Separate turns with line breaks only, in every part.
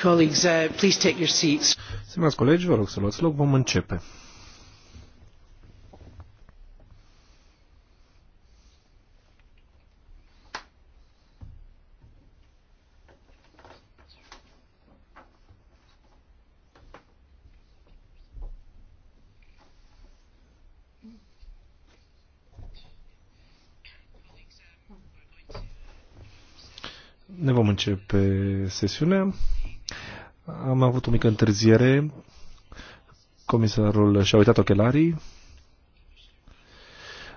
colleagues, uh, please take your seats.
Stimați colegi, vă rog să luați loc, vom începe. ne vom începe sesiunea. Am avut o mică întârziere. Comisarul și-a uitat ochelarii.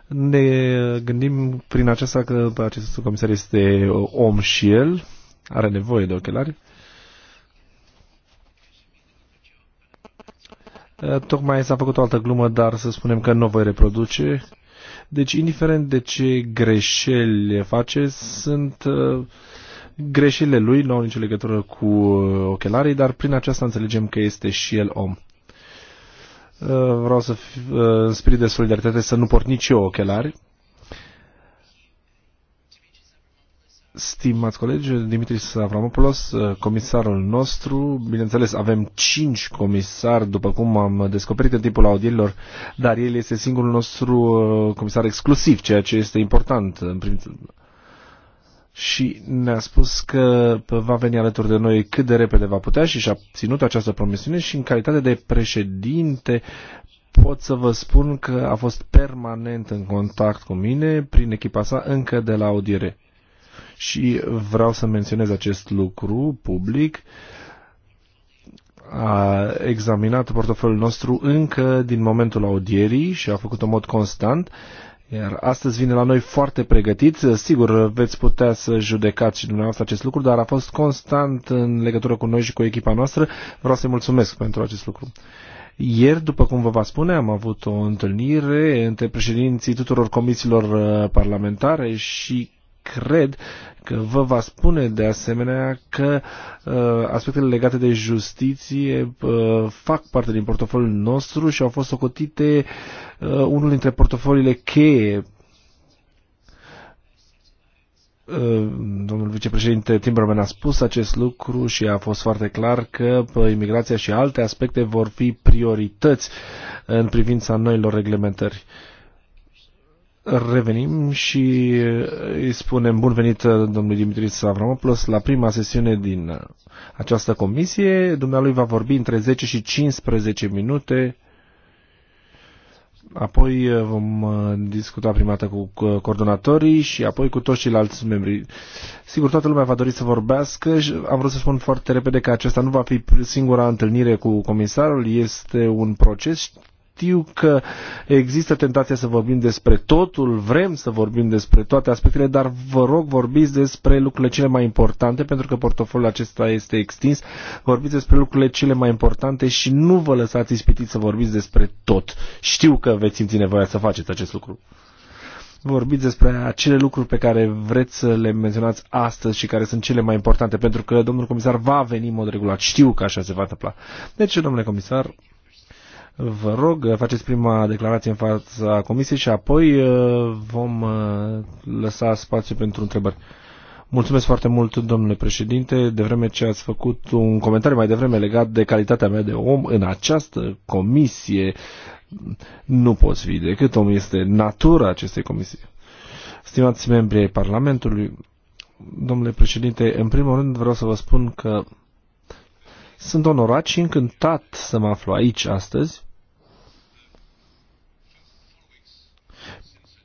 Ne gândim prin aceasta că acest comisar este om și el, are nevoie de ochelari. Tocmai s-a făcut o altă glumă, dar să spunem că nu o voi reproduce. Deci, indiferent de ce greșeli face, sunt uh, Greșelile lui nu au nicio legătură cu uh, ochelarii, dar prin aceasta înțelegem că este și el om. Uh, vreau să, uh, în spirit de solidaritate, să nu port nici eu ochelari. Stimați colegi, Dimitris Avramopoulos, comisarul nostru, bineînțeles avem cinci comisari, după cum am descoperit în timpul audierilor, dar el este singurul nostru comisar exclusiv, ceea ce este important. În prim și ne-a spus că va veni alături de noi cât de repede va putea și și-a ținut această promisiune și în calitate de președinte pot să vă spun că a fost permanent în contact cu mine prin echipa sa încă de la audiere. Și vreau să menționez acest lucru public. A examinat portofoliul nostru încă din momentul audierii și a făcut-o în mod constant iar astăzi vine la noi foarte pregătit. Sigur, veți putea să judecați și dumneavoastră acest lucru, dar a fost constant în legătură cu noi și cu echipa noastră. Vreau să-i mulțumesc pentru acest lucru. Ieri, după cum vă va spune, am avut o întâlnire între președinții tuturor comisiilor uh, parlamentare și cred că vă va spune de asemenea că uh, aspectele legate de justiție uh, fac parte din portofoliul nostru și au fost socotite uh, unul dintre portofoliile cheie uh, domnul vicepreședinte Timberman a spus acest lucru și a fost foarte clar că uh, imigrația și alte aspecte vor fi priorități în privința noilor reglementări. Uh, revenim și uh, îi spunem bun venit uh, domnului Dimitris Avramopoulos la prima sesiune din uh, această comisie. Dumnealui va vorbi între 10 și 15 minute. Apoi vom discuta prima dată cu coordonatorii și apoi cu toți ceilalți membri. Sigur, toată lumea va dori să vorbească. Am vrut să spun foarte repede că acesta nu va fi singura întâlnire cu comisarul. Este un proces știu că există tentația să vorbim despre totul, vrem să vorbim despre toate aspectele, dar vă rog vorbiți despre lucrurile cele mai importante, pentru că portofoliul acesta este extins, vorbiți despre lucrurile cele mai importante și nu vă lăsați ispitiți să vorbiți despre tot. Știu că veți simți nevoia să faceți acest lucru vorbiți despre acele lucruri pe care vreți să le menționați astăzi și care sunt cele mai importante, pentru că domnul comisar va veni în mod regulat. Știu că așa se va întâmpla. Deci, domnule comisar, Vă rog, faceți prima declarație în fața comisiei și apoi uh, vom uh, lăsa spațiu pentru întrebări. Mulțumesc foarte mult, domnule președinte, de vreme ce ați făcut un comentariu mai devreme legat de calitatea mea de om în această comisie. Nu poți fi decât om este natura acestei comisii. Stimați membri ai Parlamentului, domnule președinte, în primul rând vreau să vă spun că sunt onorat și încântat să mă aflu aici astăzi.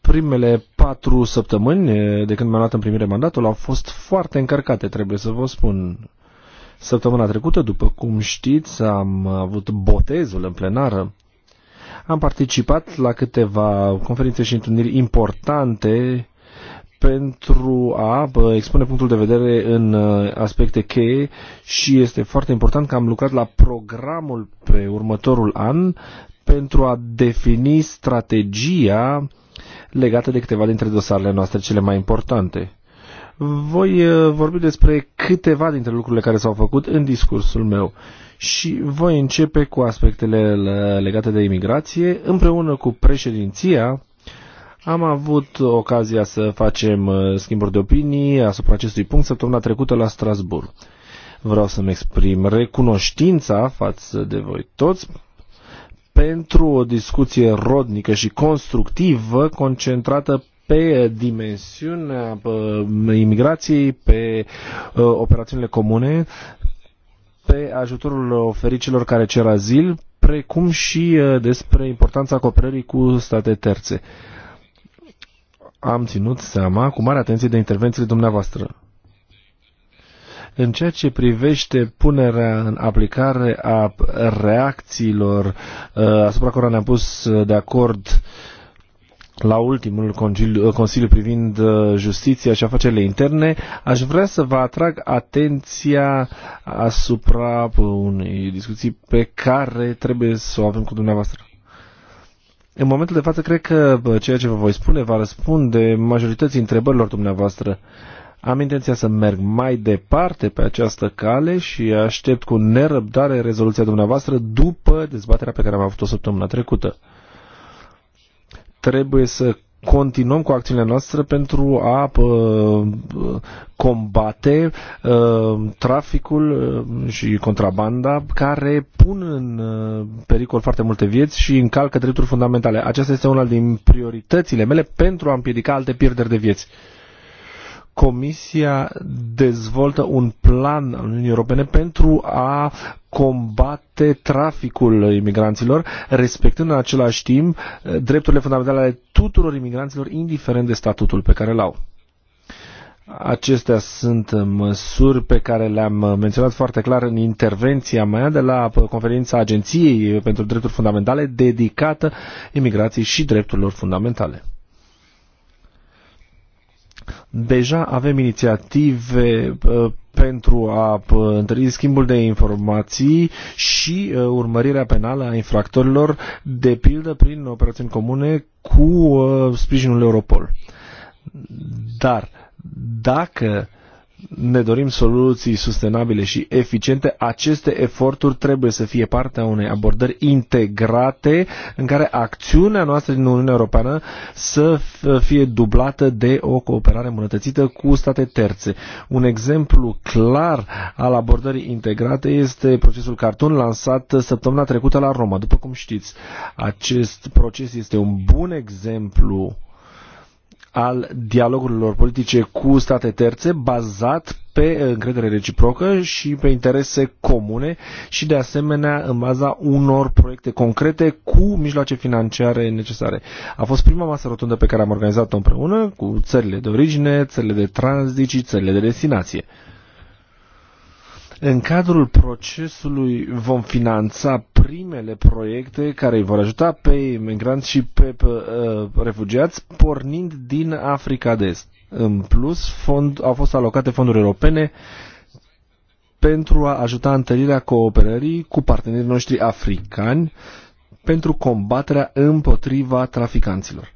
Primele patru săptămâni de când mi-am luat în primire mandatul au fost foarte încărcate, trebuie să vă spun. Săptămâna trecută, după cum știți, am avut botezul în plenară. Am participat la câteva conferințe și întâlniri importante pentru a expune punctul de vedere în uh, aspecte cheie și este foarte important că am lucrat la programul pe următorul an pentru a defini strategia legată de câteva dintre dosarele noastre cele mai importante. Voi uh, vorbi despre câteva dintre lucrurile care s-au făcut în discursul meu și voi începe cu aspectele uh, legate de imigrație împreună cu președinția am avut ocazia să facem uh, schimburi de opinii asupra acestui punct săptămâna trecută la Strasburg. Vreau să-mi exprim recunoștința față de voi toți pentru o discuție rodnică și constructivă concentrată pe dimensiunea uh, imigrației, pe uh, operațiunile comune, pe ajutorul oferit celor care cer azil, precum și despre importanța cooperării cu state terțe am ținut seama cu mare atenție de intervențiile dumneavoastră. În ceea ce privește punerea în aplicare a reacțiilor uh, asupra cărora ne-am pus uh, de acord la ultimul Consiliu uh, privind justiția și afacerile interne, aș vrea să vă atrag atenția asupra unei discuții pe care trebuie să o avem cu dumneavoastră. În momentul de față, cred că ceea ce vă voi spune va răspunde majorității întrebărilor dumneavoastră. Am intenția să merg mai departe pe această cale și aștept cu nerăbdare rezoluția dumneavoastră după dezbaterea pe care am avut-o săptămâna trecută. Trebuie să continuăm cu acțiunile noastre pentru a uh, combate uh, traficul ă, și contrabanda care pun în ă, pericol foarte multe vieți și încalcă drepturi fundamentale. Aceasta este una din prioritățile mele pentru a împiedica alte pierderi de vieți. Comisia dezvoltă un plan al Uniunii Europene pentru a combate traficul imigranților, respectând în același timp eh, drepturile fundamentale ale tuturor imigranților, indiferent de statutul pe care îl au. Acestea sunt măsuri pe care le-am menționat foarte clar în intervenția mea de la conferința Agenției pentru Drepturi Fundamentale dedicată imigrației și drepturilor fundamentale. Deja avem inițiative uh, pentru a uh, întări schimbul de informații și uh, urmărirea penală a infractorilor, de pildă prin operațiuni comune cu sprijinul Europol. Dar dacă ne dorim soluții sustenabile și eficiente, aceste eforturi trebuie să fie partea unei abordări integrate în care acțiunea noastră din Uniunea Europeană să fie dublată de o cooperare îmbunătățită cu state terțe. Un exemplu clar al abordării integrate este procesul carton, lansat săptămâna trecută la Roma. După cum știți, acest proces este un bun exemplu al dialogurilor politice cu state terțe bazat pe uh, încredere reciprocă și pe interese comune și de asemenea în baza unor proiecte concrete cu mijloace financiare necesare. A fost prima masă rotundă pe care am organizat-o împreună cu țările de origine, țările de tranzit și țările de destinație. În cadrul procesului vom finanța primele proiecte care îi vor ajuta pe imigranți și pe, pe uh, refugiați pornind din Africa de Est. În plus, fond, au fost alocate fonduri europene pentru a ajuta întărirea cooperării cu partenerii noștri africani pentru combaterea împotriva traficanților.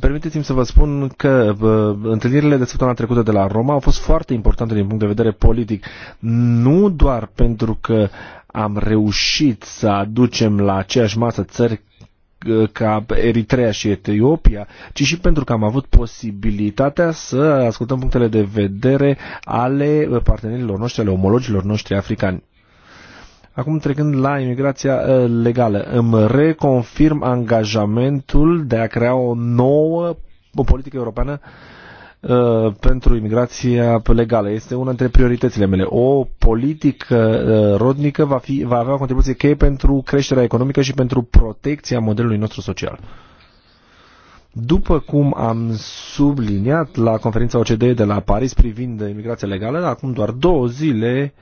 Permiteți-mi să vă spun că uh, întâlnirile de săptămâna trecută de la Roma au fost foarte importante din punct de vedere politic, nu doar pentru că am reușit să aducem la aceeași masă țări ă, ca Eritrea și Etiopia, ci și pentru că am avut posibilitatea să ascultăm punctele de vedere ale partenerilor noștri, ale omologilor noștri africani. Acum trecând la imigrația uh, legală, îmi reconfirm angajamentul de a crea o nouă o politică europeană uh, pentru imigrația legală. Este una dintre prioritățile mele. O politică uh, rodnică va, fi, va avea o contribuție cheie pentru creșterea economică și pentru protecția modelului nostru social. După cum am subliniat la conferința OCDE de la Paris privind imigrația legală, acum doar două zile uh,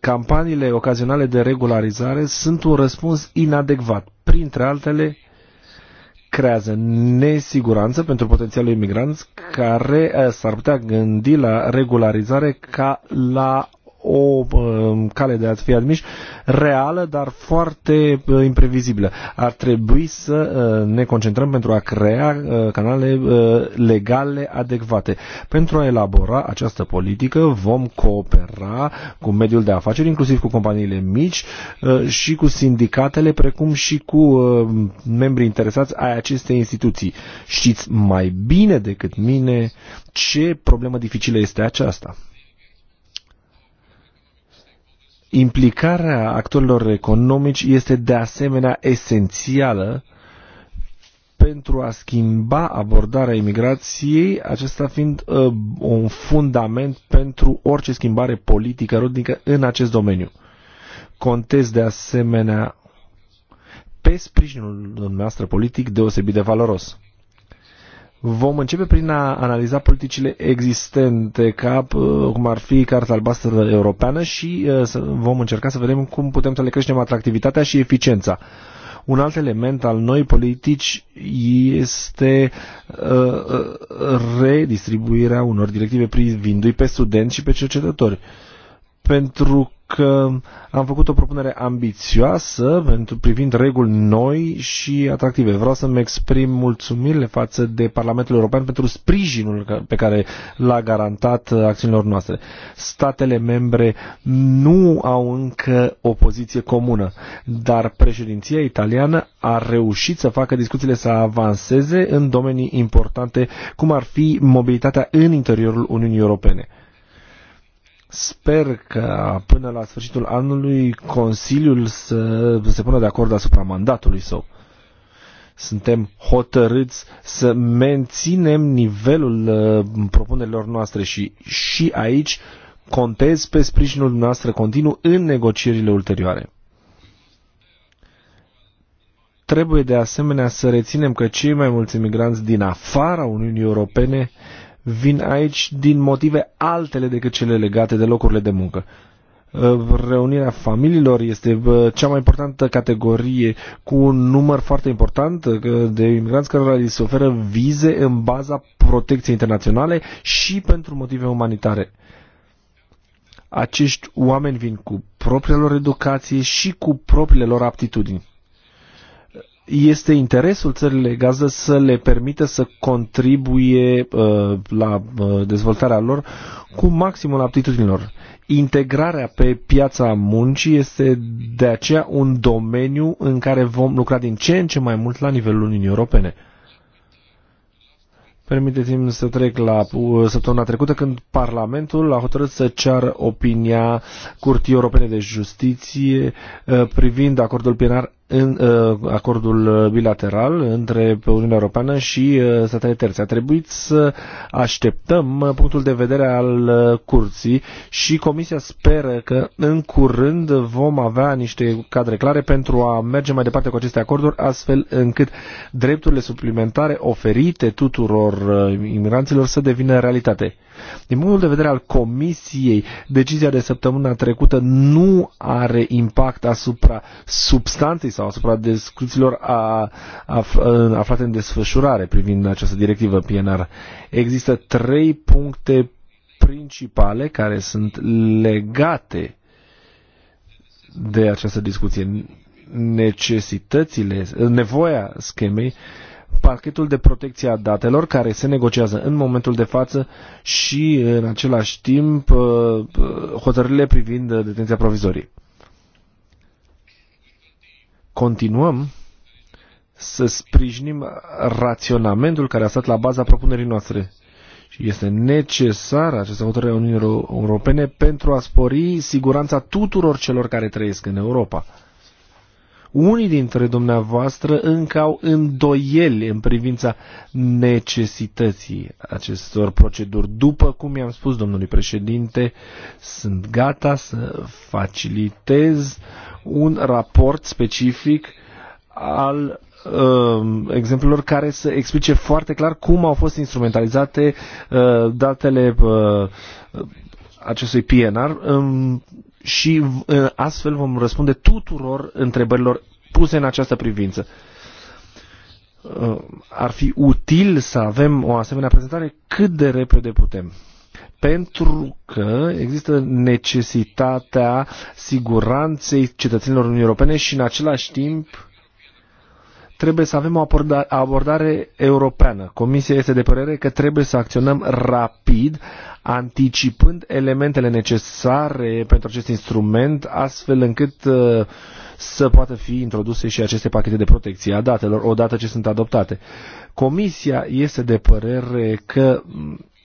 campaniile ocazionale de regularizare sunt un răspuns inadecvat. Printre altele, creează nesiguranță pentru potențialul imigranți care eh, s-ar putea gândi la regularizare ca la o um, cale de a fi admiși reală, dar foarte uh, imprevizibilă. Ar trebui să uh, ne concentrăm pentru a crea uh, canale legale adecvate. Pentru a elabora această politică vom coopera cu mediul de afaceri, inclusiv cu companiile mici și cu sindicatele, precum și cu membrii interesați ai acestei instituții. Știți mai bine decât mine ce problemă dificilă este aceasta. Implicarea actorilor economici este de asemenea esențială pentru a schimba abordarea imigrației, acesta fiind uh, un fundament pentru orice schimbare politică rodnică în acest domeniu. Contez de asemenea pe sprijinul dumneavoastră politic deosebit de valoros. Vom începe prin a analiza politicile existente, ca cum ar fi Carta Albastră Europeană și uh, vom încerca să vedem cum putem să le creștem atractivitatea și eficiența. Un alt element al noi politici este uh, uh, redistribuirea unor directive privindu-i pe studenți și pe cercetători. Pentru că am făcut o propunere ambițioasă pentru privind reguli noi și atractive. Vreau să-mi exprim mulțumirile față de Parlamentul European pentru sprijinul pe care l-a garantat acțiunilor noastre. Statele membre nu au încă o poziție comună, dar președinția italiană a reușit să facă discuțiile să avanseze în domenii importante, cum ar fi mobilitatea în interiorul Uniunii Europene. Sper că până la sfârșitul anului Consiliul să se pună de acord asupra mandatului său. Suntem hotărâți să menținem nivelul uh, propunerilor noastre și, și aici contez pe sprijinul dumneavoastră continuu în negocierile ulterioare. Trebuie de asemenea să reținem că cei mai mulți imigranți din afara Uniunii Europene vin aici din motive altele decât cele legate de locurile de muncă. Uh, reunirea familiilor este uh, cea mai importantă categorie cu un număr foarte important uh, de imigranți care li se oferă vize în baza protecției internaționale și pentru motive umanitare acești oameni vin cu propria lor educație și cu propriile lor aptitudini este interesul țările gază să le permită să contribuie uh, la uh, dezvoltarea lor cu maximul aptitudinilor. Integrarea pe piața muncii este de aceea un domeniu în care vom lucra din ce în ce mai mult la nivelul Uniunii Europene. Permiteți-mi să trec la uh, săptămâna trecută când Parlamentul a hotărât să ceară opinia Curții Europene de Justiție uh, privind acordul plenar în uh, acordul bilateral între Uniunea Europeană și uh, statele terțe. A trebuit să așteptăm uh, punctul de vedere al curții și Comisia speră că în curând vom avea niște cadre clare pentru a merge mai departe cu aceste acorduri, astfel încât drepturile suplimentare oferite tuturor imigranților să devină realitate. Din punctul de vedere al Comisiei, decizia de săptămâna trecută nu are impact asupra substanței sau sau asupra discuțiilor a, af, aflate în desfășurare privind această directivă PNR. Există trei puncte principale care sunt legate de această discuție. Necesitățile, nevoia schemei, pachetul de protecție a datelor care se negociază în momentul de față și în același timp uh, uh, hotărârile privind detenția provizorie continuăm să sprijinim raționamentul care a stat la baza propunerii noastre. Și este necesară această hotărâre a Uniunii Europene pentru a spori siguranța tuturor celor care trăiesc în Europa. Unii dintre dumneavoastră încă au îndoieli în privința necesității acestor proceduri. După cum i-am spus domnului președinte, sunt gata să facilitez un raport specific al uh, exemplelor care să explice foarte clar cum au fost instrumentalizate uh, datele uh, acestui PNR um, și uh, astfel vom răspunde tuturor întrebărilor puse în această privință. Uh, ar fi util să avem o asemenea prezentare cât de repede putem pentru că există necesitatea siguranței cetățenilor Uniunii Europene și în același timp trebuie să avem o abordare europeană. Comisia este de părere că trebuie să acționăm rapid, anticipând elementele necesare pentru acest instrument, astfel încât uh, să poată fi introduse și aceste pachete de protecție a datelor odată ce sunt adoptate. Comisia este de părere că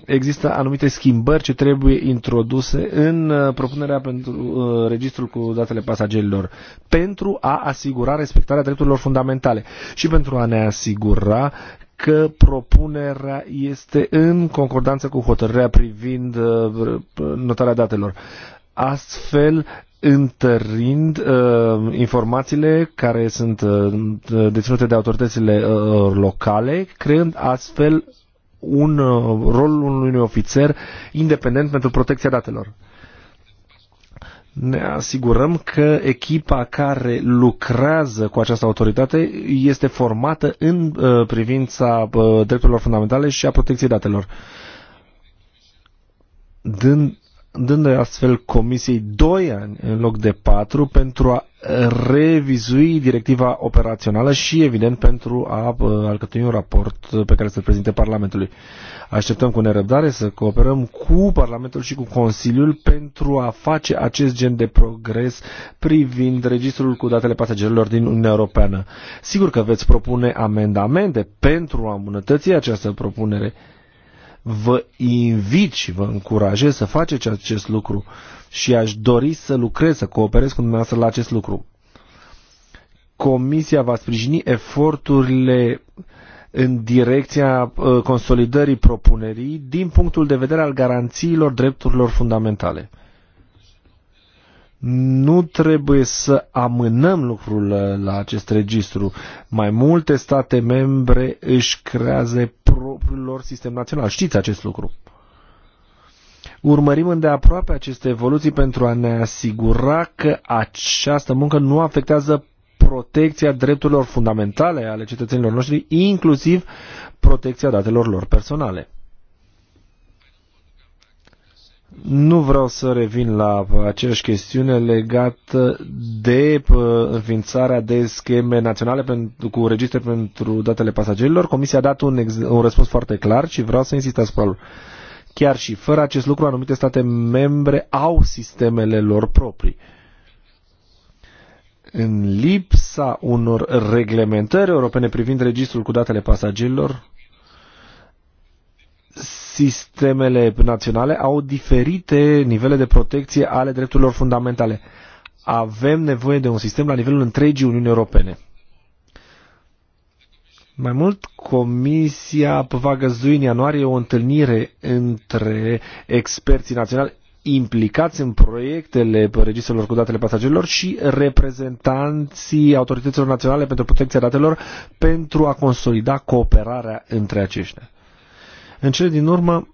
există anumite schimbări ce trebuie introduse în uh, propunerea pentru uh, registrul cu datele pasagerilor pentru a asigura respectarea drepturilor fundamentale și pentru a ne asigura că propunerea este în concordanță cu hotărârea privind uh, notarea datelor. Astfel, întărind uh, informațiile care sunt uh, deținute de autoritățile uh, locale, creând astfel un uh, unui ofițer independent pentru protecția datelor. Ne asigurăm că echipa care lucrează cu această autoritate este formată în uh, privința uh, drepturilor fundamentale și a protecției datelor. Dând dându-i astfel Comisiei 2 ani în loc de 4 pentru a revizui directiva operațională și, evident, pentru a uh, alcătui un raport pe care să-l prezinte Parlamentului. Așteptăm cu nerăbdare să cooperăm cu Parlamentul și cu Consiliul pentru a face acest gen de progres privind registrul cu datele pasagerilor din Uniunea Europeană. Sigur că veți propune amendamente pentru a îmbunătăți această propunere vă invit și vă încurajez să faceți acest lucru și aș dori să lucrez, să cooperez cu dumneavoastră la acest lucru. Comisia va sprijini eforturile în direcția uh, consolidării propunerii din punctul de vedere al garanțiilor drepturilor fundamentale. Nu trebuie să amânăm lucrul la acest registru. Mai multe state membre își creează propriul lor sistem național. Știți acest lucru. Urmărim îndeaproape aceste evoluții pentru a ne asigura că această muncă nu afectează protecția drepturilor fundamentale ale cetățenilor noștri, inclusiv protecția datelor lor personale. Nu vreau să revin la aceeași chestiune legată de uh, înființarea de scheme naționale pentru, cu registre pentru datele pasagerilor. Comisia a dat un, un răspuns foarte clar și vreau să insist asupra lui. Chiar și fără acest lucru, anumite state membre au sistemele lor proprii. În lipsa unor reglementări europene privind registrul cu datele pasagerilor, sistemele naționale au diferite nivele de protecție ale drepturilor fundamentale. Avem nevoie de un sistem la nivelul întregii Uniunii Europene. Mai mult, Comisia va găzdui în ianuarie o întâlnire între experții naționali implicați în proiectele registrelor cu datele pasagerilor și reprezentanții autorităților naționale pentru protecția datelor pentru a consolida cooperarea între aceștia. În cele din urmă,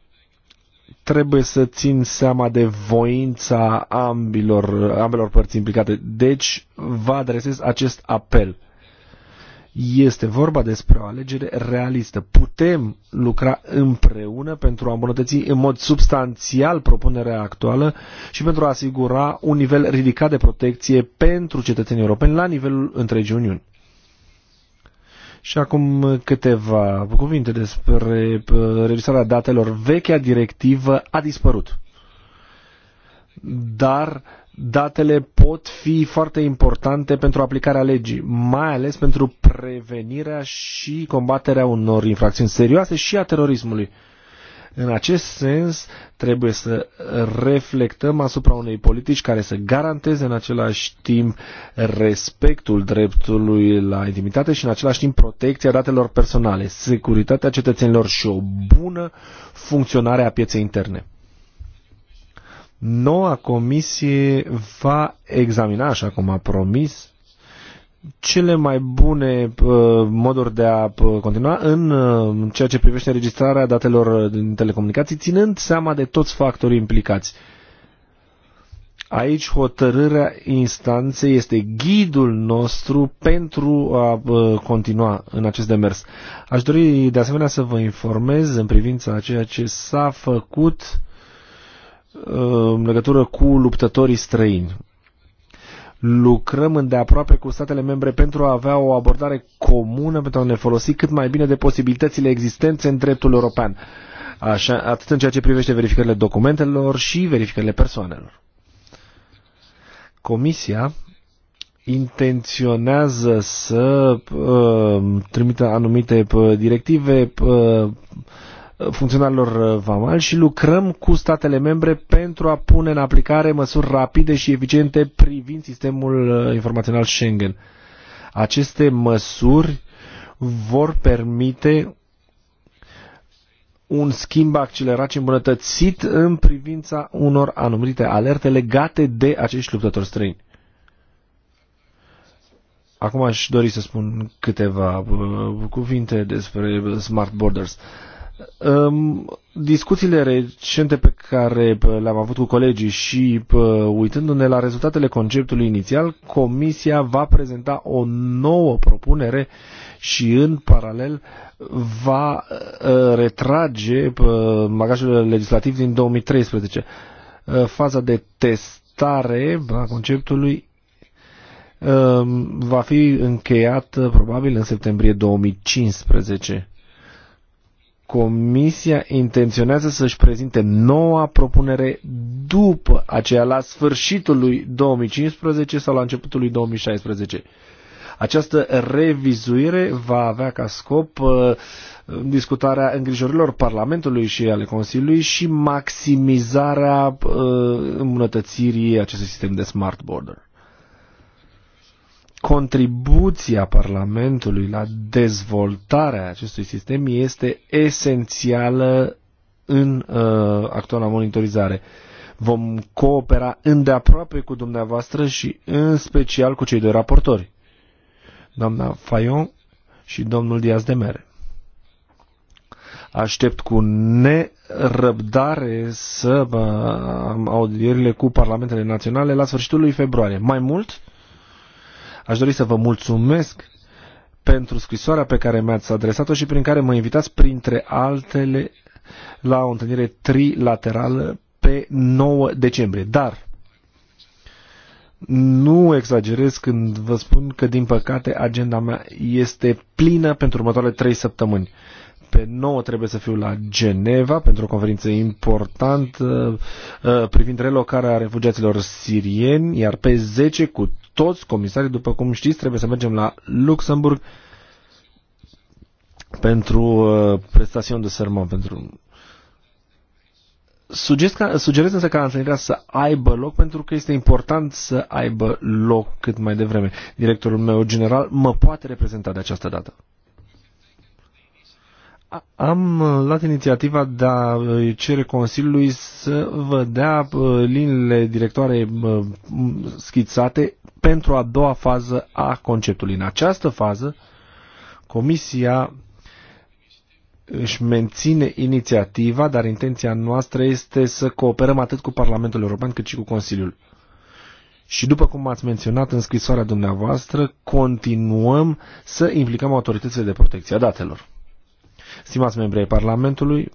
trebuie să țin seama de voința ambilor, ambelor părți implicate. Deci, vă adresez acest apel. Este vorba despre o alegere realistă. Putem lucra împreună pentru a îmbunătăți în mod substanțial propunerea actuală și pentru a asigura un nivel ridicat de protecție pentru cetățenii europeni la nivelul întregii Uniuni. Și acum câteva cuvinte despre uh, revisarea datelor. Vechea directivă a dispărut. Dar datele pot fi foarte importante pentru aplicarea legii, mai ales pentru prevenirea și combaterea unor infracțiuni serioase și a terorismului. Uh, în acest sens, trebuie să reflectăm asupra unei politici care să garanteze în același timp respectul dreptului la intimitate și în același timp protecția datelor personale, securitatea cetățenilor și o bună funcționare a pieței interne noua comisie va examina, așa cum a promis, cele mai bune uh, moduri de a uh, continua în uh, ceea ce privește înregistrarea datelor din telecomunicații, ținând seama de toți factorii implicați. Aici hotărârea instanței este ghidul nostru pentru a uh, continua în acest demers. Aș dori de asemenea să vă informez în privința a ceea ce s-a făcut uh, în legătură cu luptătorii străini lucrăm îndeaproape cu statele membre pentru a avea o abordare comună, pentru a ne folosi cât mai bine de posibilitățile existențe în dreptul european, așa, atât în ceea ce privește verificările documentelor și verificările persoanelor. Comisia intenționează să uh, trimită anumite uh, directive uh, funcționarilor uh, vamali și lucrăm cu statele membre pentru a pune în aplicare măsuri rapide și eficiente privind sistemul uh, informațional Schengen. Aceste măsuri vor permite un schimb accelerat și îmbunătățit în privința unor anumite alerte legate de acești luptători străini. Acum aș dori să spun câteva uh, cuvinte despre Smart Borders. Uh, Discuțiile recente pe care le-am avut cu colegii și uitându-ne la rezultatele conceptului inițial, Comisia va prezenta o nouă propunere și în paralel va ă, retrage magajul legislativ din 2013. Ă, faza de testare a conceptului ă, va fi încheiat probabil în septembrie 2015 Comisia intenționează să-și prezinte noua propunere după aceea, la sfârșitul lui 2015 sau la începutul lui 2016. Această revizuire va avea ca scop uh, discutarea îngrijorilor Parlamentului și ale Consiliului și maximizarea uh, îmbunătățirii acestui sistem de smart border contribuția Parlamentului la dezvoltarea acestui sistem este esențială în uh, actuala monitorizare. Vom coopera îndeaproape cu dumneavoastră și în special cu cei doi raportori, doamna Fayon și domnul Diaz de Mere. Aștept cu nerăbdare să am audierile cu parlamentele naționale la sfârșitul lui februarie. Mai mult, uh, Aș dori să vă mulțumesc pentru scrisoarea pe care mi-ați adresat-o și prin care mă invitați, printre altele, la o întâlnire trilaterală pe 9 decembrie. Dar nu exagerez când vă spun că, din păcate, agenda mea este plină pentru următoarele 3 săptămâni. Pe 9 trebuie să fiu la Geneva pentru o conferință importantă uh, uh, privind relocarea refugiaților sirieni, iar pe 10 cu toți comisarii, după cum știți, trebuie să mergem la Luxemburg pentru uh, prestațion de sermon, pentru Sugerez, ca, sugerez însă ca întâlnirea să aibă loc pentru că este important să aibă loc cât mai devreme. Directorul meu general mă poate reprezenta de această dată am uh, luat inițiativa de a uh, cere Consiliului să vă dea uh, liniile directoare schițate pentru a doua fază a conceptului. În această fază, Comisia își menține inițiativa, dar intenția noastră este să cooperăm atât cu Parlamentul European cât și cu Consiliul. Și după cum ați menționat în scrisoarea dumneavoastră, continuăm să implicăm autoritățile de protecție a datelor. Stimați membri ai Parlamentului,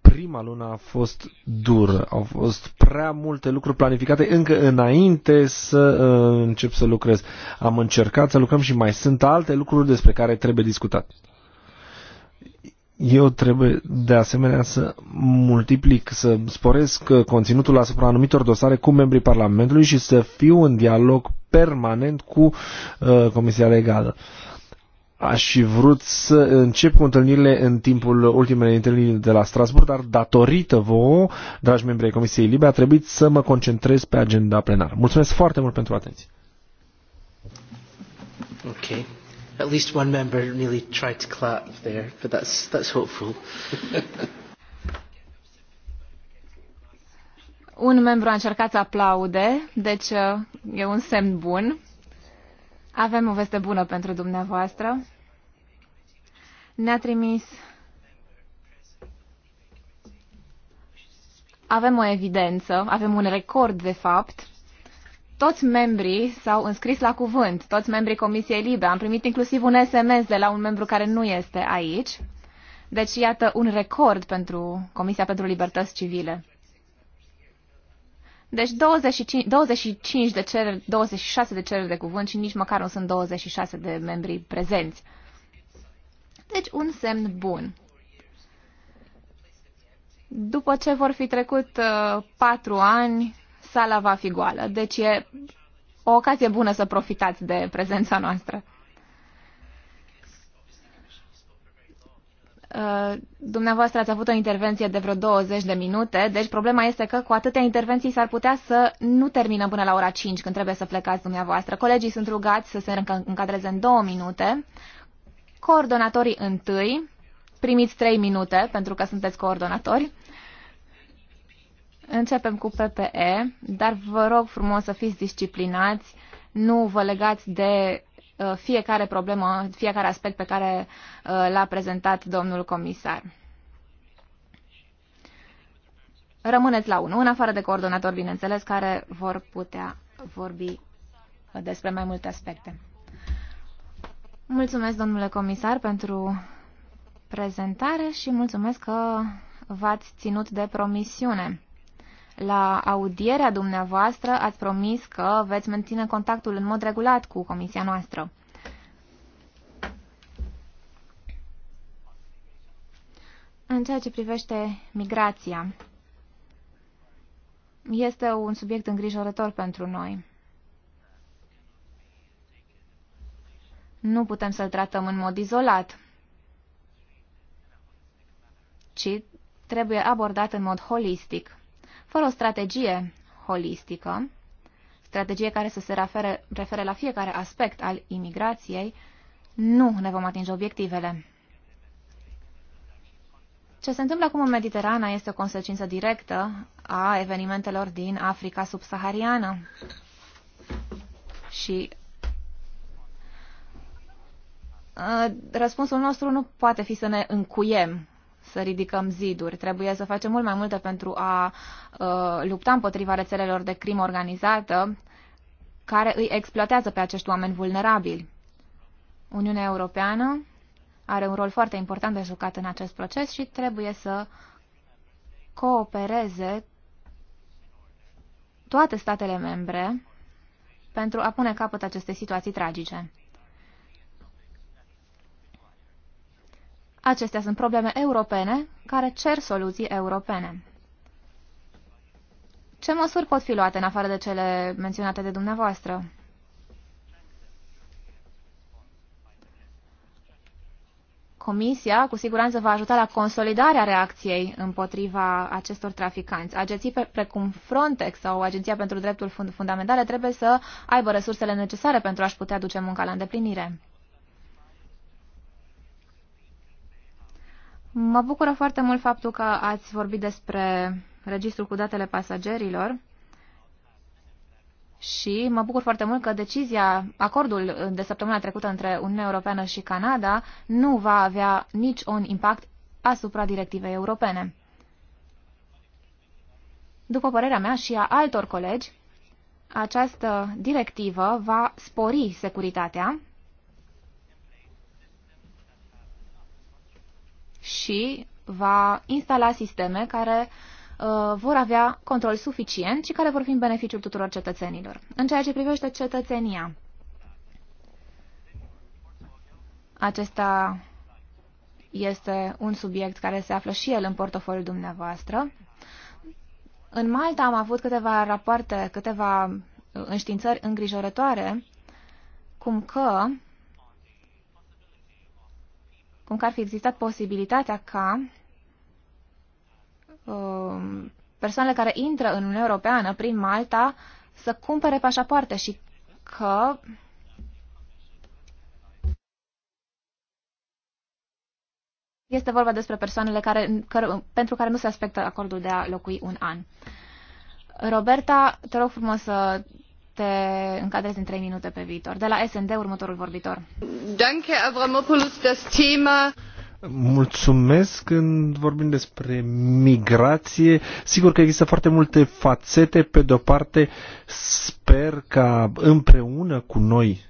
prima lună a fost dură. Au fost prea multe lucruri planificate încă înainte să uh, încep să lucrez. Am încercat să lucrăm și mai sunt alte lucruri despre care trebuie discutat. Eu trebuie de asemenea să multiplic, să sporesc uh, conținutul asupra anumitor dosare cu membrii Parlamentului și să fiu în dialog permanent cu uh, Comisia Legală. Uh, Aș fi vrut să încep cu întâlnirile în timpul ultimele întâlniri de la Strasburg, dar datorită vouă, dragi membri ai Comisiei Libe, a trebuit să mă concentrez pe agenda plenară. Mulțumesc foarte mult pentru atenție.
Ok. At least one member nearly tried to clap there, but that's, that's hopeful.
un membru a încercat să aplaude, deci uh, e un semn bun. Avem o veste bună pentru dumneavoastră. Ne-a trimis... Avem o evidență, avem un record, de fapt. Toți membrii s-au înscris la cuvânt, toți membrii Comisiei Libe. Am primit inclusiv un SMS de la un membru care nu este aici. Deci, iată, un record pentru Comisia pentru Libertăți Civile. Deci 25, 25 de cereri, 26 de cereri de cuvânt și nici măcar nu sunt 26 de membri prezenți. Deci un semn bun. După ce vor fi trecut uh, 4 ani, sala va fi goală. Deci e o ocazie bună să profitați de prezența noastră. Uh, dumneavoastră ați avut o intervenție de vreo 20 de minute, deci problema este că cu atâtea intervenții s-ar putea să nu terminăm până la ora 5 când trebuie să plecați dumneavoastră. Colegii sunt rugați să se încadreze în două minute. Coordonatorii întâi, primiți trei minute pentru că sunteți coordonatori. Începem cu PPE, dar vă rog frumos să fiți disciplinați, nu vă legați de Uh, fiecare problemă, fiecare aspect pe care uh, l-a prezentat domnul comisar. Rămâneți la unul, în afară de coordonator, bineînțeles, care vor putea vorbi despre mai multe aspecte. Mulțumesc, domnule comisar, pentru prezentare și mulțumesc că v-ați ținut de promisiune. La audierea dumneavoastră ați promis că veți menține contactul în mod regulat cu comisia noastră. În ceea ce privește migrația, este un subiect îngrijorător pentru noi. Nu putem să-l tratăm în mod izolat, ci trebuie abordat în mod holistic fără o strategie holistică, strategie care să se refere, refere la fiecare aspect al imigrației, nu ne vom atinge obiectivele. Ce se întâmplă acum în Mediterana este o consecință directă a evenimentelor din Africa subsahariană. Și uh, răspunsul nostru nu poate fi să ne încuiem să ridicăm ziduri. Trebuie să facem mult mai multe pentru a uh, lupta împotriva rețelelor de crimă organizată care îi exploatează pe acești oameni vulnerabili. Uniunea Europeană are un rol foarte important de jucat în acest proces și trebuie să coopereze toate statele membre pentru a pune capăt acestei situații tragice. Acestea sunt probleme europene care cer soluții europene. Ce măsuri pot fi luate în afară de cele menționate de dumneavoastră? Comisia cu siguranță va ajuta la consolidarea reacției împotriva acestor traficanți. Agenții precum Frontex sau Agenția pentru Dreptul Fundamentale trebuie să aibă resursele necesare pentru a-și putea duce munca la îndeplinire. Mă bucură foarte mult faptul că ați vorbit despre registrul cu datele pasagerilor și mă bucur foarte mult că decizia, acordul de săptămâna trecută între Uniunea Europeană și Canada nu va avea nici un impact asupra directivei europene. După părerea mea și a altor colegi, această directivă va spori securitatea și va instala sisteme care uh, vor avea control suficient și care vor fi în beneficiul tuturor cetățenilor. În ceea ce privește cetățenia, acesta este un subiect care se află și el în portofoliul dumneavoastră. În Malta am avut câteva rapoarte, câteva uh, înștiințări îngrijorătoare, cum că cum că ar fi existat posibilitatea ca um, persoanele care intră în Uniunea Europeană prin Malta să cumpere pașapoarte și că este vorba despre persoanele care, care, pentru care nu se aspectă acordul de a locui un an. Roberta, te rog frumos să te încadrezi în trei minute pe viitor. De la SND, următorul vorbitor. Danke, Avramopoulos, das Thema...
Mulțumesc când vorbim despre migrație. Sigur că există foarte multe fațete. Pe de-o parte, sper ca împreună cu noi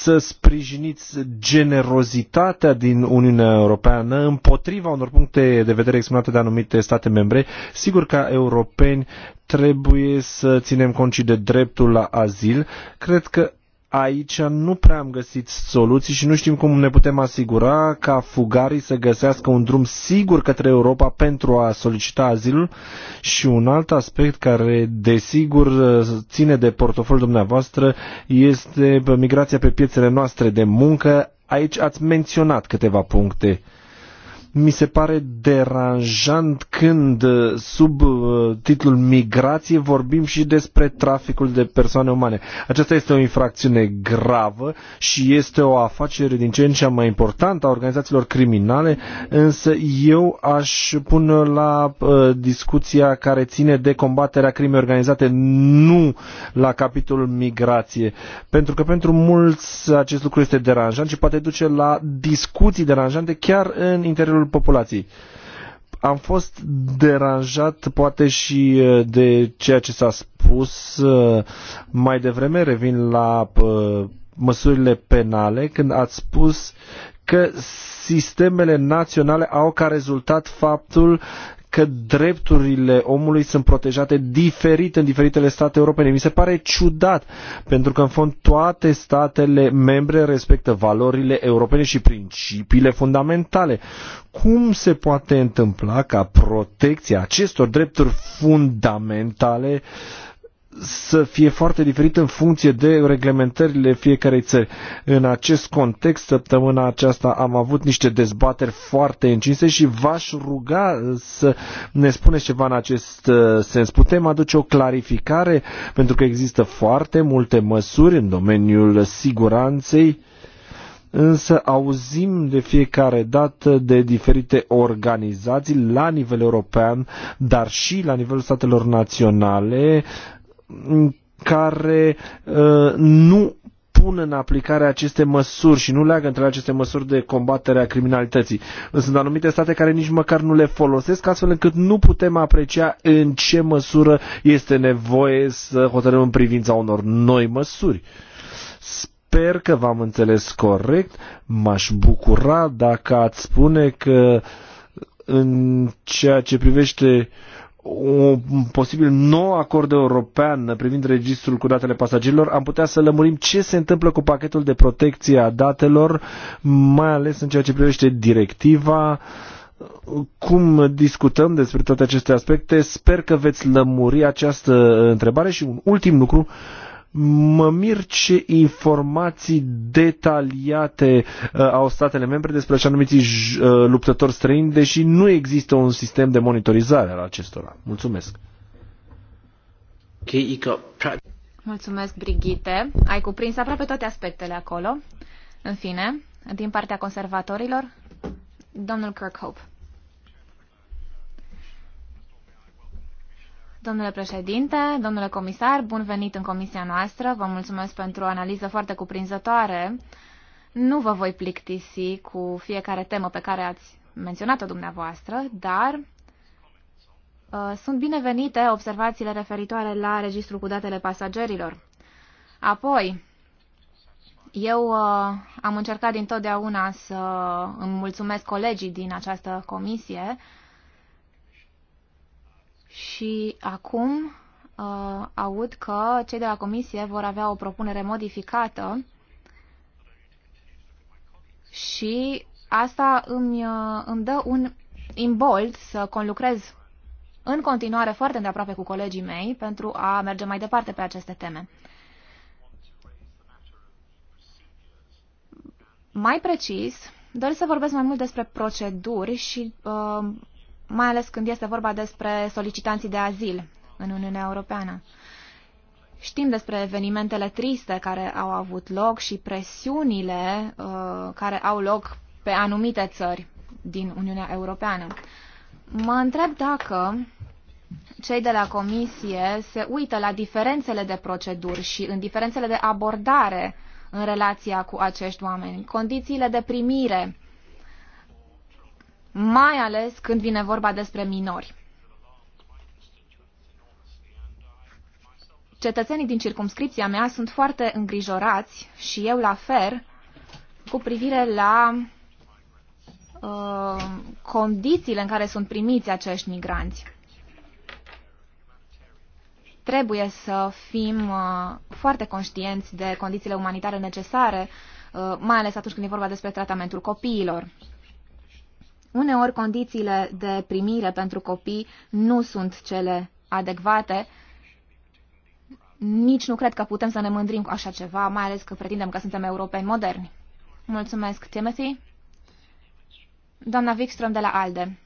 să sprijiniți generozitatea din Uniunea Europeană împotriva unor puncte de vedere exprimate de anumite state membre. Sigur, că europeni trebuie să ținem cont și de dreptul la azil. Cred că aici nu prea am găsit soluții și nu știm cum ne putem asigura ca fugarii să găsească un drum sigur către Europa pentru a solicita azilul și un alt aspect care desigur ține de portofoliul dumneavoastră este migrația pe piețele noastre de muncă. Aici ați menționat câteva puncte. Uh, mi se pare deranjant când uh, sub uh, titlul migrație vorbim și despre traficul de persoane umane. Aceasta este o infracțiune gravă și este o afacere din ce în ce mai importantă a organizațiilor criminale, însă eu aș pune la uh, discuția care ține de combaterea crimei organizate, nu la capitolul migrație. Pentru că pentru mulți acest lucru este deranjant și poate duce la discuții deranjante chiar în interiorul numărul populației. Am fost deranjat poate și de ceea ce s-a spus mai devreme, revin la măsurile penale, când ați spus că sistemele naționale au ca rezultat faptul că drepturile omului sunt protejate diferit în diferitele state europene. Mi se pare ciudat, pentru că în fond toate statele membre respectă valorile europene și principiile fundamentale. Cum se poate întâmpla ca protecția acestor drepturi fundamentale uh, să fie foarte diferit în funcție de reglementările fiecarei țări. În acest context, săptămâna aceasta am avut niște dezbateri foarte încinse și v-aș ruga uh, să ne spuneți ceva în acest uh, sens. Putem aduce o clarificare pentru că există foarte multe măsuri în domeniul siguranței însă auzim de fiecare dată de diferite organizații la nivel european, dar și la nivelul statelor naționale, care uh, nu pun în aplicare aceste măsuri și nu leagă între aceste măsuri de combatere a criminalității. Sunt anumite state care nici măcar nu le folosesc, astfel încât nu putem aprecia în ce măsură este nevoie să hotărâm în privința unor noi măsuri. Sper că v-am înțeles corect. M-aș bucura dacă ați spune că în ceea ce privește un posibil nou acord european privind registrul cu datele pasagerilor, am putea să lămurim ce se întâmplă cu pachetul de protecție a datelor, mai ales în ceea ce privește directiva, cum discutăm despre toate aceste aspecte. Sper că veți lămuri această întrebare și un ultim lucru, uh, mă mir ce informații detaliate uh, au statele membre despre așa numiți uh, luptători străini, deși nu există un sistem de monitorizare al acestora. Mulțumesc!
Mulțumesc, Brigitte. Ai cuprins aproape toate aspectele acolo. În fine, din partea conservatorilor, domnul Kirkhope. Domnule președinte, domnule comisar, bun venit în comisia noastră. Vă mulțumesc pentru o analiză foarte cuprinzătoare. Nu vă voi plictisi cu fiecare temă pe care ați menționat-o dumneavoastră, dar uh, sunt binevenite observațiile referitoare la registrul cu datele pasagerilor. Apoi, eu uh, am încercat dintotdeauna să îmi mulțumesc colegii din această comisie uh, și acum uh, aud că cei de la comisie vor avea o propunere modificată și asta îmi, uh, îmi dă un imbold să conlucrez în continuare foarte îndeaproape cu colegii mei pentru a merge mai departe pe aceste teme. Mai precis, doresc să vorbesc mai mult despre proceduri și uh, mai ales când este vorba despre solicitanții de azil în Uniunea Europeană. Știm despre evenimentele triste care au avut loc și presiunile uh, care au loc pe anumite țări din Uniunea Europeană. Mă întreb dacă cei de la Comisie se uită la diferențele de proceduri și în diferențele de abordare în relația cu acești oameni, condițiile de primire mai ales când vine vorba despre minori. Cetățenii din circumscripția mea sunt foarte îngrijorați și eu la fel cu privire la uh, condițiile în care sunt primiți acești migranți. Trebuie să fim uh, foarte conștienți de condițiile umanitare necesare, uh, mai ales atunci când e vorba despre tratamentul copiilor. Uneori condițiile de primire pentru copii nu sunt cele adecvate. Nici nu cred că putem să ne mândrim cu așa ceva, mai ales că pretindem că suntem europeni moderni. Mulțumesc, Timothy. Doamna Wikström de la ALDE.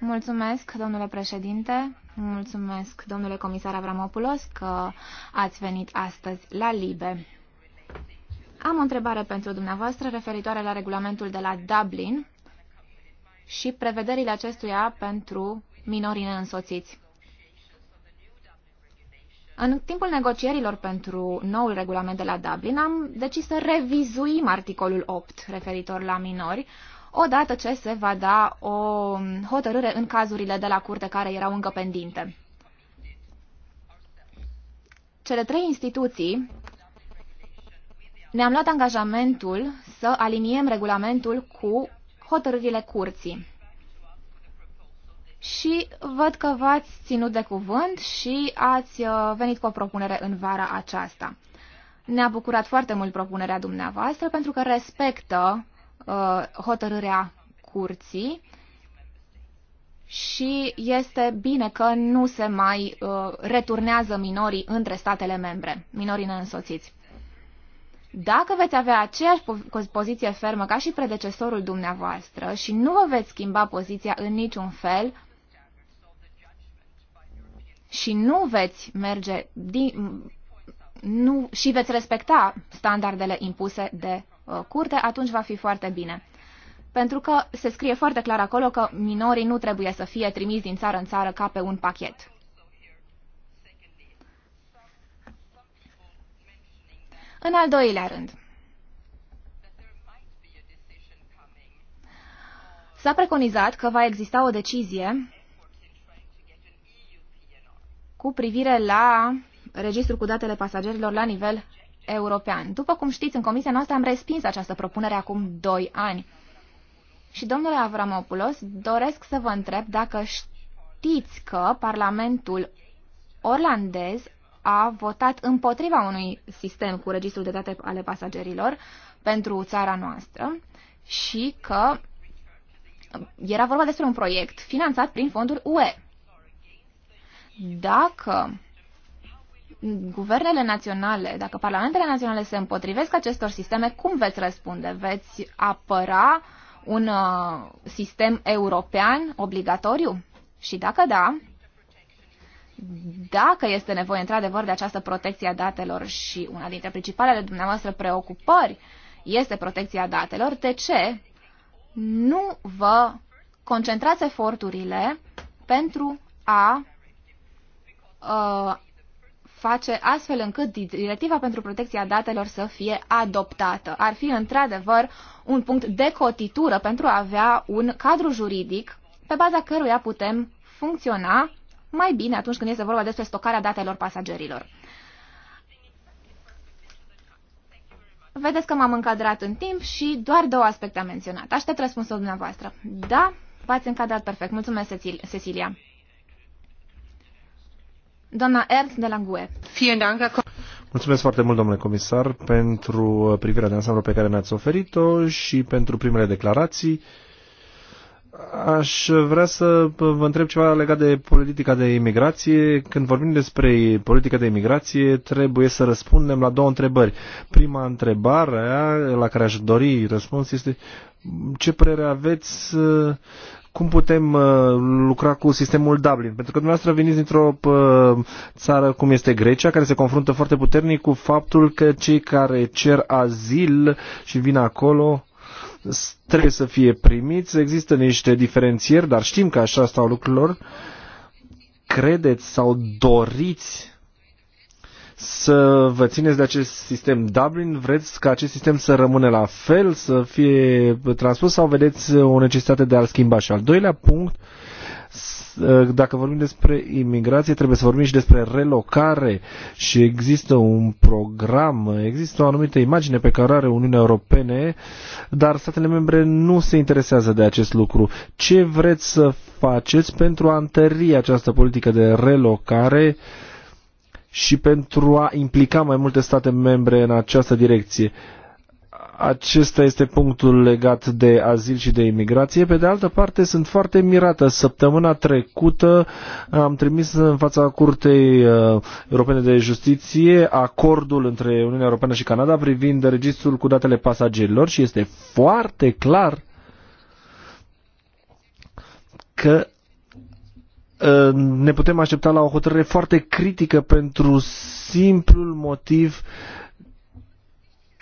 Mulțumesc, domnule președinte. Mulțumesc, domnule comisar Avramopoulos, că ați venit astăzi la LIBE. Am o întrebare pentru dumneavoastră referitoare la regulamentul de la Dublin și prevederile acestuia pentru minorii neînsoțiți. În timpul negocierilor pentru noul regulament de la Dublin am decis să revizuim articolul 8 referitor la minori, odată ce se va da o hotărâre în cazurile de la curte care erau încă pendinte. Cele trei instituții ne-am luat angajamentul să aliniem regulamentul cu hotărârile curții. Și văd că v-ați ținut de cuvânt și ați uh, venit cu o propunere în vara aceasta. Ne-a bucurat foarte mult propunerea dumneavoastră pentru că respectă uh, hotărârea curții și este bine că nu se mai uh, returnează minorii între statele membre, minorii neînsoțiți. Dacă veți avea aceeași poziție fermă ca și predecesorul dumneavoastră și nu vă veți schimba poziția în niciun fel și nu veți merge din, nu, și veți respecta standardele impuse de uh, curte, atunci va fi foarte bine. Pentru că se scrie foarte clar acolo că minorii nu trebuie să fie trimiși din țară în țară ca pe un pachet. În al doilea rând, s-a preconizat că va exista o decizie cu privire la registrul cu datele pasagerilor la nivel european. După cum știți, în comisia noastră am respins această propunere acum 2 ani. Și, domnule Avramopoulos, doresc să vă întreb dacă știți că Parlamentul orlandez a votat împotriva unui sistem cu registrul de date ale pasagerilor pentru țara noastră și că era vorba despre un proiect finanțat prin fonduri UE. Dacă guvernele naționale, dacă parlamentele naționale se împotrivesc acestor sisteme, cum veți răspunde? Veți apăra un uh, sistem european obligatoriu? Și dacă da, dacă este nevoie într-adevăr de această protecție a datelor și una dintre principalele dumneavoastră preocupări este protecția datelor, de ce nu vă concentrați eforturile pentru a uh, face astfel încât directiva pentru protecția datelor să fie adoptată. Ar fi într-adevăr un punct de cotitură pentru a avea un cadru juridic pe baza căruia putem funcționa mai bine atunci când este vorba despre stocarea datelor pasagerilor. Vedeți că m-am încadrat în timp și doar două aspecte am menționat. Aștept răspunsul dumneavoastră. Da, v-ați încadrat perfect. Mulțumesc, Cecilia. Doamna Ernst de la GUE.
Mulțumesc foarte mult, domnule comisar, pentru privirea de ansamblu pe care ne-ați oferit-o și pentru primele declarații. Aș vrea să vă întreb ceva legat de politica de imigrație. Când vorbim despre politica de imigrație, trebuie să răspundem la două întrebări. Prima întrebare la care aș dori răspuns este ce părere aveți cum putem uh, lucra cu sistemul Dublin? Pentru că dumneavoastră veniți dintr-o uh, țară cum este Grecia, care se confruntă foarte puternic cu faptul că cei care cer azil și vin acolo trebuie să fie primiți, există niște diferențieri, dar știm că așa stau lucrurilor. Credeți sau doriți să vă țineți de acest sistem Dublin? Vreți ca acest sistem să rămâne la fel, să fie transpus sau vedeți o necesitate de a-l schimba? Și al doilea punct, uh, dacă vorbim despre imigrație, trebuie să vorbim și despre relocare și există un program, există o anumită imagine pe care are Uniunea Europene, dar statele membre nu se interesează de acest lucru. Ce vreți să faceți pentru a întări această politică de relocare și pentru a implica mai multe state membre în această direcție? Uh, acesta este punctul legat de azil și de imigrație. Pe de altă parte, sunt foarte mirată. Săptămâna trecută am trimis în fața Curtei uh, Europene de Justiție acordul între Uniunea Europeană și Canada privind registrul cu datele pasagerilor și este foarte clar că uh, ne putem aștepta la o hotărâre foarte critică pentru simplul motiv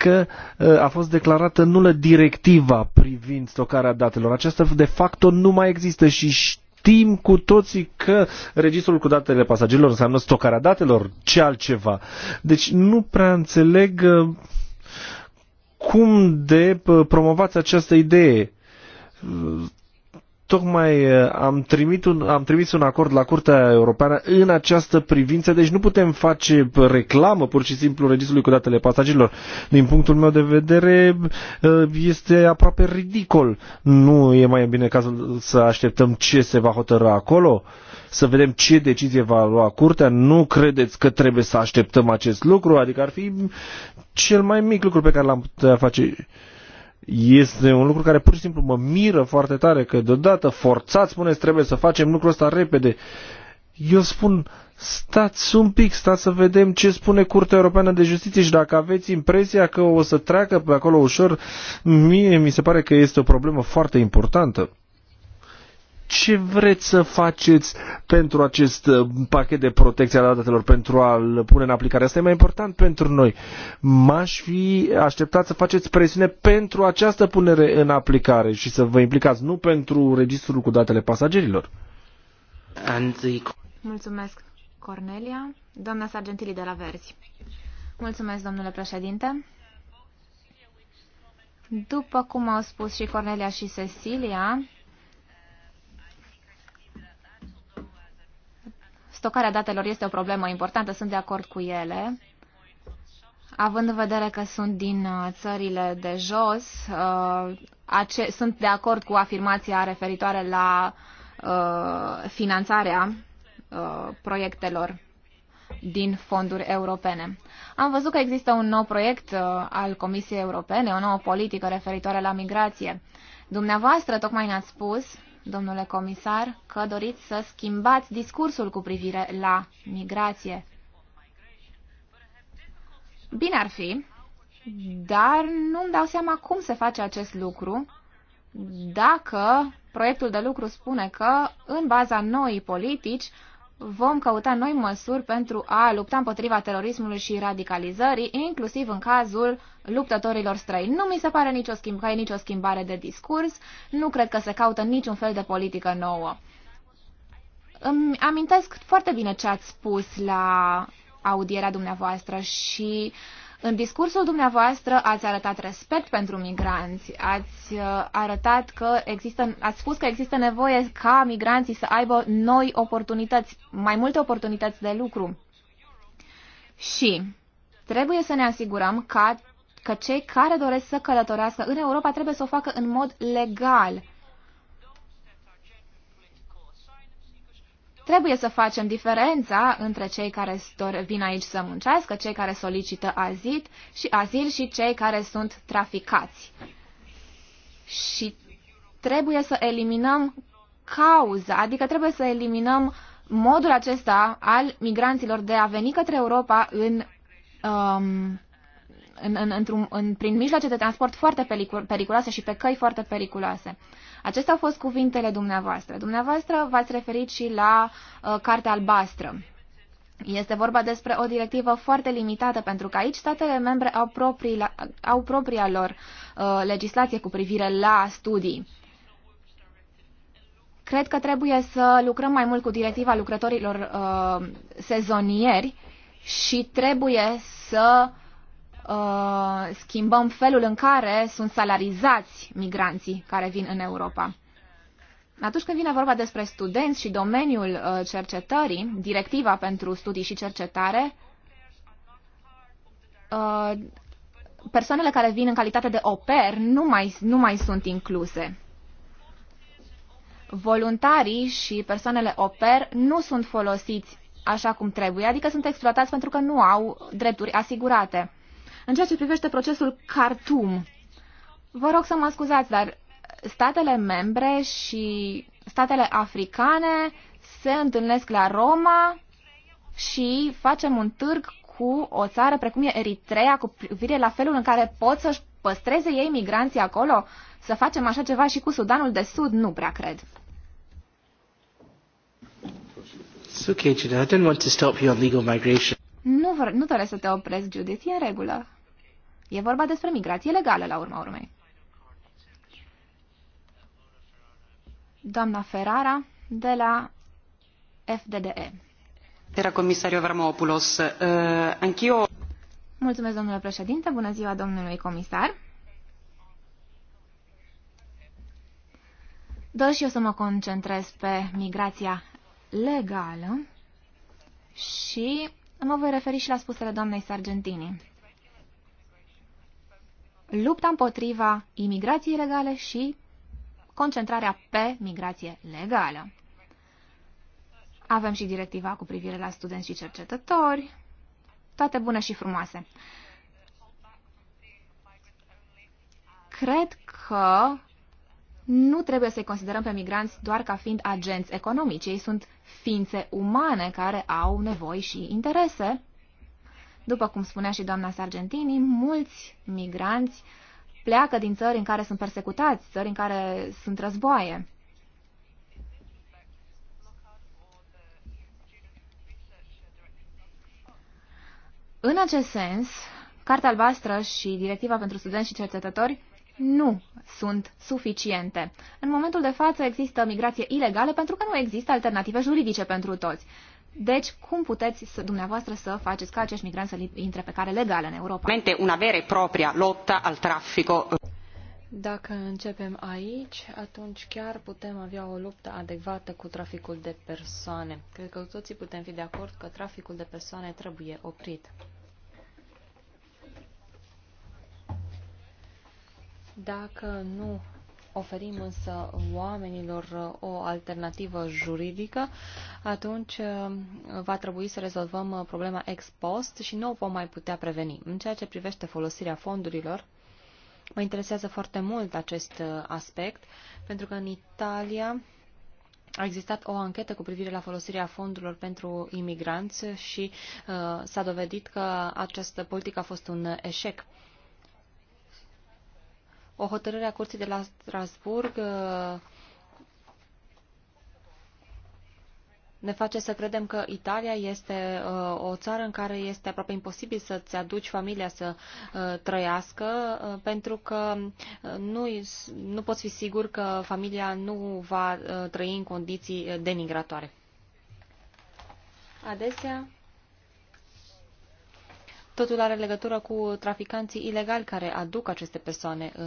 că uh, a fost declarată nulă directiva privind stocarea datelor. Aceasta de facto nu mai există și știm cu toții că registrul cu datele pasagerilor înseamnă stocarea datelor, ce altceva. Deci nu prea înțeleg uh, cum de uh, promovați această idee Tocmai uh, am, trimit un, am trimis un acord la Curtea Europeană în această privință, deci nu putem face reclamă pur și simplu registrului cu datele pasagerilor. Din punctul meu de vedere, uh, este aproape ridicol. Nu e mai bine cazul să așteptăm ce se va hotărâ acolo, să vedem ce decizie va lua Curtea. Nu credeți că trebuie să așteptăm acest lucru? Adică ar fi cel mai mic lucru pe care l-am putea face este un lucru care pur și simplu mă miră foarte tare că deodată forțați spuneți trebuie să facem lucrul ăsta repede. Eu spun, stați un pic, stați să vedem ce spune Curtea Europeană de Justiție și dacă aveți impresia că o să treacă pe acolo ușor, mie mi se pare că este o problemă foarte importantă ce vreți să faceți pentru acest uh, pachet de protecție al datelor, pentru a-l pune în aplicare? Asta e mai important pentru noi. M-aș fi așteptat să faceți presiune pentru această punere în aplicare și să vă implicați, nu pentru registrul cu datele pasagerilor.
Mulțumesc, Cornelia. Doamna Sargentili de la Verzi. Mulțumesc, domnule președinte. După cum au spus și Cornelia și Cecilia, Stocarea datelor este o problemă importantă, sunt de acord cu ele. Având în vedere că sunt din uh, țările de jos, uh, sunt de acord cu afirmația referitoare la uh, finanțarea proiectelor din fonduri europene. Am văzut că există un nou proiect al Comisiei Europene, o nouă politică referitoare la migrație. Dumneavoastră tocmai ne-ați spus domnule comisar, că doriți să schimbați discursul cu privire la migrație. Bine ar fi, dar nu-mi dau seama cum se face acest lucru dacă proiectul de lucru spune că, în baza noii politici, vom căuta noi măsuri pentru a lupta împotriva terorismului și radicalizării, inclusiv în cazul luptătorilor străini. Nu mi se pare nicio schimbare, nicio schimbare de discurs, nu cred că se caută niciun fel de politică nouă. Îmi amintesc foarte bine ce ați spus la audierea dumneavoastră și în discursul dumneavoastră ați arătat respect pentru migranți, ați uh, arătat că există, ați spus că există nevoie ca migranții să aibă noi oportunități, mai multe oportunități de lucru. Și trebuie să ne asigurăm ca că cei care doresc să călătorească în Europa trebuie să o facă în mod legal. Trebuie să facem diferența între cei care vin aici să muncească, cei care solicită azil și, azil și cei care sunt traficați. Și trebuie să eliminăm cauza, adică trebuie să eliminăm modul acesta al migranților de a veni către Europa în um, în, în, într în, prin mijloace de transport foarte periculoase și pe căi foarte periculoase. Acestea au fost cuvintele dumneavoastră. Dumneavoastră v-ați referit și la uh, Cartea Albastră. Este vorba despre o directivă foarte limitată, pentru că aici statele membre au, proprii la, au propria lor uh, legislație cu privire la studii. Cred că trebuie să lucrăm mai mult cu directiva lucrătorilor uh, sezonieri și trebuie să uh, Uh, schimbăm felul în care sunt salarizați migranții care vin în Europa. Atunci când vine vorba despre studenți și domeniul uh, cercetării, directiva pentru studii și cercetare, uh, persoanele care vin în calitate de oper nu mai, nu mai sunt incluse. Voluntarii și persoanele oper nu sunt folosiți așa cum trebuie, adică sunt exploatați pentru că nu au drepturi asigurate. În ceea ce privește procesul Khartoum, vă rog să mă scuzați, dar statele membre și statele africane se întâlnesc la Roma și facem un târg cu o țară precum e Eritrea cu privire la felul în care pot să-și păstreze ei migranții acolo? Să facem așa ceva și cu Sudanul de Sud? Nu prea cred.
okay, Judith. I want to stop you on legal migration.
Nu, vor, nu doresc să te opresc, Judith. E în regulă. E vorba despre migrație legală, la urma urmei. Doamna Ferrara, de la FDDE.
Era comisariu Vramopoulos. Uh, eh, anch'io...
Mulțumesc, domnule președinte. Bună ziua, domnului comisar. Doar și eu să mă concentrez pe migrația legală și mă voi referi și la spusele doamnei Sargentini lupta împotriva imigrației legale și concentrarea pe migrație legală. Avem și directiva cu privire la studenți și cercetători, toate bune și frumoase. Cred că nu trebuie să-i considerăm pe migranți doar ca fiind agenți economici. Ei sunt ființe umane care au nevoi și interese după cum spunea și doamna Sargentini, mulți migranți pleacă din țări în care sunt persecutați, țări în care sunt războaie. În acest sens, cartea albastră și Directiva pentru studenți și cercetători nu sunt suficiente. În momentul de față există migrație ilegală pentru că nu există alternative juridice pentru toți. Deci, cum puteți să, dumneavoastră să faceți ca acești migranți să intre pe care
legală în Europa? Mente una vera e propria lotta al traffico. Dacă începem aici, atunci chiar putem avea o luptă adecvată cu traficul de persoane. Cred că toții putem fi de acord că traficul de persoane trebuie oprit. Dacă nu oferim însă oamenilor uh, o alternativă juridică, atunci uh, va trebui să rezolvăm uh, problema ex post și nu o vom mai putea preveni. În ceea ce privește folosirea fondurilor, mă interesează foarte mult acest aspect, pentru că în Italia a existat o anchetă cu privire la folosirea fondurilor pentru imigranți și uh, s-a dovedit că această politică a fost un eșec o hotărâre a Curții de la Strasburg uh, ne face să credem că Italia este uh, o țară în care este aproape imposibil să-ți aduci familia să uh, trăiască, pentru că nu, nu poți fi sigur că familia nu va trăi în condiții denigratoare. Adesea Totul are legătură cu traficanții ilegali care aduc aceste persoane uh,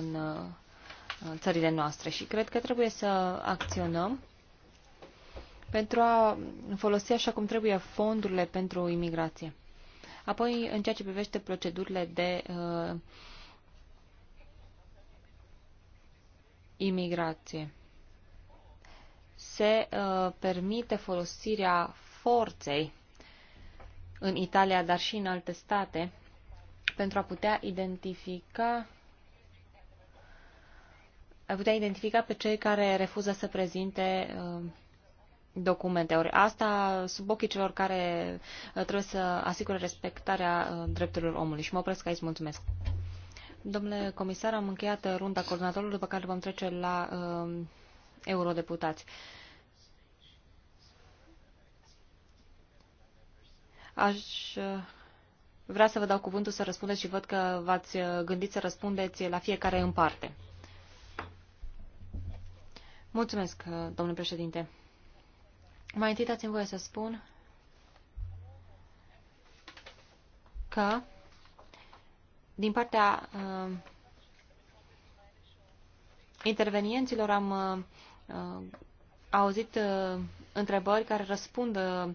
în țările noastre și cred că trebuie să acționăm pentru a folosi așa cum trebuie fondurile pentru imigrație. Apoi, în ceea ce privește procedurile de uh, imigrație, se uh, permite folosirea forței în Italia, dar și în alte state, pentru a putea identifica a putea identifica pe cei care refuză să prezinte uh, documente. Ori asta sub ochii celor care uh, trebuie să asigure respectarea uh, drepturilor omului. Și mă opresc aici. Mulțumesc. Domnule comisar, am încheiat runda coordonatorului, după care vom trece la uh, eurodeputați. Uh, Aș uh, vrea să vă dau cuvântul să răspundeți și văd că v-ați uh, gândit să răspundeți la fiecare în parte. Mulțumesc, uh, domnule președinte. Mai întâi dați-mi voie să spun că din partea uh, intervenienților am uh, auzit uh, întrebări care răspund uh,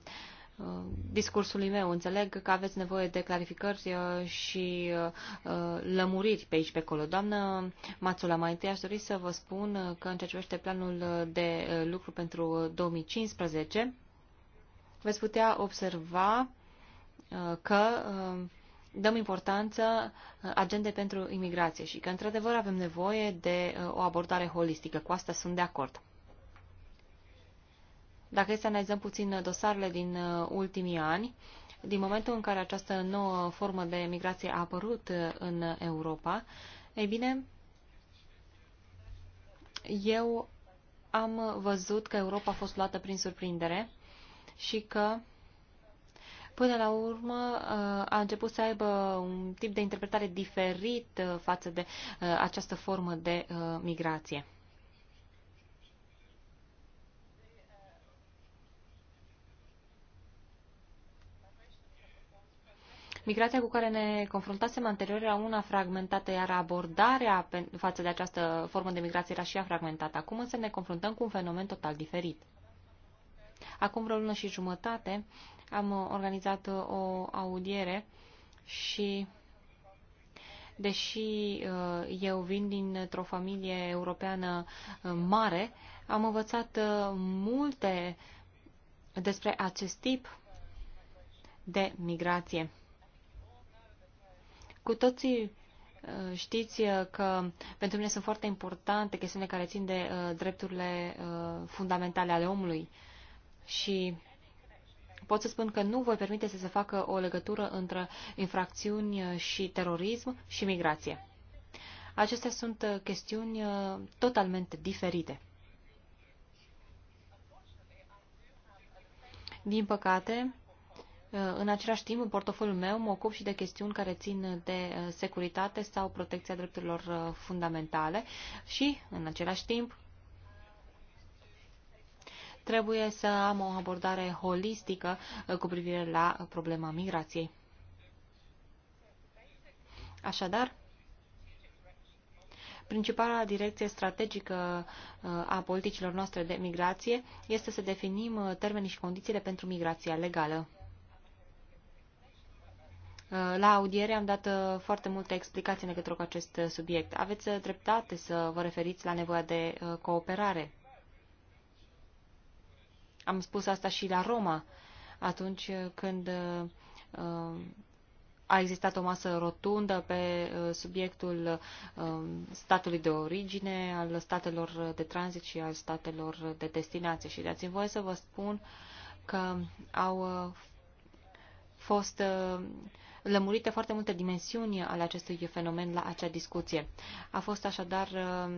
Uh, discursului meu. Înțeleg că aveți nevoie de clarificări uh, și uh, lămuriri pe aici pe acolo. Doamnă Mațula, mai întâi aș dori să vă spun că în ce privește planul de lucru pentru 2015, veți putea observa că dăm importanță agende pentru imigrație și că, într-adevăr, avem nevoie de o abordare holistică. Cu asta sunt de acord. Dacă este să analizăm puțin dosarele din uh, ultimii ani, din momentul în care această nouă formă de migrație a apărut uh, în Europa, ei bine, eu am văzut că Europa a fost luată prin surprindere și că până la urmă uh, a început să aibă un tip de interpretare diferit față de această formă de migrație. Migrația cu care ne confruntasem anterior era una fragmentată, iar abordarea față de această formă de migrație era și ea fragmentată. Acum însă ne confruntăm cu un fenomen total diferit. Acum vreo lună și jumătate am organizat o audiere și deși uh, eu vin dintr-o familie europeană uh, mare, am învățat uh, multe despre acest tip de migrație. Cu toții uh, știți uh, că pentru mine sunt foarte importante chestiunile care țin de uh, drepturile fundamentale ale omului și pot să spun că nu voi permite să se facă o legătură între infracțiuni și terorism și migrație. Acestea sunt chestiuni totalmente diferite. Din păcate, Uh, în același timp, în portofoliul meu mă ocup și de chestiuni care țin de uh, securitate sau protecția drepturilor uh, fundamentale și, în același timp, trebuie să am o abordare holistică cu privire la problema migrației. Așadar, Principala direcție strategică a politicilor noastre de migrație este să definim termenii și condițiile pentru migrația legală. Uh, la audiere am dat uh, foarte multe explicații în legătură cu acest uh, subiect. Aveți dreptate să vă referiți la nevoia de cooperare. Am spus asta și la Roma, atunci când a existat o masă rotundă pe subiectul statului de origine, al statelor de tranzit și al statelor de destinație. Și dați-mi voie să vă spun că au fost lămurite foarte multe dimensiuni ale acestui fenomen la acea discuție. A fost așadar uh,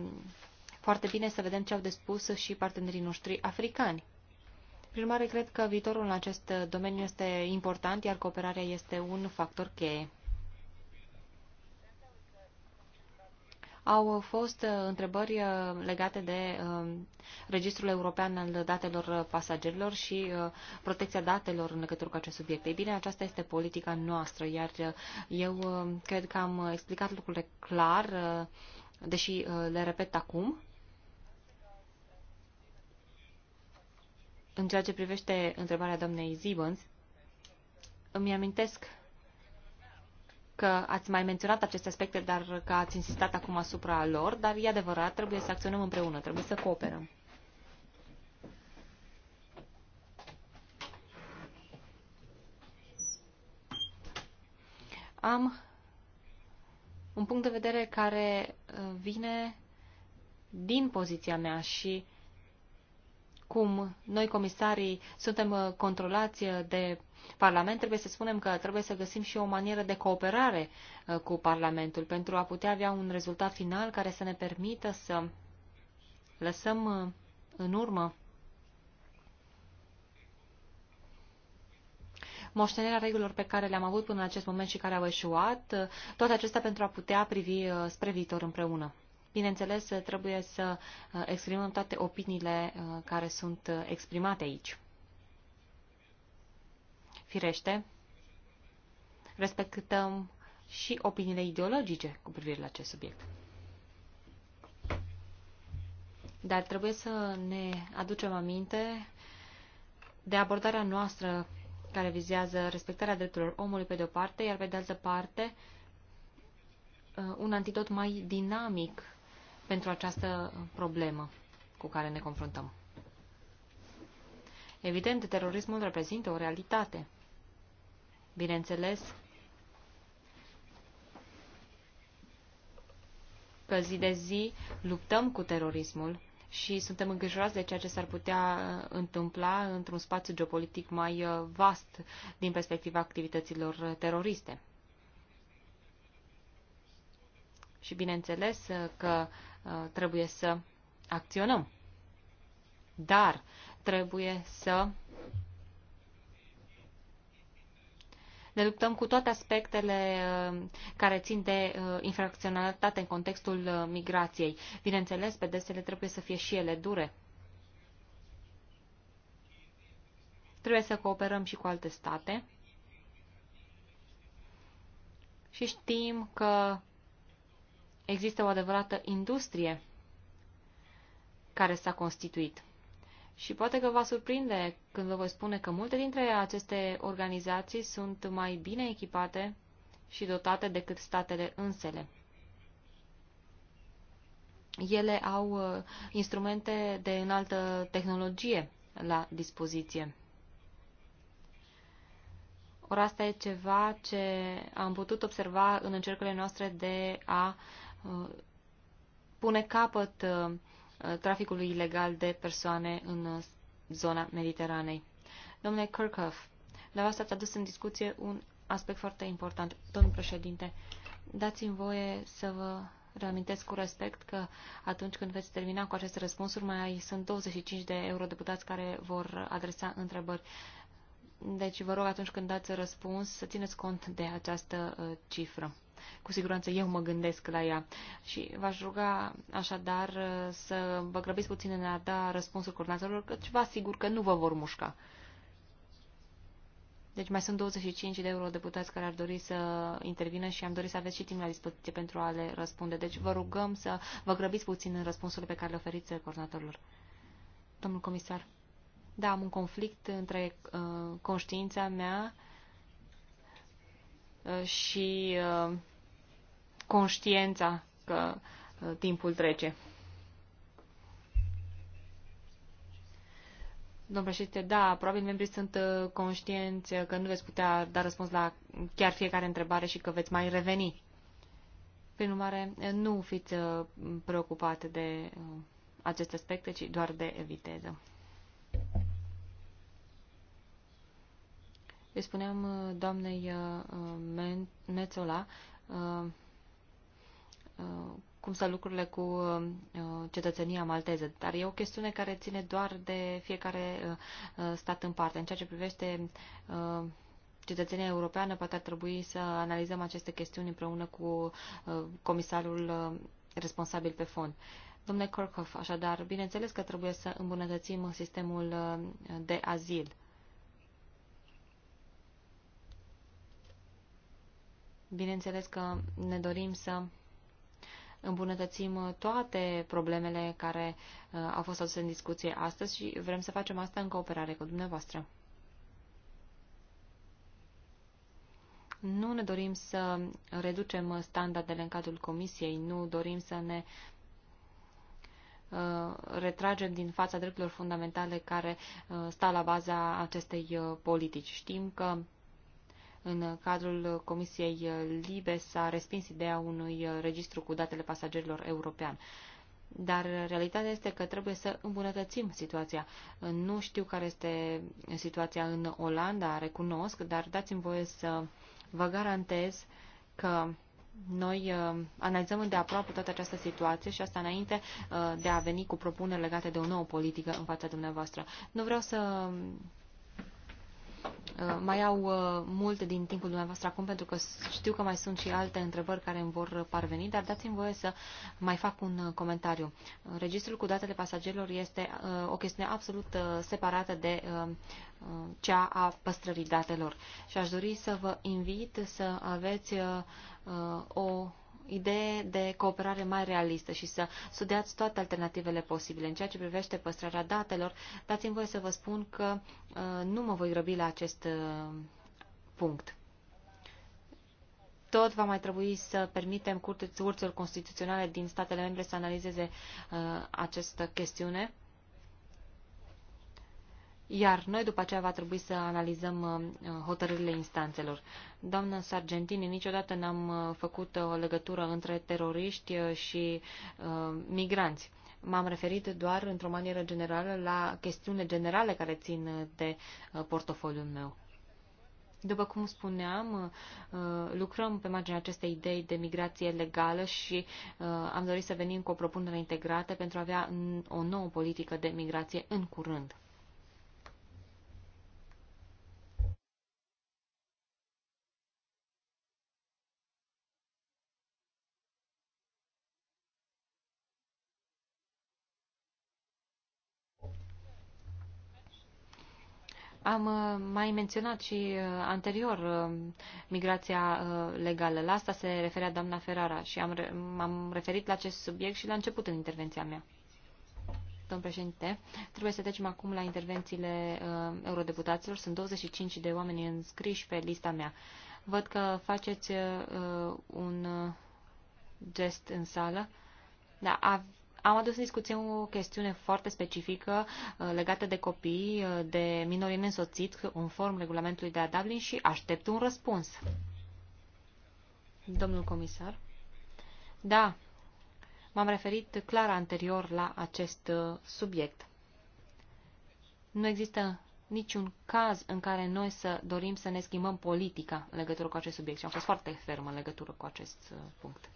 foarte bine să vedem ce au de spus și partenerii noștri africani. Prin urmare, cred că viitorul în acest domeniu este important, iar cooperarea este un factor cheie. Au fost uh, întrebări uh, legate de uh, Registrul European al Datelor Pasagerilor și protecția datelor în legătură cu acest subiect. Ei bine, aceasta este politica noastră, iar eu cred că am explicat lucrurile clar, deși le repet acum. În ceea ce privește întrebarea doamnei Zibans, îmi amintesc că ați mai menționat aceste aspecte, dar că ați insistat acum asupra lor, dar e adevărat, trebuie să acționăm împreună, trebuie să cooperăm. Am un punct de vedere care uh, vine din poziția mea și cum noi comisarii suntem uh, controlați uh, de Parlament, trebuie să spunem că trebuie să găsim și o manieră de cooperare uh, cu Parlamentul pentru a putea avea un rezultat final care să ne permită să lăsăm în urmă moștenirea regulilor pe care le-am avut până în acest moment și care au eșuat, toate acestea pentru a putea privi spre viitor împreună. Bineînțeles, trebuie să uh, exprimăm toate opiniile uh, care sunt uh, exprimate aici. Firește, respectăm și opiniile ideologice cu privire la acest subiect. Dar trebuie să ne aducem aminte de abordarea noastră care vizează respectarea drepturilor omului pe de-o parte, iar pe de altă parte un antidot mai dinamic pentru această problemă cu care ne confruntăm. Evident, terorismul reprezintă o realitate. Bineînțeles că zi de zi luptăm cu terorismul și suntem îngrijorați de ceea ce s-ar putea uh, întâmpla într-un spațiu geopolitic mai uh, vast din perspectiva activităților teroriste. Și bineînțeles uh, că Uh, trebuie să acționăm. Dar trebuie să ne luptăm cu toate aspectele uh, care țin de uh, infracționalitate în contextul migrației. Bineînțeles, pedesele trebuie să fie și ele dure. Trebuie să cooperăm și cu alte state. Și știm că există o adevărată industrie care s-a constituit. Și poate că va surprinde când vă voi spune că multe dintre aceste organizații sunt mai bine echipate și dotate decât statele însele. Ele au uh, instrumente de înaltă tehnologie la dispoziție. Ori asta e ceva ce am putut observa în încercările noastre de a uh, Uh, pune capăt uh, traficului ilegal de persoane în uh, zona Mediteranei. Domnule Kirchhoff, la asta ați adus în discuție un aspect foarte important. Domnul președinte, dați-mi voie să vă reamintesc cu respect că atunci când veți termina cu aceste răspunsuri, mai sunt 25 de eurodeputați care vor adresa întrebări. Deci vă rog atunci când dați răspuns să țineți cont de această cifră. Cu siguranță eu mă gândesc la ea și v-aș ruga așadar uh, să vă grăbiți puțin în a da răspunsul coordonatorilor, căci vă asigur că nu vă vor mușca. Deci mai sunt 25 de eurodeputați care ar dori să intervină și am dorit să aveți și timp la dispoziție pentru a le răspunde. Deci vă rugăm să vă grăbiți puțin în răspunsurile pe care le oferiți coordonatorilor. Domnul comisar. Da, am un conflict între uh, conștiința mea Uh, și uh, conștiența că uh, timpul trece. Domnul președinte, da, probabil membrii sunt conștienți că nu veți putea da răspuns la chiar fiecare întrebare și că veți mai reveni. Prin urmare, nu fiți preocupate de aceste aspecte, ci doar de viteză. Îi spuneam uh, doamnei uh, Mețola uh, cum sunt lucrurile cu cetățenia malteză, dar e o chestiune care ține doar de fiecare stat în parte. În ceea ce privește cetățenia europeană, poate ar trebui să analizăm aceste chestiuni împreună cu comisarul responsabil pe fond. Domnule Kirchhoff, așadar, bineînțeles că trebuie să îmbunătățim sistemul de azil. Bineînțeles că ne dorim să îmbunătățim uh, toate problemele care uh, au fost aduse în discuție astăzi și vrem să facem asta în cooperare cu dumneavoastră. Nu ne dorim să reducem uh, standardele în cadrul comisiei, nu dorim să ne retragem din fața drepturilor fundamentale care stau la baza acestei politici. Știm că în cadrul Comisiei Libe s-a respins ideea unui registru cu datele pasagerilor european. Dar realitatea este că trebuie să îmbunătățim situația. Nu știu care este situația în Olanda, recunosc, dar dați-mi voie să vă garantez că noi uh, analizăm îndeaproape toată această situație și asta înainte uh, de a veni cu propuneri legate de o nouă politică în fața dumneavoastră. Nu vreau să Uh, mai au uh, multe din timpul dumneavoastră acum, pentru că știu că mai sunt și alte întrebări care îmi vor parveni, dar dați-mi voie să mai fac un uh, comentariu. Registrul cu datele pasagerilor este o chestiune absolut separată de cea a păstrării datelor. Și aș dori să vă invit să aveți o idee de cooperare mai realistă și să studiați toate alternativele posibile. În ceea ce privește păstrarea datelor, dați-mi voie să vă spun că uh, nu mă voi grăbi la acest uh, punct tot va mai trebui să permitem curților constituționale din statele membre să analizeze uh, această chestiune iar noi după aceea va trebui să analizăm uh, hotărârile instanțelor. Doamnă Sargentini, niciodată n-am uh, făcut uh, o legătură între teroriști și uh, migranți. M-am referit doar într-o manieră generală la chestiunile generale care țin de portofoliul meu. După cum spuneam, lucrăm pe marginea acestei idei de migrație legală și am dorit să venim cu o propunere integrată pentru a avea mm, o nouă politică de migrație în curând. Am uh, mai menționat și uh, anterior uh, migrația legală. La asta se referea doamna Ferrara și am, am referit la acest subiect și la început în intervenția mea. Domn președinte, trebuie să trecem acum la intervențiile uh, eurodeputaților. Sunt 25 de oameni înscriși pe lista mea. Văd că faceți uh, un uh, gest în sală. Da, am adus în discuție o chestiune foarte specifică uh, legată de copii, uh, de minori în conform regulamentului de la Dublin și aștept un răspuns. Domnul comisar? Da, m-am referit clar anterior la acest uh, subiect. Nu există niciun caz în care noi să dorim să ne schimbăm politica în legătură cu acest subiect și am fost foarte fermă în legătură cu acest punct.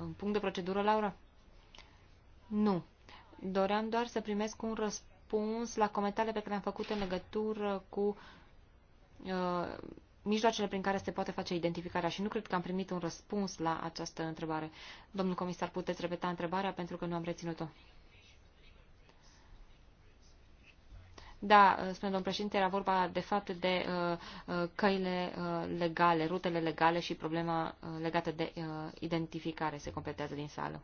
Un punct de procedură, Laura? Nu. Doream doar să primesc un răspuns la comentariile pe care le-am făcut în legătură cu uh, mijloacele prin care se poate face identificarea și nu cred că am primit un răspuns la această întrebare. Domnul comisar, puteți repeta întrebarea pentru că nu am reținut-o. Da, uh, spune domnul președinte, era vorba de fapt de uh, uh, căile legale, rutele legale și problema legată de identificare se completează din sală.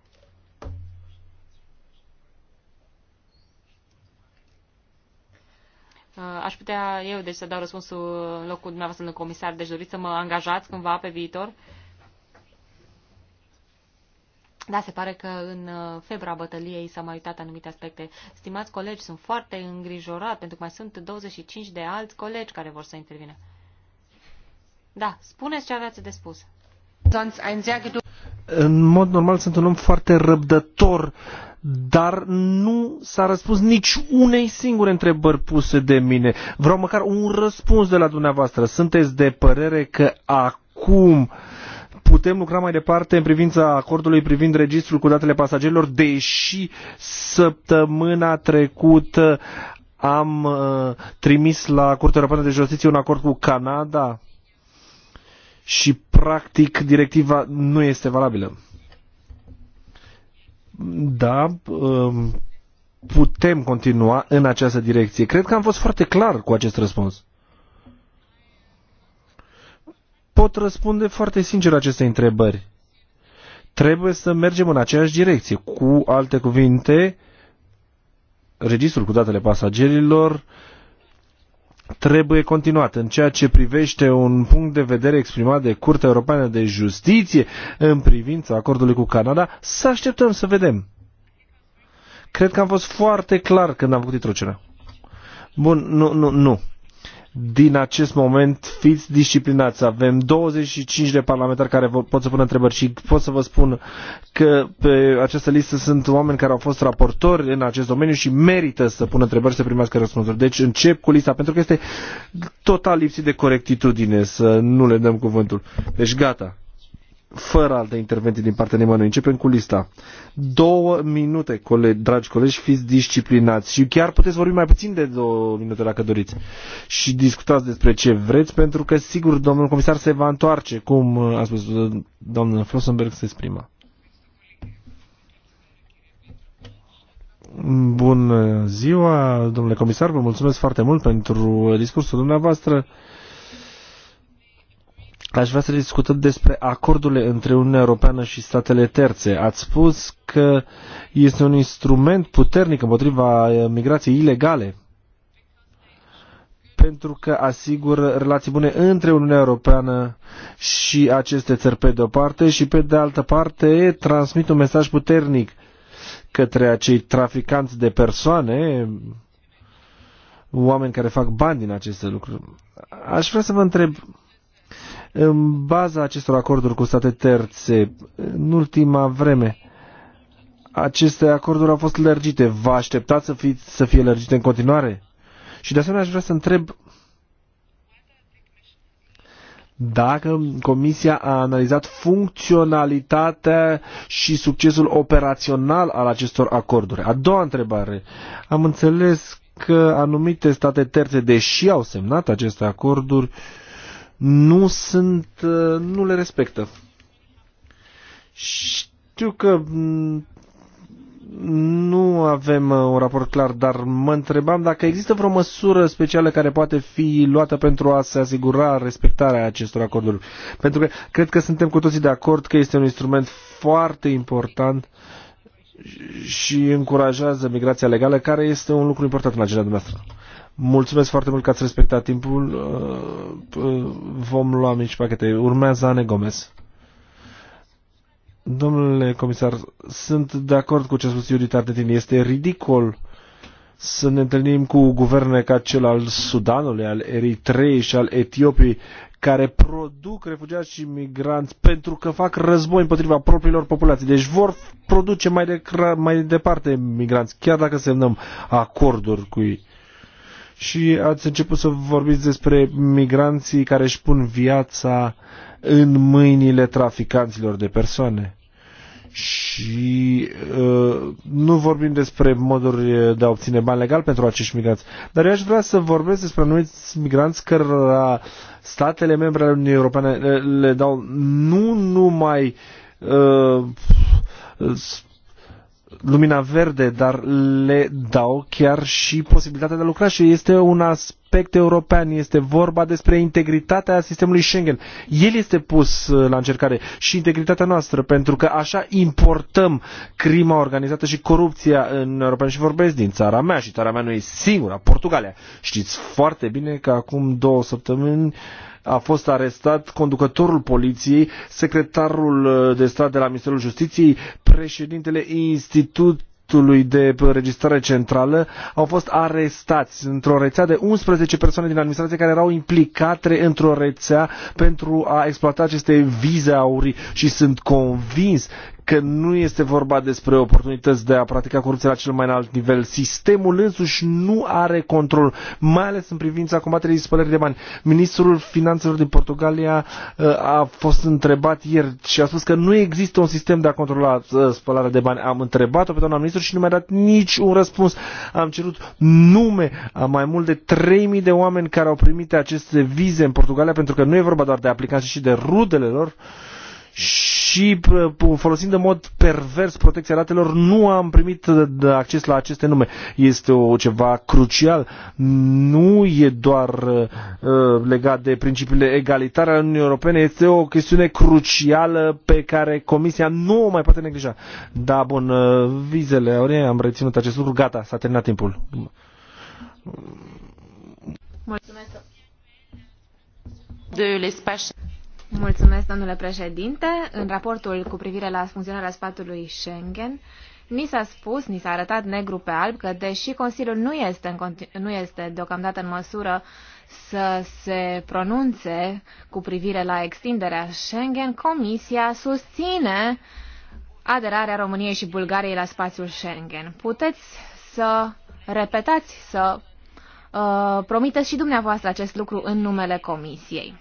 Aș putea eu deci să dau răspunsul în locul dumneavoastră în comisar, deci doriți să mă angajați cândva pe viitor? Uh, da, se pare că în uh, febra bătăliei s-au mai uitat anumite aspecte. Stimați colegi, sunt foarte îngrijorat pentru că mai sunt 25 de alți colegi care vor să intervină. Da, spuneți ce aveați de spus.
În mod normal sunt un om foarte răbdător, dar nu s-a răspuns nici unei singure întrebări puse de mine. Vreau măcar un răspuns de la dumneavoastră. Sunteți de părere că acum putem lucra mai departe în privința acordului privind registrul cu datele pasagerilor, deși săptămâna trecută am uh, trimis la Curtea Europeană de Justiție un acord cu Canada și practic directiva nu este valabilă. Da, um, putem continua în această direcție. Cred că am fost foarte clar cu acest răspuns. pot răspunde foarte sincer aceste întrebări. Trebuie să mergem în aceeași direcție. Cu alte cuvinte, registrul cu datele pasagerilor trebuie continuat. În ceea ce privește un punct de vedere exprimat de Curtea Europeană de Justiție în privința acordului cu Canada, să așteptăm să vedem. Cred că am fost foarte clar când am făcut introducerea. Bun, nu, nu, nu din acest moment fiți disciplinați. Avem 25 de parlamentari care vă, pot să pună întrebări și pot să vă spun că pe această listă sunt oameni care au fost raportori în acest domeniu și merită să pună întrebări și să primească răspunsuri. Deci încep cu lista pentru că este total lipsit de corectitudine să nu le dăm cuvântul. Deci gata fără alte intervenții din partea nimănui. Începem cu lista. Două minute, colegi, dragi colegi, fiți disciplinați și chiar puteți vorbi mai puțin de două minute dacă doriți și discutați despre ce vreți, pentru că sigur domnul comisar se va întoarce, cum a spus domnul Flossenberg se exprima. Bună ziua, domnule comisar, vă mulțumesc foarte mult pentru discursul dumneavoastră. Aș vrea să discutăm despre acordurile între Uniunea Europeană și statele terțe. Ați spus că este un instrument puternic împotriva eh, migrației ilegale pentru că asigură relații bune între Uniunea Europeană și aceste țări pe de o parte și pe de altă parte transmit un mesaj puternic către acei traficanți de persoane, oameni care fac bani din aceste lucruri. Aș vrea să vă întreb în baza acestor acorduri cu state terțe în ultima vreme. Aceste acorduri au fost lărgite. Vă așteptați să, fiți, să fie lărgite în continuare? Și de asemenea aș vrea să întreb dacă Comisia a analizat funcționalitatea și succesul operațional al acestor acorduri. A doua întrebare. Am înțeles că anumite state terțe, deși au semnat aceste acorduri, uh, nu sunt, uh, nu le respectă. Știu că mm, nu avem uh, un raport clar, dar mă întrebam dacă există vreo măsură specială care poate fi luată pentru a se asigura respectarea acestor acorduri. Pentru că cred că suntem cu toții de acord că este un instrument foarte important și încurajează migrația legală, care este un lucru important în agenda dumneavoastră. Mulțumesc foarte mult că ați respectat timpul. Uh, uh, vom lua mici pachete. Urmează Ane Gomez. Domnule comisar, sunt de acord cu ce a spus Iurita de tine. Este ridicol să ne întâlnim cu guverne ca cel al Sudanului, al Eritrei și al Etiopiei, care produc refugiați și migranți pentru că fac război împotriva propriilor populații. Deci vor produce mai, de, mai departe migranți, chiar dacă semnăm acorduri cu ei și ați început să vorbiți despre migranții care își pun viața în mâinile traficanților de persoane. Și uh, nu vorbim despre moduri de a obține bani legal pentru acești migranți. Dar eu aș vrea să vorbesc despre anumiți migranți care statele membre ale Uniunii Europene le, le dau nu numai uh, lumina verde, dar le dau chiar și posibilitatea de a lucra și este un aspect european, este vorba despre integritatea sistemului Schengen. El este pus uh, la încercare și integritatea noastră, pentru că așa importăm crima organizată și corupția în Europa. Și vorbesc din țara mea și țara mea nu e singura, Portugalia. Știți foarte bine că acum două săptămâni uh, a fost arestat conducătorul poliției, secretarul uh, de stat de la Ministerul Justiției, președintele Institut Institutului de Registrare Centrală au fost arestați într-o rețea de 11 persoane din administrație care erau implicate într-o rețea pentru a exploata aceste vize aurii și sunt convins că nu este vorba despre oportunități de a practica corupția la cel mai înalt nivel. Sistemul însuși nu are control, mai ales în privința combaterii spălării de bani. Ministrul Finanțelor din Portugalia uh, a fost întrebat ieri și a spus că nu există un sistem de a controla uh, spălarea de bani. Am întrebat-o pe doamna ministru și nu mi-a dat nici un răspuns. Am cerut nume a mai mult de 3.000 de oameni care au primit aceste vize în Portugalia, pentru că nu e vorba doar de aplicanți și de rudele lor. Uh, și folosind în mod pervers protecția datelor, nu am primit acces la aceste nume. Este o ceva crucial. Nu e doar uh, legat de principiile egalitare ale Uniunii Europene, este o chestiune crucială pe care Comisia nu o mai poate neglija. Da, bun, uh, vizele, ori am reținut acest lucru, gata, s-a terminat timpul.
Mulțumesc.
De l'espace Mulțumesc, domnule președinte. În raportul cu privire la funcționarea spațiului Schengen, ni s-a spus, ni s-a arătat negru pe alb că, deși Consiliul nu este, în nu este deocamdată în măsură să se pronunțe cu privire la extinderea Schengen, Comisia susține aderarea României și Bulgariei la spațiul Schengen. Puteți să repetați, să uh, promiteți și dumneavoastră acest lucru în numele Comisiei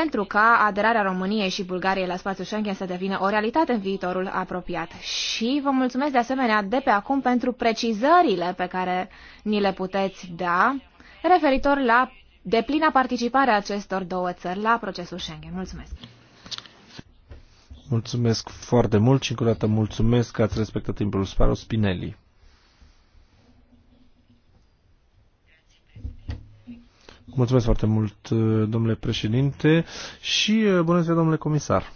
pentru ca aderarea României și Bulgariei la spațiul Schengen să devină o realitate în viitorul apropiat. Și vă mulțumesc de asemenea de pe acum pentru precizările pe care ni le puteți da referitor la deplina participare a acestor două țări la procesul Schengen. Mulțumesc!
Mulțumesc foarte mult și încă o dată mulțumesc că ați respectat timpul Sparo Spinelli. Mulțumesc foarte mult, uh, domnule președinte, și uh, bună ziua, domnule comisar.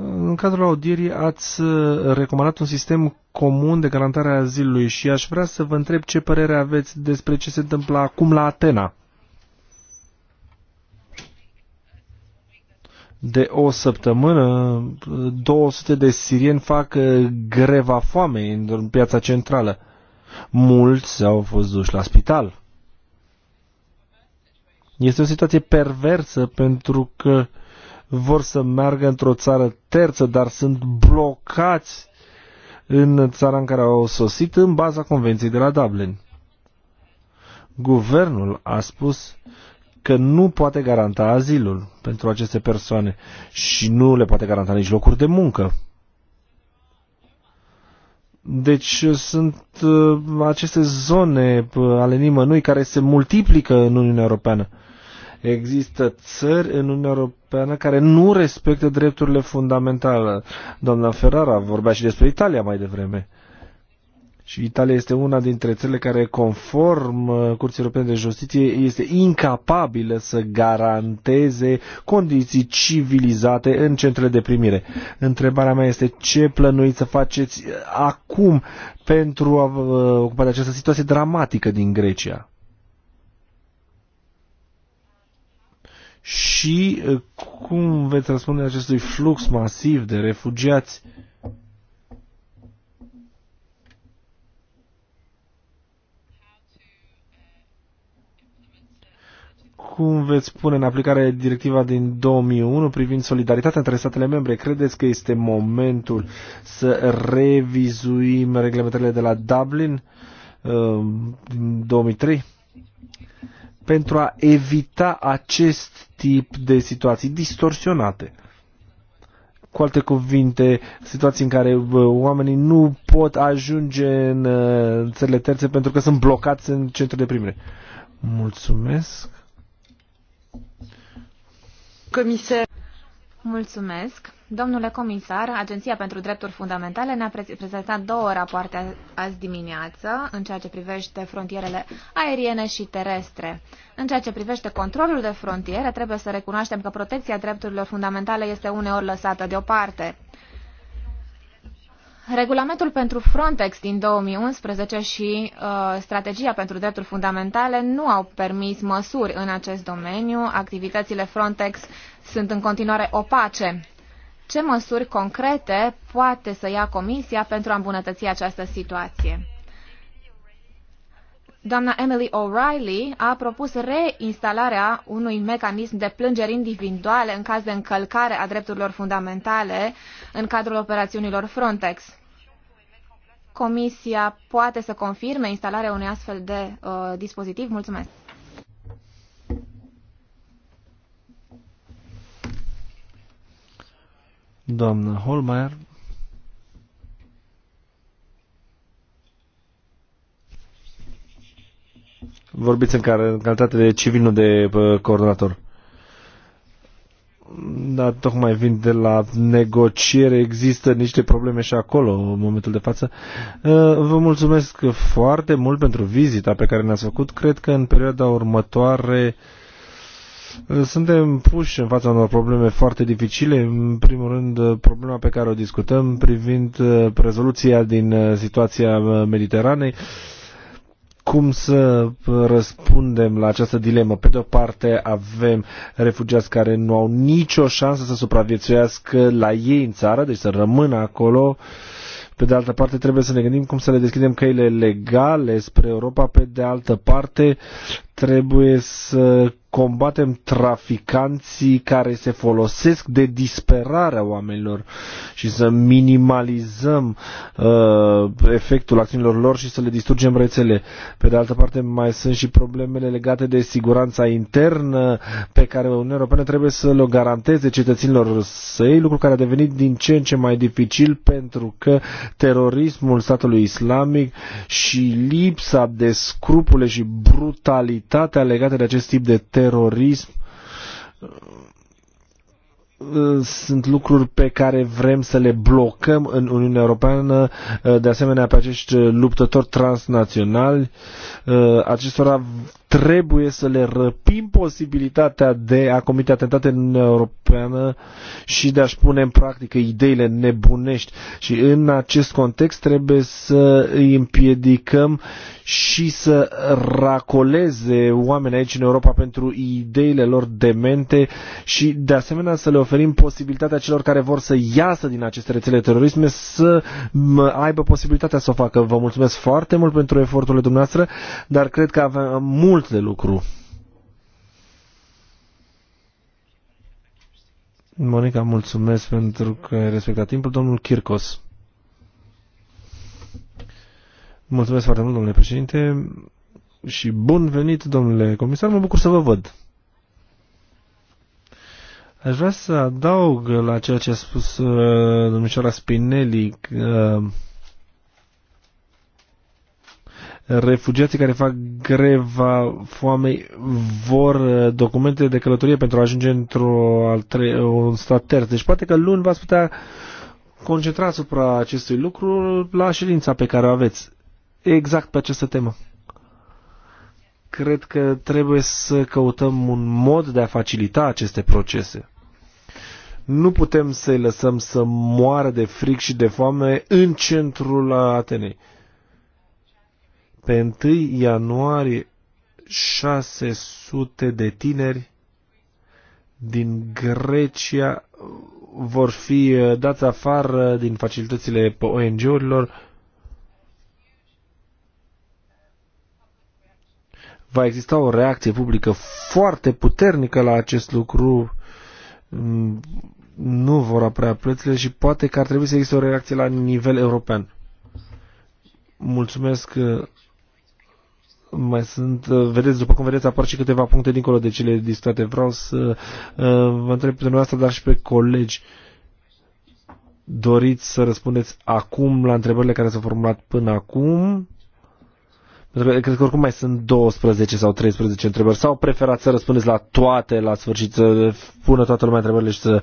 În cadrul audierii ați uh, recomandat un sistem comun de garantare a azilului și aș vrea să vă întreb ce părere aveți despre ce se întâmplă acum la Atena. De o săptămână, 200 de sirieni fac greva foamei în piața centrală mulți au fost duși la spital. Este o situație perversă pentru că vor să meargă într-o țară terță, dar sunt blocați în țara în care au sosit în baza Convenției de la Dublin. Guvernul a spus că nu poate garanta azilul pentru aceste persoane și nu le poate garanta nici locuri de muncă. Deci uh, sunt uh, aceste zone uh, ale nimănui care se multiplică în Uniunea Europeană. Există țări în Uniunea Europeană care nu respectă drepturile fundamentale. Doamna Ferrara vorbea și despre Italia mai devreme și Italia este una dintre țările care, conform uh, Curții Europene de Justiție, este incapabilă să garanteze condiții civilizate în centrele de primire. Întrebarea mea este ce plănuiți să faceți uh, acum pentru a uh, ocupa de această situație dramatică din Grecia? Și cum veți răspunde acestui flux masiv de refugiați? Uh, cum veți pune în aplicare directiva din 2001 privind solidaritatea între statele membre? Credeți că este momentul să revizuim reglementările de la Dublin uh, din 2003? pentru a evita acest tip de situații distorsionate. Cu alte cuvinte, situații în care oamenii nu pot ajunge în uh, țările terțe pentru că sunt blocați în centre de primire. Mulțumesc comisar.
Mulțumesc. Domnule comisar, Agenția pentru Drepturi Fundamentale ne-a prezentat două rapoarte azi dimineață în ceea ce privește frontierele aeriene și terestre. În ceea ce privește controlul de frontiere, trebuie să recunoaștem că protecția drepturilor fundamentale este uneori lăsată deoparte. Regulamentul pentru Frontex din 2011 și uh, strategia pentru drepturi fundamentale nu au permis măsuri în acest domeniu. Activitățile Frontex sunt în continuare opace. Ce măsuri concrete poate să ia Comisia pentru a îmbunătăți această situație? Doamna Emily O'Reilly a propus reinstalarea unui mecanism de plângeri individuale în caz de încălcare a drepturilor fundamentale în cadrul operațiunilor Frontex. Comisia poate să confirme instalarea unui astfel de uh, dispozitiv? Mulțumesc!
Doamna Holmeier. Vorbiți în, care, în calitate de civil, nu de uh, coordonator. Dar tocmai vin de la negociere, există niște probleme și acolo în momentul de față. Uh, vă mulțumesc foarte mult pentru vizita pe care ne-ați făcut. Cred că în perioada următoare uh, suntem puși în fața unor probleme foarte dificile. În primul rând, uh, problema pe care o discutăm privind rezoluția din situația Mediteranei cum să uh, răspundem la această dilemă. Pe de o parte avem refugiați care nu au nicio șansă să supraviețuiască la ei în țară, deci să rămână acolo. Pe de altă parte trebuie să ne gândim cum să le deschidem căile legale spre Europa. Pe de altă parte trebuie să combatem traficanții care se folosesc de disperarea oamenilor și să minimalizăm uh, efectul acțiunilor lor și să le distrugem rețele. Pe de altă parte, mai sunt și problemele legate de siguranța internă pe care Uniunea Europeană trebuie să le garanteze cetățenilor săi, lucru care a devenit din ce în ce mai dificil pentru că terorismul statului islamic și lipsa de scrupule și brutalitatea legată de acest tip de terorism terorism uh, sunt lucruri pe care vrem să le blocăm în Uniunea Europeană, uh, de asemenea pe acești luptători transnaționali, uh, acestora trebuie să le răpim posibilitatea de a comite atentate în Europeană și de a-și pune în practică ideile nebunești. Și în acest context trebuie să îi împiedicăm și să racoleze oameni aici în Europa pentru ideile lor demente și de asemenea să le oferim posibilitatea celor care vor să iasă din aceste rețele terorisme să aibă posibilitatea să o facă. Vă mulțumesc foarte mult pentru eforturile dumneavoastră, dar cred că avem mult mult de lucru. Monica, mulțumesc pentru că ai respectat timpul. Domnul Kirkos. Mulțumesc foarte mult, domnule președinte, și bun venit, domnule comisar. Mă bucur să vă văd. Aș vrea să adaug la ceea ce a spus uh, domnișoara Spinelli uh, refugiații care fac greva foamei vor uh, documente de călătorie pentru a ajunge într-un uh, stat terț. Deci poate că luni v-ați putea concentra asupra acestui lucru la ședința pe care o aveți. Exact pe această temă. Cred că trebuie să căutăm un mod de a facilita aceste procese. Nu putem să-i lăsăm să moară de fric și de foame în centrul Atenei. Pe 1 ianuarie 600 de tineri din Grecia vor fi uh, dați afară din facilitățile ONG-urilor. Va exista o reacție publică foarte puternică la acest lucru. Nu vor apărea plățile și poate că ar trebui să existe o reacție la nivel european. Mulțumesc uh, mai sunt, vedeți, după cum vedeți, apar și câteva puncte dincolo de cele discutate. Vreau să uh, vă întreb pe dumneavoastră, dar și pe colegi, doriți să răspundeți acum la întrebările care s-au formulat până acum? Pentru că cred că oricum mai sunt 12 sau 13 întrebări. Sau preferați să răspundeți la toate la sfârșit, să pună toată lumea întrebările și să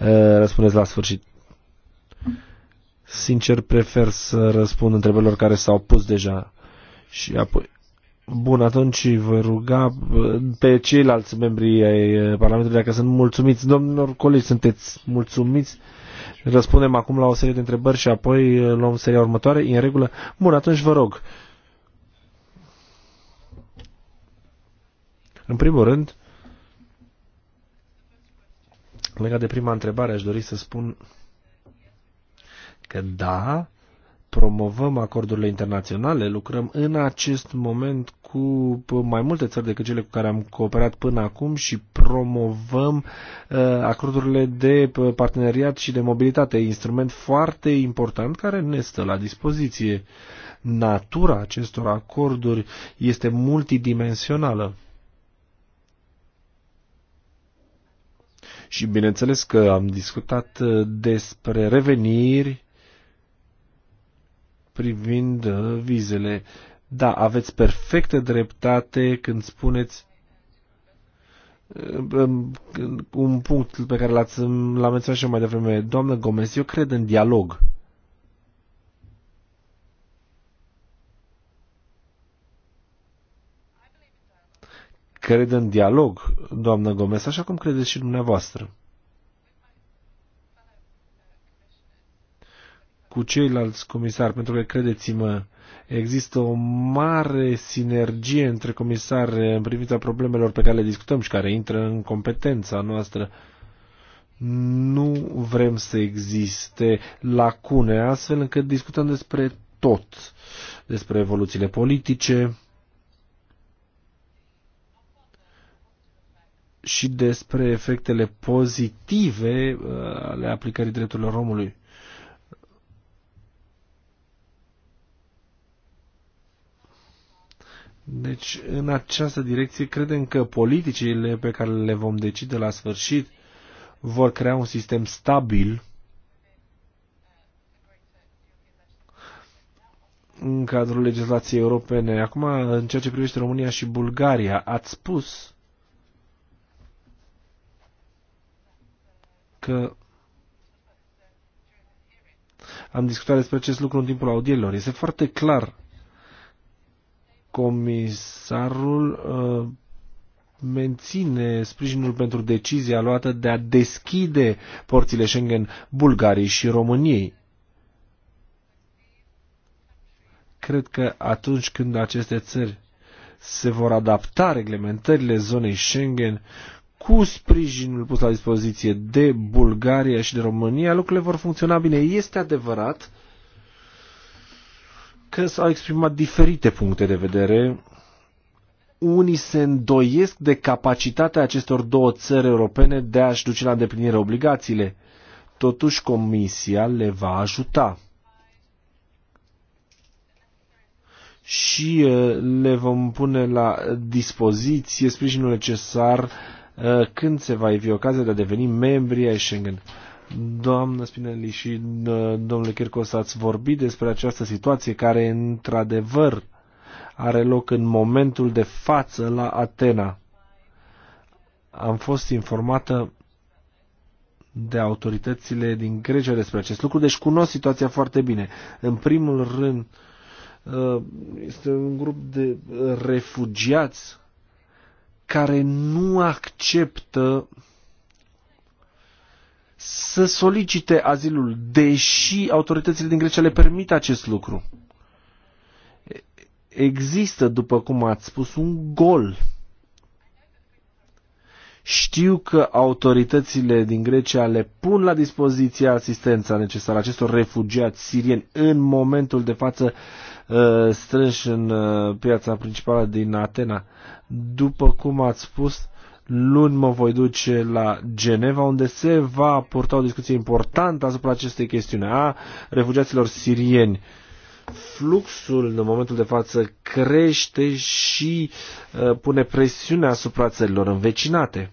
uh, răspundeți la sfârșit? Sincer, prefer să răspund întrebărilor care s-au pus deja și apoi Bun, atunci vă ruga uh, pe ceilalți membri ai uh, Parlamentului dacă sunt mulțumiți. Domnilor colegi, sunteți mulțumiți? Răspundem acum la o serie de întrebări și apoi uh, luăm seria următoare. în regulă? Bun, atunci vă rog. În primul rând, legat de prima întrebare, aș dori să spun că da, promovăm acordurile internaționale, lucrăm în acest moment cu mai multe țări decât cele cu care am cooperat până acum și promovăm uh, acordurile de uh, parteneriat și de mobilitate, instrument foarte important care ne stă la dispoziție. Natura acestor acorduri este multidimensională. Și bineînțeles că am discutat uh, despre reveniri, privind uh, vizele. Da, aveți perfectă dreptate când spuneți uh, um, un punct pe care l-ați, l menționat și mai devreme. Doamnă Gomez, eu cred în dialog. Cred în dialog, doamnă Gomez, așa cum credeți și dumneavoastră. cu ceilalți comisari, pentru că, credeți-mă, există o mare sinergie între comisari în privința problemelor pe care le discutăm și care intră în competența noastră. Nu vrem să existe lacune, astfel încât discutăm despre tot, despre evoluțiile politice, și despre efectele pozitive uh, ale aplicării drepturilor omului. Deci, în această direcție, credem că politicile pe care le vom decide la sfârșit vor crea un sistem stabil în cadrul legislației europene. Acum, în ceea ce privește România și Bulgaria, ați spus că am discutat despre acest lucru în timpul audierilor. Este foarte clar comisarul uh, menține sprijinul pentru decizia luată de a deschide porțile Schengen Bulgariei și României. Cred că atunci când aceste țări se vor adapta reglementările zonei Schengen cu sprijinul pus la dispoziție de Bulgaria și de România, lucrurile vor funcționa bine. Este adevărat că s-au exprimat diferite puncte de vedere. Unii se îndoiesc de capacitatea acestor două țări europene de a-și duce la îndeplinire obligațiile. Totuși, Comisia le va ajuta. și uh, le vom pune la dispoziție sprijinul necesar uh, când se va evi ocazia de a deveni membri ai Schengen. Doamnă Spinelli și domnule Chircos, ați vorbit despre această situație care, într-adevăr, are loc în momentul de față la Atena. Am fost informată de autoritățile din Grecia despre acest lucru, deci cunosc situația foarte bine. În primul rând, uh, este un grup de refugiați care nu acceptă să solicite azilul, deși autoritățile din Grecia le permit acest lucru. Există, după cum ați spus, un gol. Știu că autoritățile din Grecia le pun la dispoziție asistența necesară acestor refugiați sirieni în momentul de față Uh, strânși în uh, piața principală din Atena. După cum ați spus, luni mă voi duce la Geneva, unde se va purta o discuție importantă asupra acestei chestiuni a refugiaților sirieni fluxul în momentul de față crește și uh, pune presiune asupra țărilor învecinate.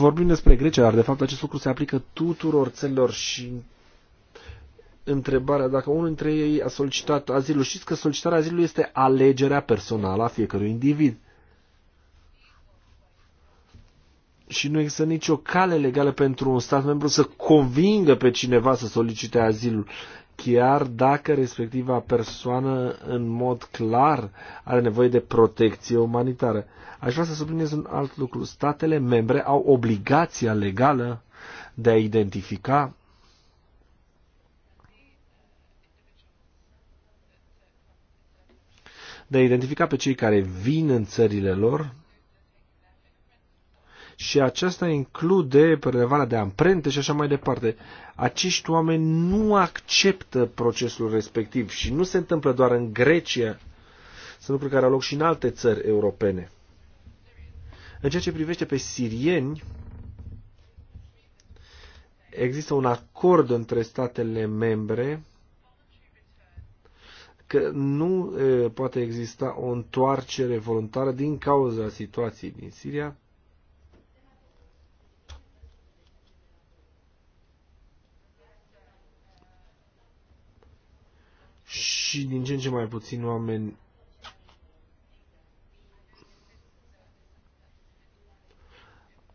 vorbim despre Grecia, dar de fapt acest lucru se aplică tuturor țărilor și întrebarea dacă unul dintre ei a solicitat azilul. Știți că solicitarea azilului este alegerea personală a fiecărui individ. Și nu există nicio cale legală pentru un stat membru să convingă pe cineva să solicite azilul chiar dacă respectiva persoană în mod clar are nevoie de protecție umanitară. Aș vrea să subliniez un alt lucru. Statele membre au obligația legală de a identifica de a identifica pe cei care vin în țările lor și aceasta include prelevarea de amprente și așa mai departe. Acești oameni nu acceptă procesul respectiv și nu se întâmplă doar în Grecia, sunt lucruri care au loc și în alte țări europene. În ceea ce privește pe sirieni, există un acord între statele membre că nu e, poate exista o întoarcere voluntară din cauza situației din Siria, și din ce în ce mai puțini oameni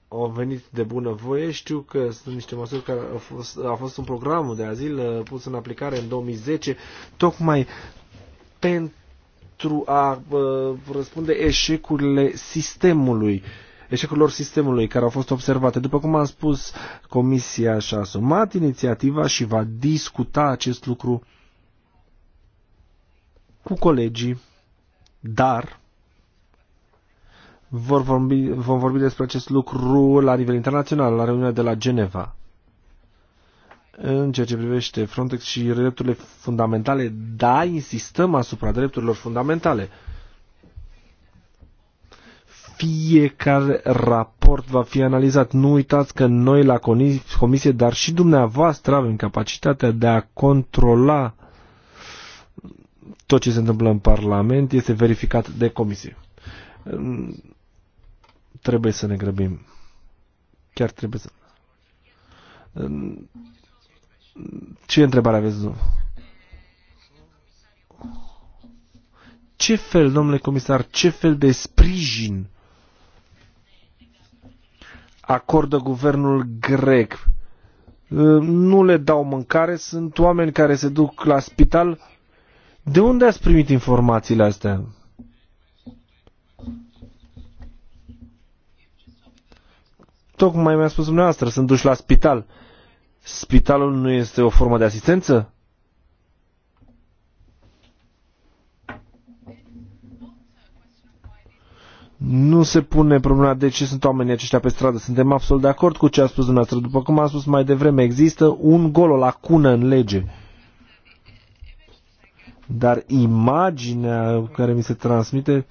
au venit de bună voie. Știu că sunt niște măsuri care au fost, a fost un program de azil uh, pus în aplicare în 2010, tocmai pentru a uh, răspunde eșecurile sistemului eșecurilor sistemului care au fost observate. După cum am spus, Comisia și-a asumat inițiativa și va discuta acest lucru cu colegii, dar vor vorbi, vom vorbi despre acest lucru la nivel internațional, la reuniunea de la Geneva. În ceea ce privește Frontex și drepturile fundamentale, da, insistăm asupra drepturilor fundamentale. Fiecare raport va fi analizat. Nu uitați că noi la comisie, dar și dumneavoastră avem capacitatea de a controla tot ce se întâmplă în Parlament este verificat de comisie. Trebuie să ne grăbim. Chiar trebuie să... Ce întrebare aveți, domnule? Ce fel, domnule comisar, ce fel de sprijin acordă guvernul grec? Nu le dau mâncare, sunt oameni care se duc la spital de unde ați primit informațiile astea? Tocmai mi-a spus dumneavoastră, sunt duși la spital. Spitalul nu este o formă de asistență? Nu se pune problema de ce sunt oamenii aceștia pe stradă. Suntem absolut de acord cu ce a spus dumneavoastră. După cum am spus mai devreme, există un gol, o lacună în lege dar imaginea care mi se transmite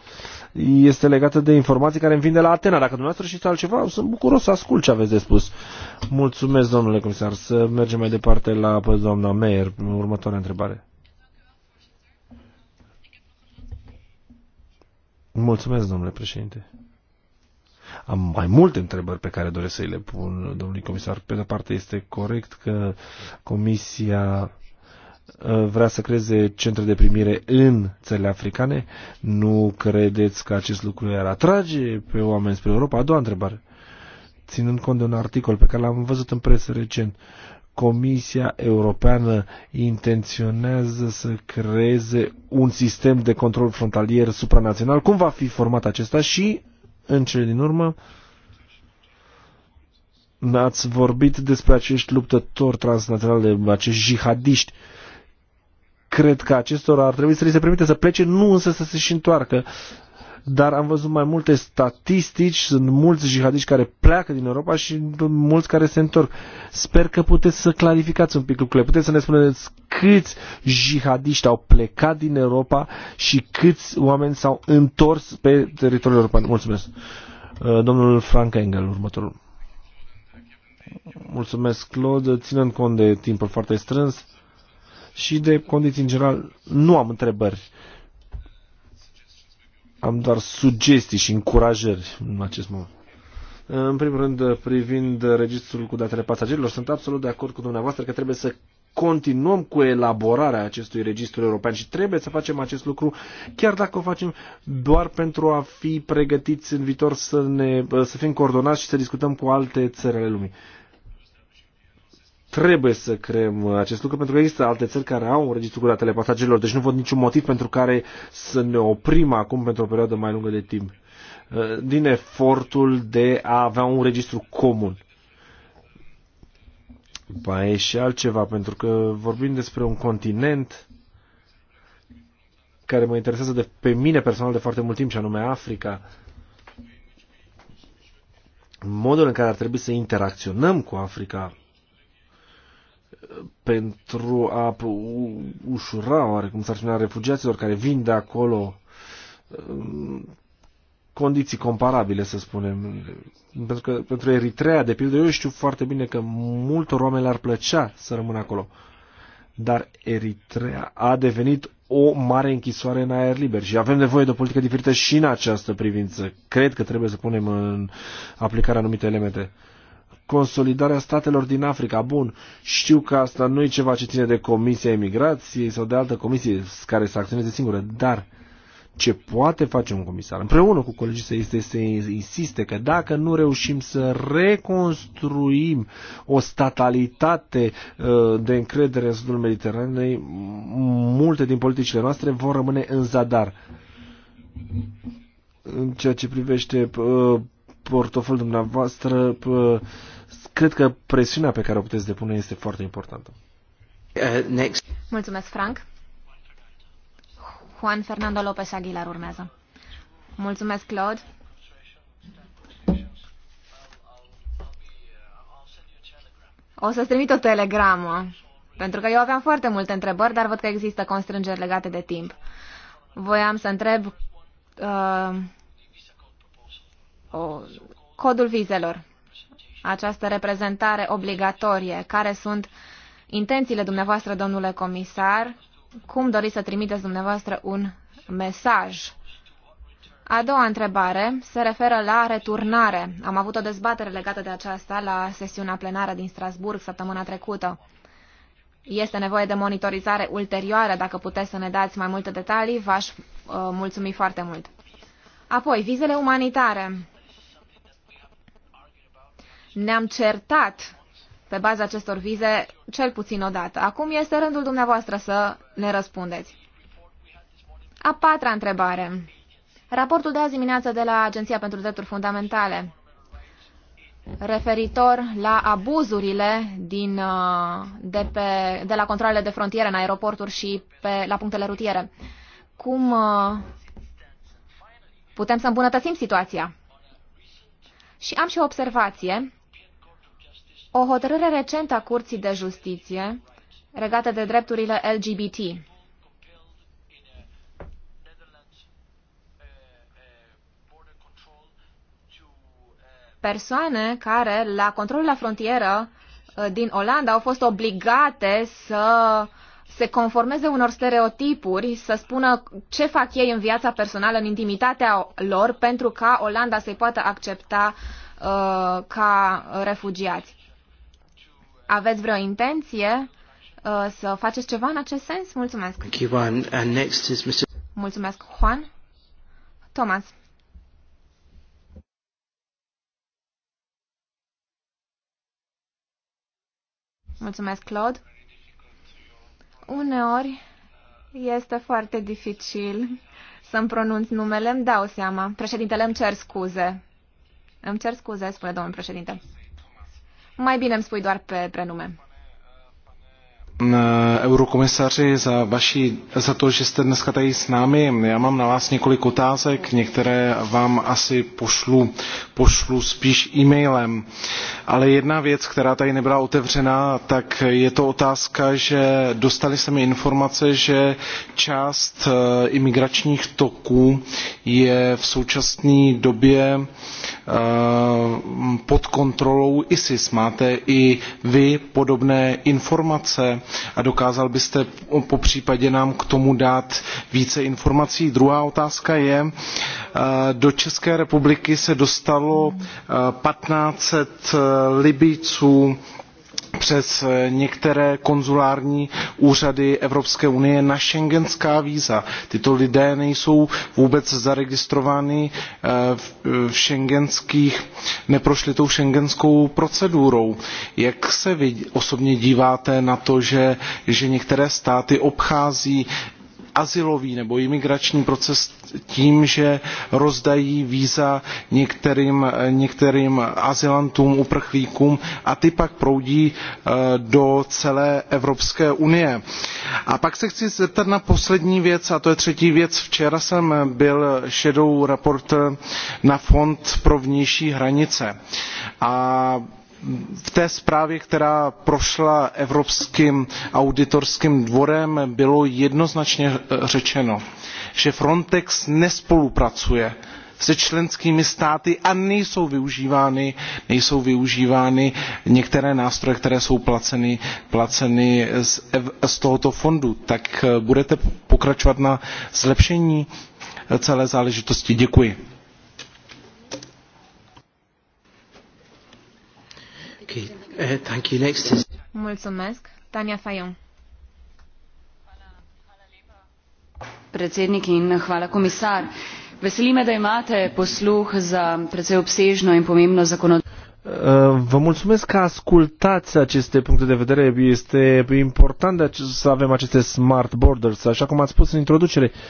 este legată de informații care îmi vin de la Atena. Dacă dumneavoastră știți altceva, sunt bucuros să ascult ce aveți de spus. Mulțumesc, domnule comisar. Să mergem mai departe la doamna Meyer. Următoarea întrebare. Mulțumesc, domnule președinte. Am mai multe întrebări pe care doresc să le pun, domnului comisar. Pe de parte, este corect că comisia vrea să creeze centre de primire în țările africane. Nu credeți că acest lucru ar atrage pe oameni spre Europa? A doua întrebare. Ținând cont de un articol pe care l-am văzut în presă recent, Comisia Europeană intenționează să creeze un sistem de control frontalier supranațional. Cum va fi format acesta și, în cele din urmă, ați vorbit despre acești luptători transnaționale, acești jihadiști uh, cred că acestora ar trebui să li se permite să plece, nu însă să se și întoarcă. Dar am văzut mai multe statistici, sunt mulți jihadiști care pleacă din Europa și mulți care se întorc. Sper că puteți să clarificați un pic lucrurile. Puteți să ne spuneți câți jihadiști au plecat din Europa și câți oameni s-au întors pe teritoriul european. Mulțumesc. Uh, domnul Frank Engel, următorul. Mulțumesc, Claude. Ținând cont de timpul foarte strâns, și de condiții în general nu am întrebări. Am doar sugestii și încurajări în acest moment. În primul rând, privind registrul cu datele pasagerilor, sunt absolut de acord cu dumneavoastră că trebuie să continuăm cu elaborarea acestui registru european și trebuie să facem acest lucru, chiar dacă o facem doar pentru a fi pregătiți în viitor să, ne, să fim coordonați și să discutăm cu alte țări ale lumii trebuie să creăm uh, acest lucru, pentru că există alte țări care au un registru cu datele pasagerilor, deci nu văd niciun motiv pentru care să ne oprim acum pentru o perioadă mai lungă de timp uh, din efortul de a avea un registru comun. Ba e și altceva, pentru că vorbim despre un continent care mă interesează de, pe mine personal de foarte mult timp, și anume Africa. Modul în care ar trebui să interacționăm cu Africa pentru a ușura oarecum sarcina refugiaților care vin de acolo um, condiții comparabile, să spunem. Pentru că pentru Eritrea, de pildă, eu știu foarte bine că multor oameni le-ar plăcea să rămână acolo. Dar Eritrea a devenit o mare închisoare în aer liber și avem nevoie de o politică diferită și în această privință. Cred că trebuie să punem în aplicare anumite elemente consolidarea statelor din Africa. Bun, știu că asta nu e ceva ce ține de Comisia Emigrației sau de altă comisie care să acționeze singură, dar ce poate face un comisar împreună cu colegii săi este să insiste că dacă nu reușim să reconstruim o statalitate uh, de încredere în sudul Mediteranei, multe din politicile noastre vor rămâne în zadar în ceea ce privește uh, portofoliul dumneavoastră, cred că presiunea pe care o puteți depune este foarte
importantă. Uh, next.
Mulțumesc, Frank. Juan Fernando López Aguilar urmează. Mulțumesc, Claude. O să-ți trimit o telegramă, pentru că eu aveam foarte multe întrebări, dar văd că există constrângeri legate de timp. Voiam să întreb uh, o, codul vizelor, această reprezentare obligatorie, care sunt intențiile dumneavoastră, domnule comisar, cum doriți să trimiteți dumneavoastră un mesaj. A doua întrebare se referă la returnare. Am avut o dezbatere legată de aceasta la sesiunea plenară din Strasburg săptămâna trecută. Este nevoie de monitorizare ulterioară. Dacă puteți să ne dați mai multe detalii, v-aș uh, mulțumi foarte mult. Apoi, vizele umanitare ne-am certat pe baza acestor vize cel puțin o dată. Acum este rândul dumneavoastră să ne răspundeți. A patra întrebare. Raportul de azi dimineață de la Agenția pentru Drepturi Fundamentale referitor la abuzurile din, uh, de, pe, de la controlele de frontieră în aeroporturi și pe, la punctele rutiere. Cum uh, putem să îmbunătățim situația? Și am și o observație o hotărâre recentă a Curții de Justiție regată de drepturile LGBT. Persoane care la controlul la frontieră uh, din Olanda au fost obligate să se conformeze unor stereotipuri, să spună ce fac ei în viața personală, în intimitatea lor, pentru ca Olanda să-i poată accepta uh, ca refugiați. Aveți vreo intenție uh, să faceți ceva în acest sens? Mulțumesc.
Thank you, Juan. And next is Mr.
Mulțumesc, Juan. Thomas. Mulțumesc, Claude. Uneori este foarte dificil să-mi pronunț numele, îmi dau seama. Președintele, îmi cer scuze. Îmi cer scuze, spune domnul președinte. Mai bine îmi spui doar pe prenume.
Eh, eurokomisaři, za, vaši, za to, že jste dneska tady s námi. Já mám na vás několik otázek, některé vám asi pošlu, pošlu spíš e-mailem. Ale jedna věc, která tady nebyla otevřená, tak je to otázka, že dostali se mi informace, že část eh, imigračních toků je v současné době uh, Eh, pod kontrolou ISIS. Máte i vy podobné informace a dokázal byste po případě nám k tomu dát více informací. Druhá otázka je, eh, do České republiky se dostalo 1500 eh, Libijců přes eh, některé konzulární úřady Evropské unie na šengenská víza. Tyto lidé nejsou vůbec zaregistrovány eh, eh, v šengenských, neprošli tou šengenskou procedurou. Jak se vy osobně díváte na to, že, že některé státy obchází azylový nebo imigrační proces tím, že rozdají víza některým, některým azylantům, uprchlíkům a ty pak proudí eh, do celé Evropské unie. A pak se chci zeptat na poslední věc, a to je třetí věc. Včera jsem byl shadow reporter na Fond pro vnější hranice. A v té zprávě která prošla evropským auditorským dvorem bylo jednoznačně eh, řečeno že frontex nespolupracuje se členskými státy a nejsou využívány, nejsou využívány některé nástroje, které jsou placeny, placeny z, z tohoto fondu. Tak eh, budete pokračovat na zlepšení eh, celé záležitosti. Děkuji. Okay. Uh, thank you. Next is...
Mulțumesc. Tania Fayon.
Predsednik in hvala komisar. Veseli me, da imate posluh za precej obsežno in pomembno
zakonodajo. Uh, vă mulțumesc că ascultați aceste puncte de vedere. Este important să avem aceste smart borders, așa cum ați spus în introducere. Uh,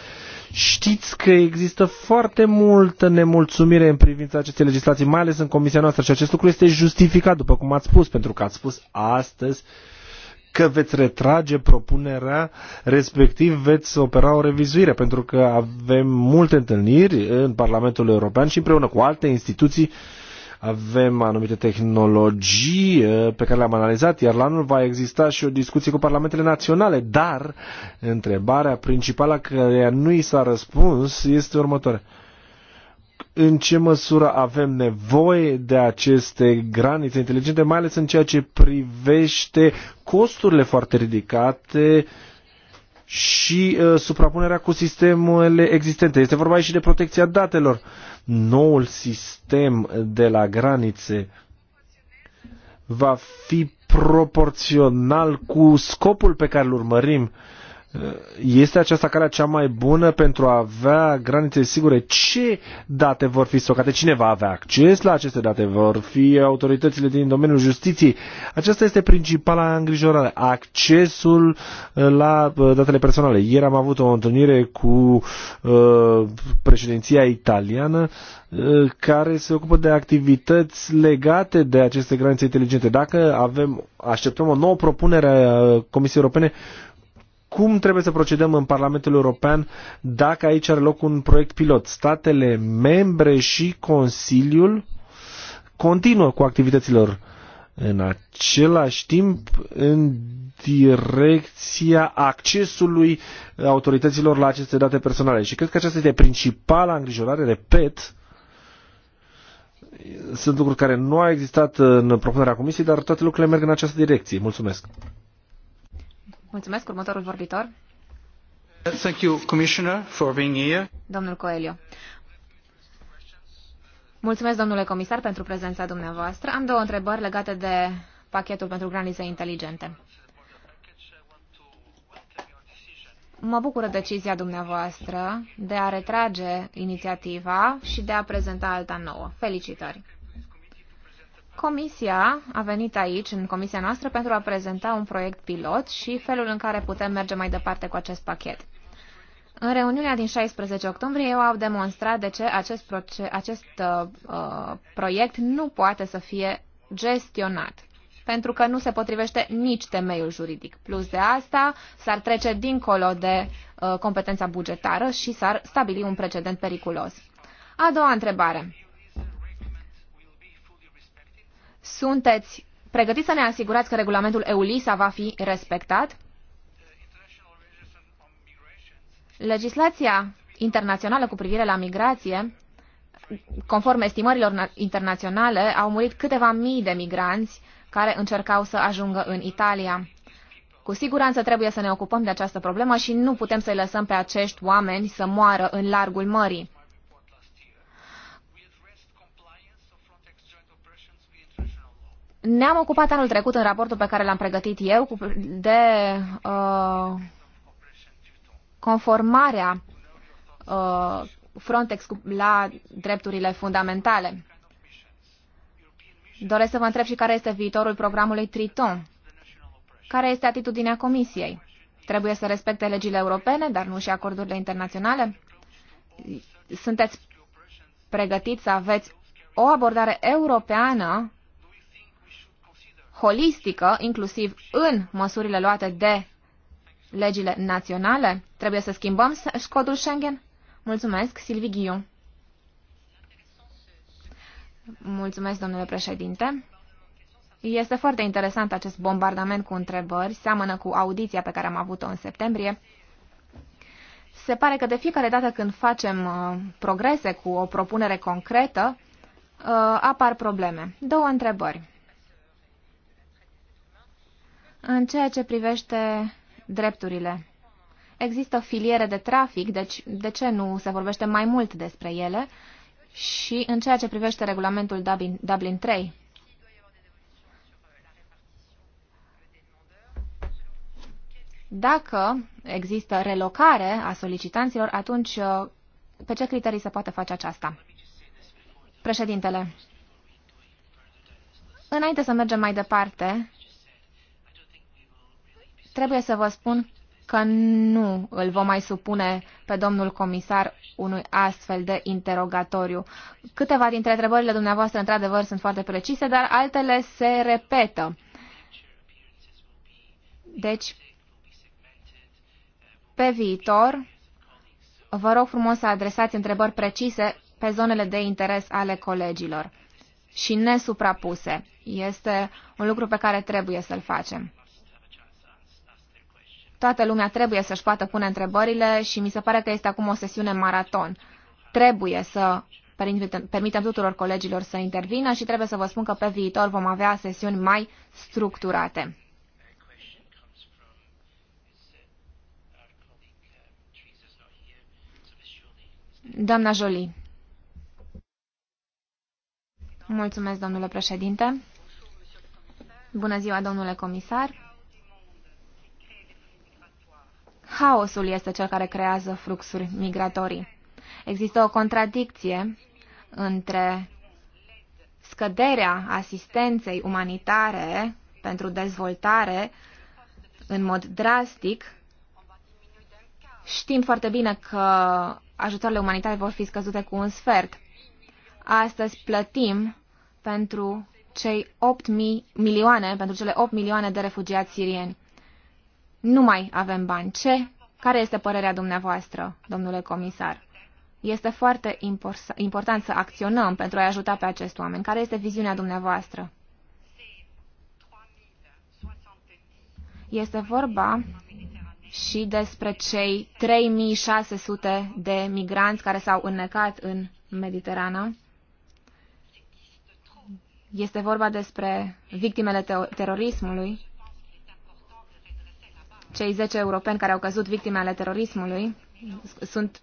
Știți că există foarte multă nemulțumire în privința acestei legislații, mai ales în comisia noastră și acest lucru este justificat, după cum ați spus, pentru că ați spus astăzi că veți retrage propunerea, respectiv veți opera o revizuire, pentru că avem multe întâlniri în Parlamentul European și împreună cu alte instituții uh, avem anumite tehnologii pe care le-am analizat, iar la anul va exista și o discuție cu parlamentele naționale, dar întrebarea principală care nu i s-a răspuns este următoarea în ce măsură avem nevoie de aceste granițe inteligente, mai ales în ceea ce privește costurile foarte ridicate și uh, suprapunerea cu sistemele existente. Este vorba aici și de protecția datelor. Uh, noul sistem de la granițe va fi proporțional cu scopul pe care îl urmărim este aceasta calea cea mai bună pentru a avea granițe sigure? Ce date vor fi stocate? Cine va avea acces la aceste date? Vor fi autoritățile din domeniul justiției? Aceasta este principala îngrijorare. Accesul uh, la uh, datele personale. Ieri am avut o întâlnire cu uh, președinția italiană uh, care se ocupă de activități legate de aceste granițe inteligente. Dacă avem, așteptăm o nouă propunere a Comisiei Europene cum trebuie să procedăm în Parlamentul European dacă aici are loc un proiect pilot. Statele membre și Consiliul continuă cu activităților în același timp în direcția accesului autorităților la aceste date personale. Și cred că aceasta este principala îngrijorare, repet, sunt lucruri care nu au existat în propunerea comisiei, dar toate lucrurile merg în această direcție. Mulțumesc!
Mulțumesc, următorul vorbitor.
Thank you, Commissioner, for being here.
Domnul Coelho. Mulțumesc, domnule comisar, pentru prezența dumneavoastră. Am două întrebări legate de pachetul pentru granițe inteligente. Mă bucură decizia dumneavoastră de a retrage inițiativa și de a prezenta alta nouă. Felicitări! Comisia a venit aici, în comisia noastră, pentru a prezenta un proiect pilot și felul în care putem merge mai departe cu acest pachet. În reuniunea din 16 octombrie, eu au demonstrat de ce acest, proce- acest uh, uh, proiect nu poate să fie gestionat, pentru că nu se potrivește nici temeiul juridic. Plus de asta, s-ar trece dincolo de uh, competența bugetară și s-ar stabili un precedent periculos. A doua întrebare sunteți pregătiți să ne asigurați că regulamentul EULISA va fi respectat? Legislația internațională cu privire la migrație, conform estimărilor internaționale, au murit câteva mii de migranți care încercau să ajungă în Italia. Cu siguranță trebuie să ne ocupăm de această problemă și nu putem să-i lăsăm pe acești oameni să moară în largul mării. Ne-am ocupat anul trecut în raportul pe care l-am pregătit eu de uh, conformarea uh, Frontex la drepturile fundamentale. Doresc să vă întreb și care este viitorul programului Triton. Care este atitudinea Comisiei? Trebuie să respecte legile europene, dar nu și acordurile internaționale? Sunteți pregătiți să aveți o abordare europeană holistică, inclusiv în măsurile luate de legile naționale? Trebuie să schimbăm codul Schengen? Mulțumesc, Silvi Ghiu. Mulțumesc, domnule președinte. Este foarte interesant acest bombardament cu întrebări, seamănă cu audiția pe care am avut-o în septembrie. Se pare că de fiecare dată când facem uh, progrese cu o propunere concretă, uh, apar probleme. Două întrebări. În ceea ce privește drepturile, există filiere de trafic, deci de ce nu se vorbește mai mult despre ele? Și în ceea ce privește regulamentul Dublin, Dublin 3, dacă există relocare a solicitanților, atunci uh, pe ce criterii se poate face aceasta? Președintele, înainte să mergem mai departe, Trebuie să vă spun că nu îl vom mai supune pe domnul comisar unui astfel de interogatoriu. Câteva dintre întrebările dumneavoastră, într-adevăr, sunt foarte precise, dar altele se repetă. Deci, pe viitor, vă rog frumos să adresați întrebări precise pe zonele de interes ale colegilor și nesuprapuse. Este un lucru pe care trebuie să-l facem. Toată lumea trebuie să-și poată pune întrebările și mi se pare că este acum o sesiune maraton. Trebuie să permitem tuturor colegilor să intervină și trebuie să vă spun că pe viitor vom avea sesiuni mai structurate. Doamna Jolie. Mulțumesc, domnule președinte. Bună ziua, domnule comisar. Haosul este cel care creează fluxuri migratorii. Există o contradicție între scăderea asistenței umanitare pentru dezvoltare în mod drastic. Știm foarte bine că ajutoarele umanitare vor fi scăzute cu un sfert. Astăzi plătim pentru cei 8 milioane, pentru cele 8 milioane de refugiați sirieni nu mai avem bani. Ce? Care este părerea dumneavoastră, domnule comisar? Este foarte important să acționăm pentru a-i ajuta pe acești oameni. Care este viziunea dumneavoastră? Este vorba și despre cei 3600 de migranți care s-au înnecat în Mediterana. Este vorba despre victimele terorismului cei 10 europeni care au căzut victime ale terorismului sunt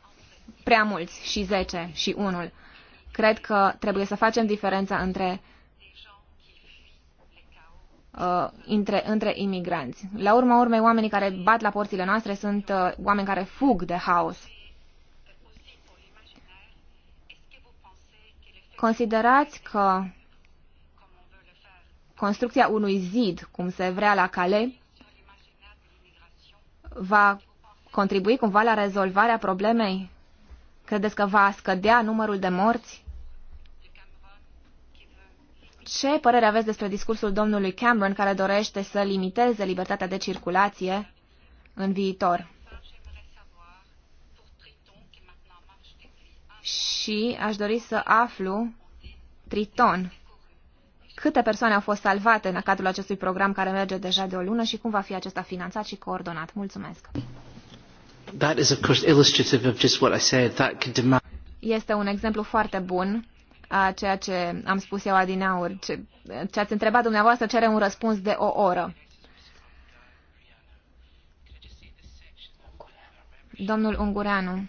prea mulți și 10 și 1. Cred că trebuie să facem diferența între, uh, între, între imigranți. La urma urmei, oamenii care bat la porțile noastre sunt uh, oameni care fug de haos. Considerați că construcția unui zid, cum se vrea la Calais, va contribui cumva la rezolvarea problemei? Credeți că va scădea numărul de morți? Ce părere aveți despre discursul domnului Cameron care dorește să limiteze libertatea de circulație în viitor? Și aș dori să aflu Triton câte persoane au fost salvate în cadrul acestui program care merge deja de o lună și cum va fi acesta finanțat și coordonat. Mulțumesc.
That is of course illustrative of just what I said. That could demand...
Este un exemplu foarte bun a ceea ce am spus eu adineauri. Ce, ce ați întrebat dumneavoastră cere un răspuns de o oră. Domnul Ungureanu,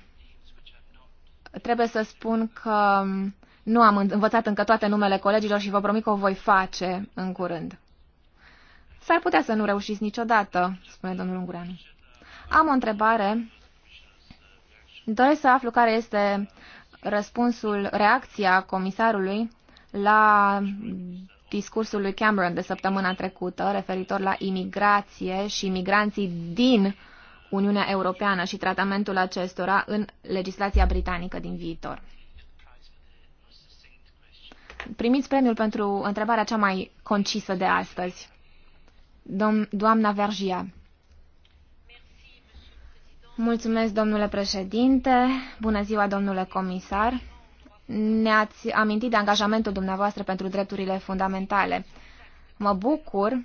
trebuie să spun că nu am învățat încă toate numele colegilor și vă promit că o voi face în curând. S-ar putea să nu reușiți niciodată, spune domnul Ungureanu. Am o întrebare. Doresc să aflu care este răspunsul, reacția comisarului la discursul lui Cameron de săptămâna trecută referitor la imigrație și migranții din Uniunea Europeană și tratamentul acestora în legislația britanică din viitor primiți premiul pentru întrebarea cea mai concisă de astăzi. Dom doamna Vergia. Mulțumesc, domnule președinte. Bună ziua, domnule comisar. Ne-ați amintit de angajamentul dumneavoastră pentru drepturile fundamentale. Mă bucur,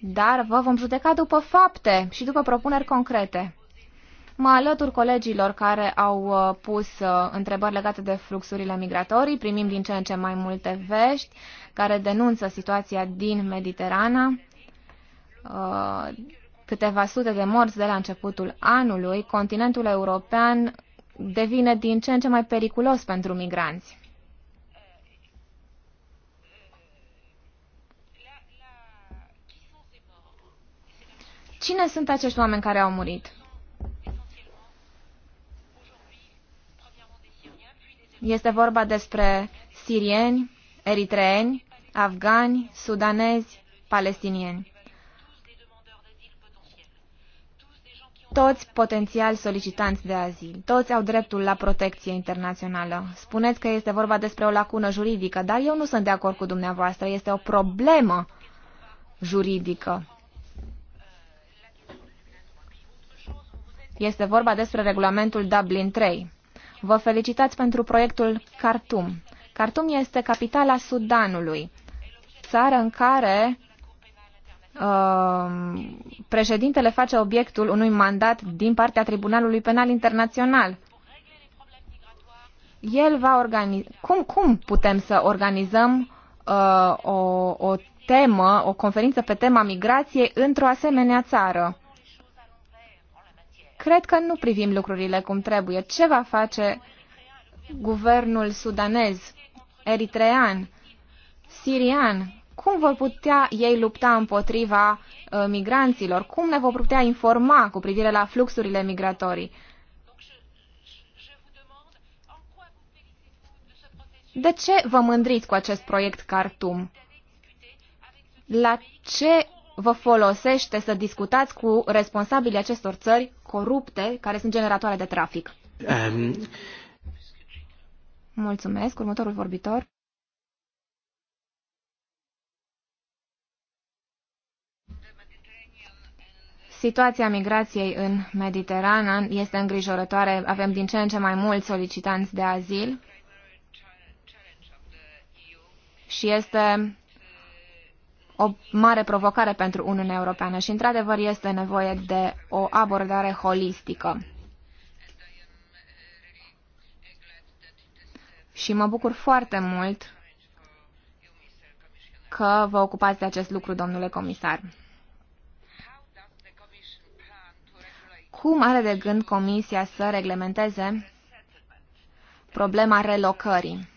dar vă vom judeca după fapte și după propuneri concrete. Mă alătur colegilor care au uh, pus uh, întrebări legate de fluxurile migratorii. Primim din ce în ce mai multe vești care denunță situația din Mediterana. Uh, câteva sute de morți de la începutul anului, continentul european devine din ce în ce mai periculos pentru migranți. Cine sunt acești oameni care au murit? Este vorba despre sirieni, eritreeni, afgani, sudanezi, palestinieni. Toți potențiali solicitanți de azil, toți au dreptul la protecție internațională. Spuneți că este vorba despre o lacună juridică, dar eu nu sunt de acord cu dumneavoastră. Este o problemă juridică. Este vorba despre regulamentul Dublin 3. Vă felicitați pentru proiectul Khartoum. Khartoum este capitala Sudanului, țară în care uh, președintele face obiectul unui mandat din partea Tribunalului Penal Internațional. El va organiza. Cum, cum putem să organizăm uh, o, o temă, o conferință pe tema migrației într-o asemenea țară? Cred că nu privim lucrurile cum trebuie. Ce va face guvernul sudanez, eritrean, sirian? Cum vor putea ei lupta împotriva uh, migranților? Cum ne vor putea informa cu privire la fluxurile migratorii? De ce vă mândriți cu acest proiect Cartum? La ce vă folosește să discutați cu responsabilii acestor țări corupte care sunt generatoare de trafic. Um... Mulțumesc. Următorul vorbitor. Situația migrației în Mediterană este îngrijorătoare. Avem din ce în ce mai mulți solicitanți de azil și este o mare provocare pentru Uniunea Europeană și, într-adevăr, este nevoie de o abordare holistică. Și mă bucur foarte mult că vă ocupați de acest lucru, domnule comisar. Cum are de gând Comisia să reglementeze problema relocării?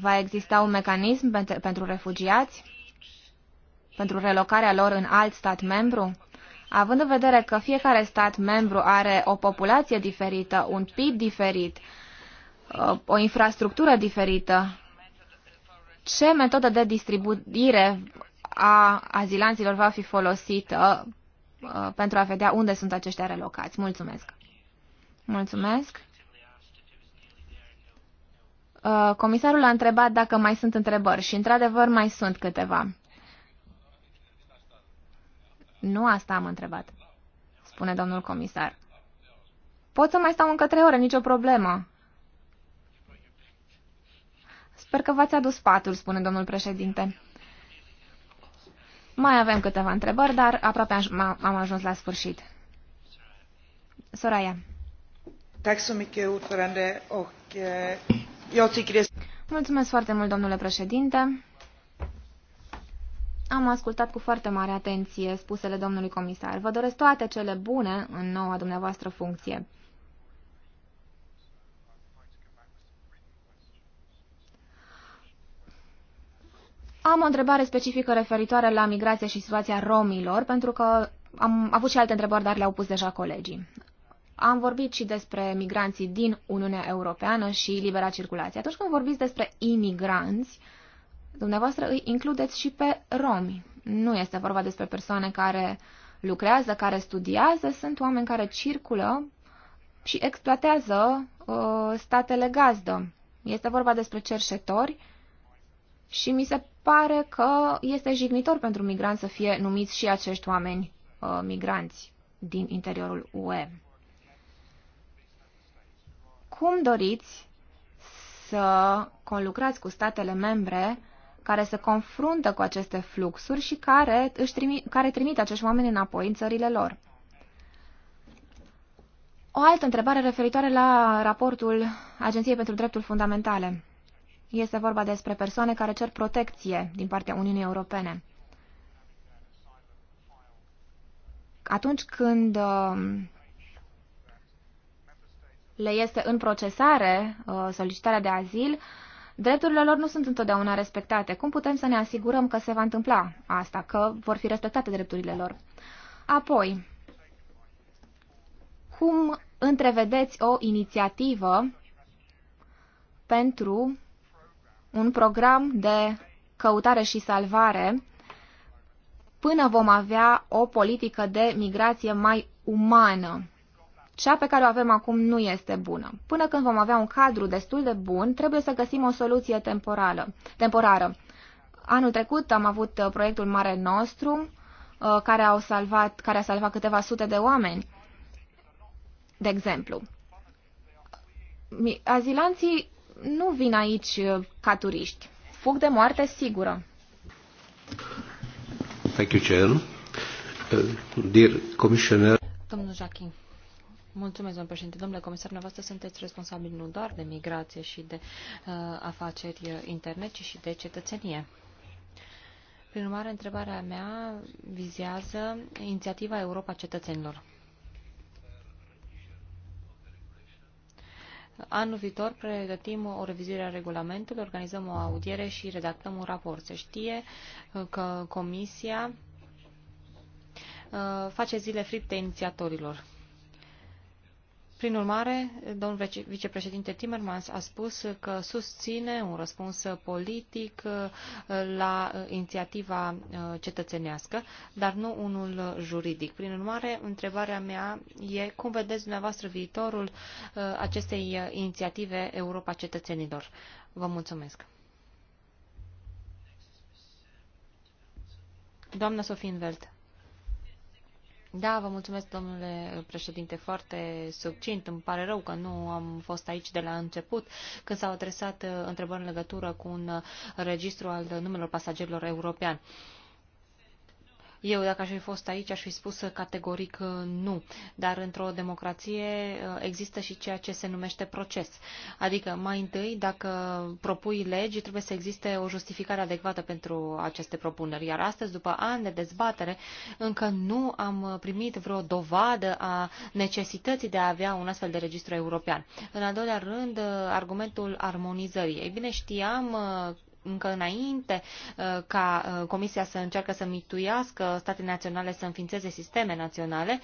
Va exista un mecanism pentru refugiați? Pentru relocarea lor în alt stat membru? Având în vedere că fiecare stat membru are o populație diferită, un PIB diferit, uh, o infrastructură diferită, ce metodă de distribuire a azilanților va fi folosită uh, pentru a vedea unde sunt aceștia relocați? Mulțumesc! Mulțumesc! Uh, comisarul a întrebat dacă mai sunt întrebări și, într-adevăr, mai sunt câteva. Nu asta am întrebat, spune domnul comisar. Pot să mai stau încă trei ore, nicio problemă. Sper că v-ați adus patul, spune domnul președinte. Mai avem câteva întrebări, dar aproape am ajuns la sfârșit. Soraya.
Tack så mycket, ordförande. Och, eh... Mulțumesc
foarte mult, domnule președinte. Am ascultat cu foarte mare atenție spusele domnului comisar. Vă doresc toate cele bune în noua dumneavoastră funcție. Am o întrebare specifică referitoare la migrație și situația romilor, pentru că am avut și alte întrebări, dar le-au pus deja colegii. Am vorbit și despre migranții din Uniunea Europeană și libera circulație. Atunci când vorbiți despre imigranți, dumneavoastră îi includeți și pe romi. Nu este vorba despre persoane care lucrează, care studiază, sunt oameni care circulă și exploatează uh, statele gazdă. Este vorba despre cerșetori și mi se pare că este jignitor pentru migranți să fie numiți și acești oameni uh, migranți din interiorul UE cum doriți să conlucrați cu statele membre care se confruntă cu aceste fluxuri și care, își trimit, care trimit acești oameni înapoi în țările lor. O altă întrebare referitoare la raportul Agenției pentru Drepturi Fundamentale. Este vorba despre persoane care cer protecție din partea Uniunii Europene. Atunci când uh, le este în procesare uh, solicitarea de azil, drepturile lor nu sunt întotdeauna respectate. Cum putem să ne asigurăm că se va întâmpla asta, că vor fi respectate drepturile lor? Apoi, cum întrevedeți o inițiativă pentru un program de căutare și salvare până vom avea o politică de migrație mai umană. Cea pe care o avem acum nu este bună. Până când vom avea un cadru destul de bun, trebuie să găsim o soluție temporală, temporară. Anul trecut am avut uh, proiectul Mare nostru, uh, care, au salvat, care a salvat câteva sute de oameni, de exemplu. Azilanții nu vin aici uh, ca turiști. Fug de moarte sigură.
Thank you, Chair. Uh, dear Commissioner.
Domnul Jacquin. Mulțumesc, domnule președinte. Domnule comisar, dumneavoastră sunteți responsabili nu doar de migrație și de uh, afaceri interne, ci și de cetățenie. Prin urmare, întrebarea mea vizează inițiativa Europa Cetățenilor. Anul viitor pregătim o revizuire a regulamentului, organizăm o audiere și redactăm un raport. Se știe uh, că Comisia uh, face zile fripte inițiatorilor. Prin urmare, domnul vicepreședinte Timmermans a spus că susține un răspuns politic uh, la uh, inițiativa uh, cetățenească, dar nu unul juridic. Prin urmare, întrebarea mea e cum vedeți dumneavoastră viitorul acestei inițiative Europa Cetățenilor. Vă mulțumesc. Doamna Sofie Invelt. Da, vă mulțumesc, domnule președinte, foarte succint. Îmi pare rău că nu am fost aici de la început, când s-au adresat uh, întrebări în legătură cu un uh, registru al uh, numelor pasagerilor european. Eu, dacă aș fi fost aici, aș fi spus categoric uh, nu. Dar într-o democrație uh, există și ceea ce se numește proces. Adică, mai întâi, dacă propui legi, trebuie să existe o justificare adecvată pentru aceste propuneri. Iar astăzi, după ani de dezbatere, încă nu am primit vreo dovadă a necesității de a avea un astfel de registru european. În al doilea rând, uh, argumentul armonizării. Ei bine, știam încă înainte uh, ca uh, Comisia să încearcă să mituiască state naționale să înființeze sisteme naționale,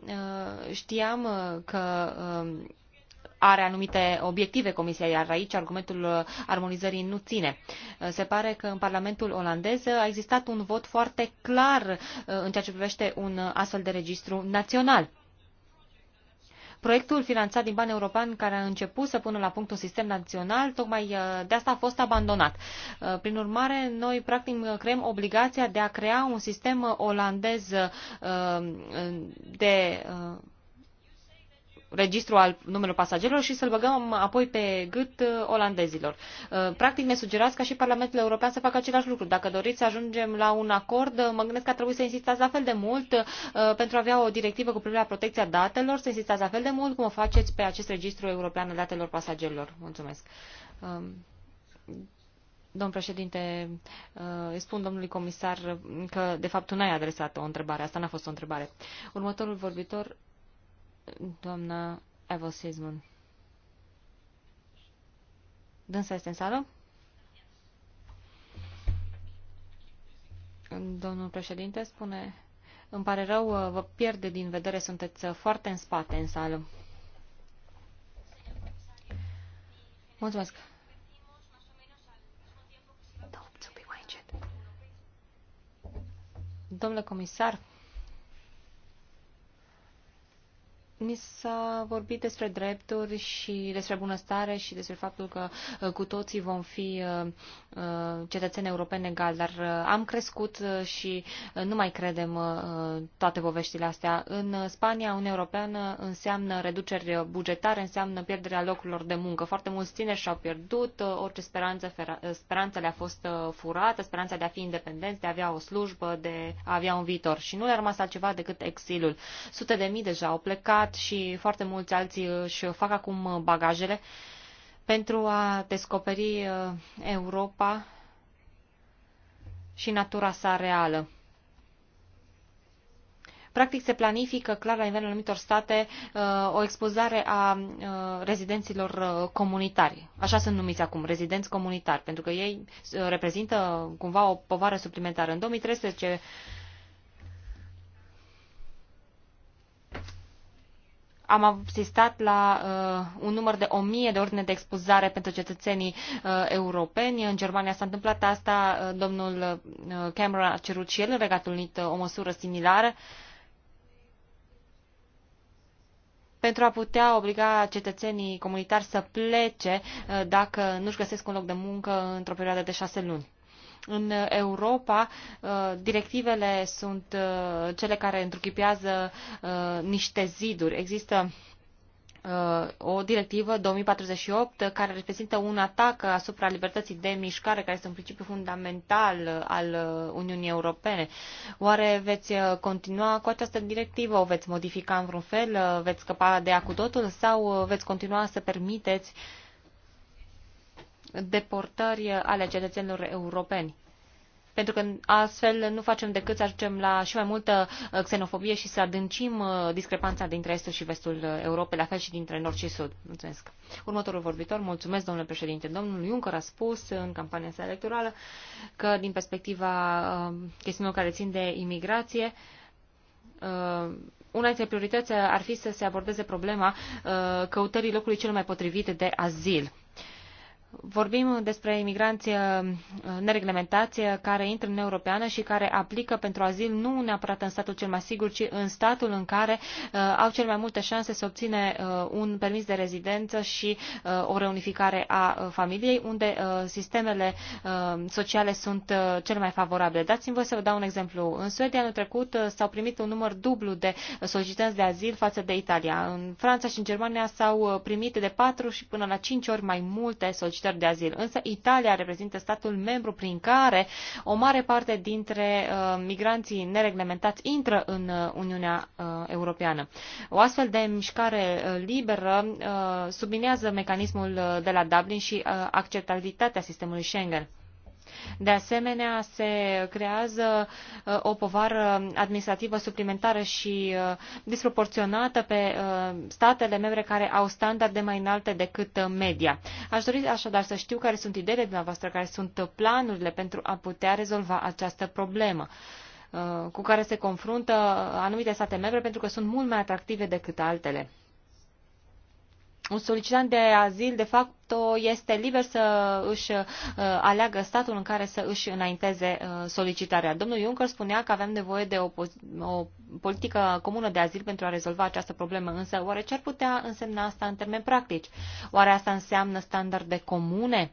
uh, știam că um, are anumite obiective Comisia, iar aici argumentul armonizării nu ține. Se pare că în Parlamentul olandez a existat un vot foarte clar în ceea ce privește un astfel de registru național. Proiectul finanțat din bani europeni care a început să pună la punct un sistem național, tocmai uh, de asta a fost abandonat. Uh, prin urmare, noi practic creăm obligația de a crea un sistem olandez uh, de registru al numărului pasagerilor și să-l băgăm apoi pe gât uh, olandezilor. Uh, practic ne sugerați ca și Parlamentul European să facă același lucru. Dacă doriți să ajungem la un acord, uh, mă gândesc că trebuie să insistați la fel de mult pentru a avea o directivă cu privire la protecția datelor, să insistați la fel de mult cum o faceți pe acest registru european al datelor pasagerilor. Mulțumesc. Um, domn președinte, îi spun domnului comisar că, de fapt, tu n-ai adresat o întrebare. Asta n-a fost o întrebare. Următorul vorbitor doamna Evo Sisman. Dânsa este în sală? Domnul președinte spune, îmi pare rău, vă pierde din vedere, sunteți foarte în spate în sală. Mulțumesc. Domnule comisar, Ni s-a vorbit despre drepturi și despre bunăstare și despre faptul că uh, cu toții vom fi uh, uh, cetățeni europeni egali, dar am crescut și nu mai credem toate poveștile astea. În Spania, Uniunea Europeană înseamnă reduceri bugetare, înseamnă pierderea locurilor de muncă. Foarte mulți tineri și-au pierdut orice speranță, speranța le-a fost furată, speranța de a fi independenți, de a avea o slujbă, de a avea un viitor. Și nu le-a rămas altceva decât exilul. Sute de mii deja au plecat plecat și foarte mulți alții își fac acum uh, bagajele pentru a descoperi uh, Europa și natura sa reală. Practic se planifică clar la nivelul anumitor state uh, o expozare a rezidenților comunitari. Așa sunt numiți acum, rezidenți comunitari, pentru că ei reprezintă cumva o povară suplimentară. În 2013 am asistat la uh, un număr de o mie de ordine de expuzare pentru cetățenii uh, europeni. În Germania s-a întâmplat asta, uh, domnul uh, Cameron a cerut și el în Regatul Unit uh, o măsură similară pentru a putea obliga cetățenii comunitari să plece uh, dacă nu-și găsesc un loc de muncă într-o perioadă de șase luni. În Europa, uh, directivele sunt uh, cele care întruchipează uh, niște ziduri. Există o directivă 2048 care reprezintă un atac asupra libertății de mișcare, care este un principiu fundamental al Uniunii Europene. Oare veți continua cu această directivă? O veți modifica în vreun fel? Veți scăpa de ea cu totul? Sau veți continua să permiteți uh, deportări ale cetățenilor europeni. Pentru că astfel nu facem decât să ajungem la și mai multă uh, xenofobie și să adâncim uh, discrepanța dintre estul și vestul uh, Europei, la fel și dintre nord și sud. Mulțumesc. Următorul vorbitor, mulțumesc, domnule președinte. Domnul Juncker a spus în campania sa electorală că, din perspectiva chestiunilor care țin de imigrație, una dintre priorități ar fi să se abordeze problema căutării locului cel mai potrivit de azil. Vorbim despre imigranți uh, nereglementați uh, care intră în Europeană și care aplică pentru azil nu neapărat în statul cel mai sigur, ci în statul în care uh, au cel mai multe șanse să obține uh, un permis de rezidență și uh, o reunificare a uh, familiei, unde sistemele sociale sunt cele mai favorabile. Dați-mi voi să vă dau un exemplu. În Suedia anul trecut s-au primit un număr dublu de solicitanți de azil față de Italia. În Franța și în Germania s-au primit de 4 și până la 5 ori mai multe solicitanți solicitări de azil. Însă Italia reprezintă statul membru prin care o mare parte dintre uh, migranții nereglementați intră în uh, Uniunea uh, Europeană. O astfel de mișcare uh, liberă uh, subminează mecanismul uh, de la Dublin și uh, acceptabilitatea sistemului Schengen. De asemenea, se creează uh, o povară administrativă suplimentară și uh, disproporționată pe uh, statele membre care au standarde mai înalte decât media. Aș dori așadar să știu care sunt ideile dumneavoastră, care sunt planurile pentru a putea rezolva această problemă cu care se confruntă anumite state membre pentru că sunt mult mai atractive decât altele un solicitant de azil, de fapt, este liber să își uh, aleagă statul în care să își înainteze uh, solicitarea. Domnul Juncker spunea că avem nevoie de o, o politică comună de azil pentru a rezolva această problemă, însă oare ce ar putea însemna asta în termeni practici? Oare asta înseamnă standarde comune?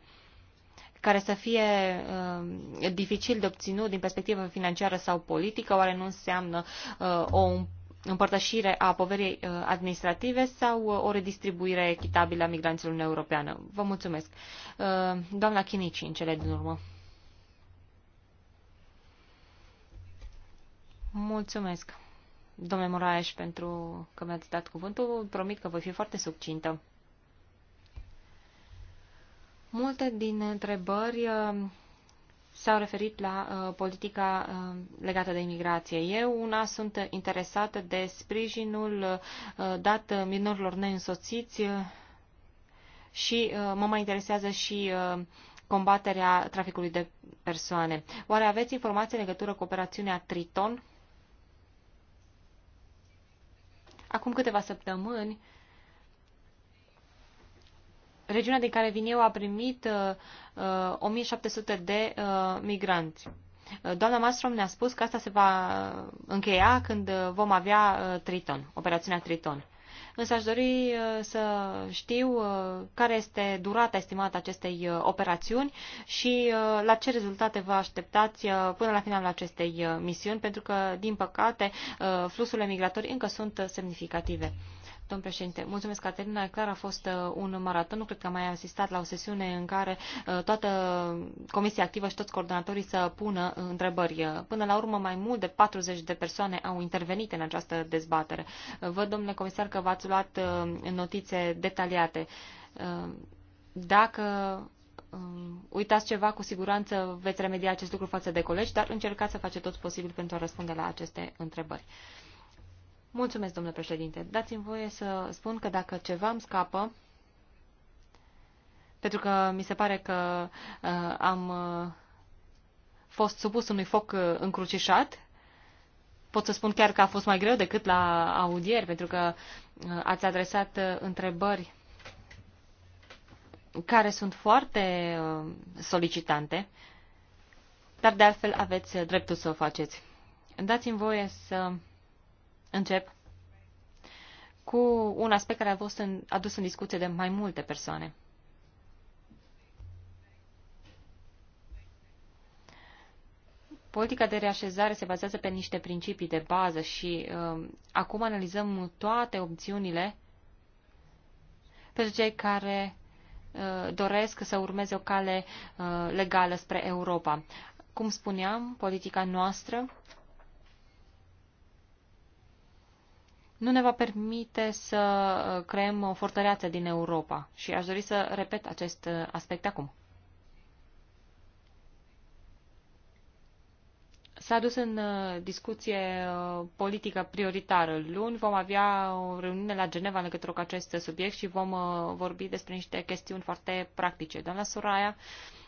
care să fie uh, dificil de obținut din perspectivă financiară sau politică, oare nu înseamnă uh, o împărtășire a poverii uh, administrative sau uh, o redistribuire echitabilă a migranților în europeană. Vă mulțumesc. Uh, doamna Chinici, în cele din urmă. Mulțumesc, domnule Moraes, pentru că mi-ați dat cuvântul. Promit că voi fi foarte succintă. Multe din întrebări s-au referit la uh, politica uh, legată de imigrație. Eu una sunt interesată de sprijinul uh, dat minorilor neînsoțiți uh, și uh, mă mai interesează și uh, combaterea traficului de persoane. Oare aveți informații în legătură cu operațiunea Triton? Acum câteva săptămâni, uh, regiunea din care vin eu a primit uh, 1700 uh, de uh, migranți. Uh, doamna Mastrom ne-a spus că asta se va uh, încheia când vom avea Triton, operațiunea Triton. Însă aș dori să știu care este durata estimată acestei operațiuni și la ce rezultate vă așteptați până la finalul acestei misiuni, pentru că, din păcate, fluxurile migratorii încă sunt semnificative. Domnul președinte, mulțumesc, Caterina. Clar a fost uh, un maraton. Nu cred că am mai asistat la o sesiune în care uh, toată comisia activă și toți coordonatorii să pună întrebări. Uh, până la urmă, mai mult de 40 de persoane au intervenit în această dezbatere. Văd, domnule comisar, că v-ați luat notițe detaliate. Dacă um, uitați ceva, cu siguranță veți remedia acest lucru față de colegi, dar încercați să faceți tot posibil pentru a răspunde la aceste întrebări. Mulțumesc, domnule președinte. Dați-mi voie să spun că dacă ceva îmi scapă, pentru că mi se pare că uh, am uh, fost supus unui foc uh, încrucișat, pot să spun chiar că a fost mai greu decât la audieri, pentru că uh, ați adresat uh, întrebări care sunt foarte uh, solicitante, dar de altfel aveți dreptul să o faceți. Dați-mi voie să încep cu un aspect care a fost în, adus în discuție de mai multe persoane. Politica de reașezare se bazează pe niște principii de bază și uh, acum analizăm toate opțiunile pentru cei care uh, doresc să urmeze o cale uh, legală spre Europa. Cum spuneam, politica noastră nu ne va permite să uh, creăm o fortăreață din Europa. Și aș dori să repet acest uh, aspect acum. S-a dus în uh, discuție politică prioritară. Luni vom avea o reuniune la Geneva în legătură cu acest subiect și vom vorbi despre niște chestiuni foarte practice. Doamna Soraya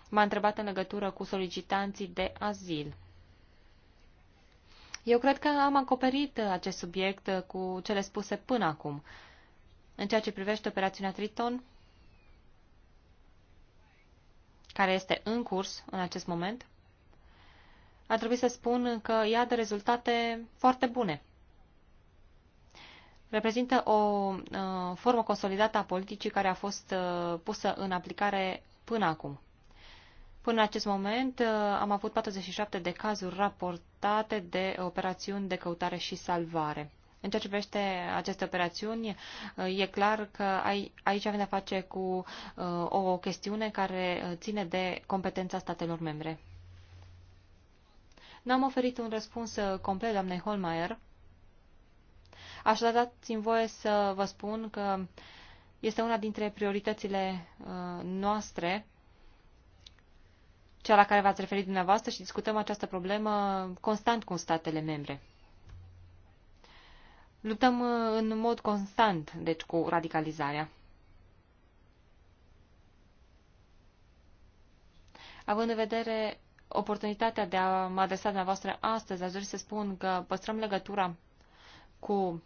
m-a întrebat în legătură cu solicitanții de azil. Eu cred că am acoperit uh, acest subiect uh, cu cele spuse până acum. În ceea ce privește operațiunea Triton, care este în curs în acest moment, ar trebui să spun că ea dă rezultate foarte bune. Reprezintă o uh, formă consolidată a politicii care a fost uh, pusă în aplicare până acum. Până în acest moment uh, am avut 47 de cazuri raportate de operațiuni de căutare și salvare. În ceea ce privește aceste operațiuni, uh, e clar că aici avem de-a face cu uh, o chestiune care ține de competența statelor membre. N-am oferit un răspuns complet, doamnei Holmeier. Așadar, dați-mi voie să vă spun că este una dintre prioritățile noastre cea la care v-ați referit dumneavoastră și discutăm această problemă constant cu statele membre. Luptăm uh, în mod constant, deci, cu radicalizarea. Având în vedere oportunitatea de a mă adresa dumneavoastră astăzi, aș dori să spun că păstrăm legătura cu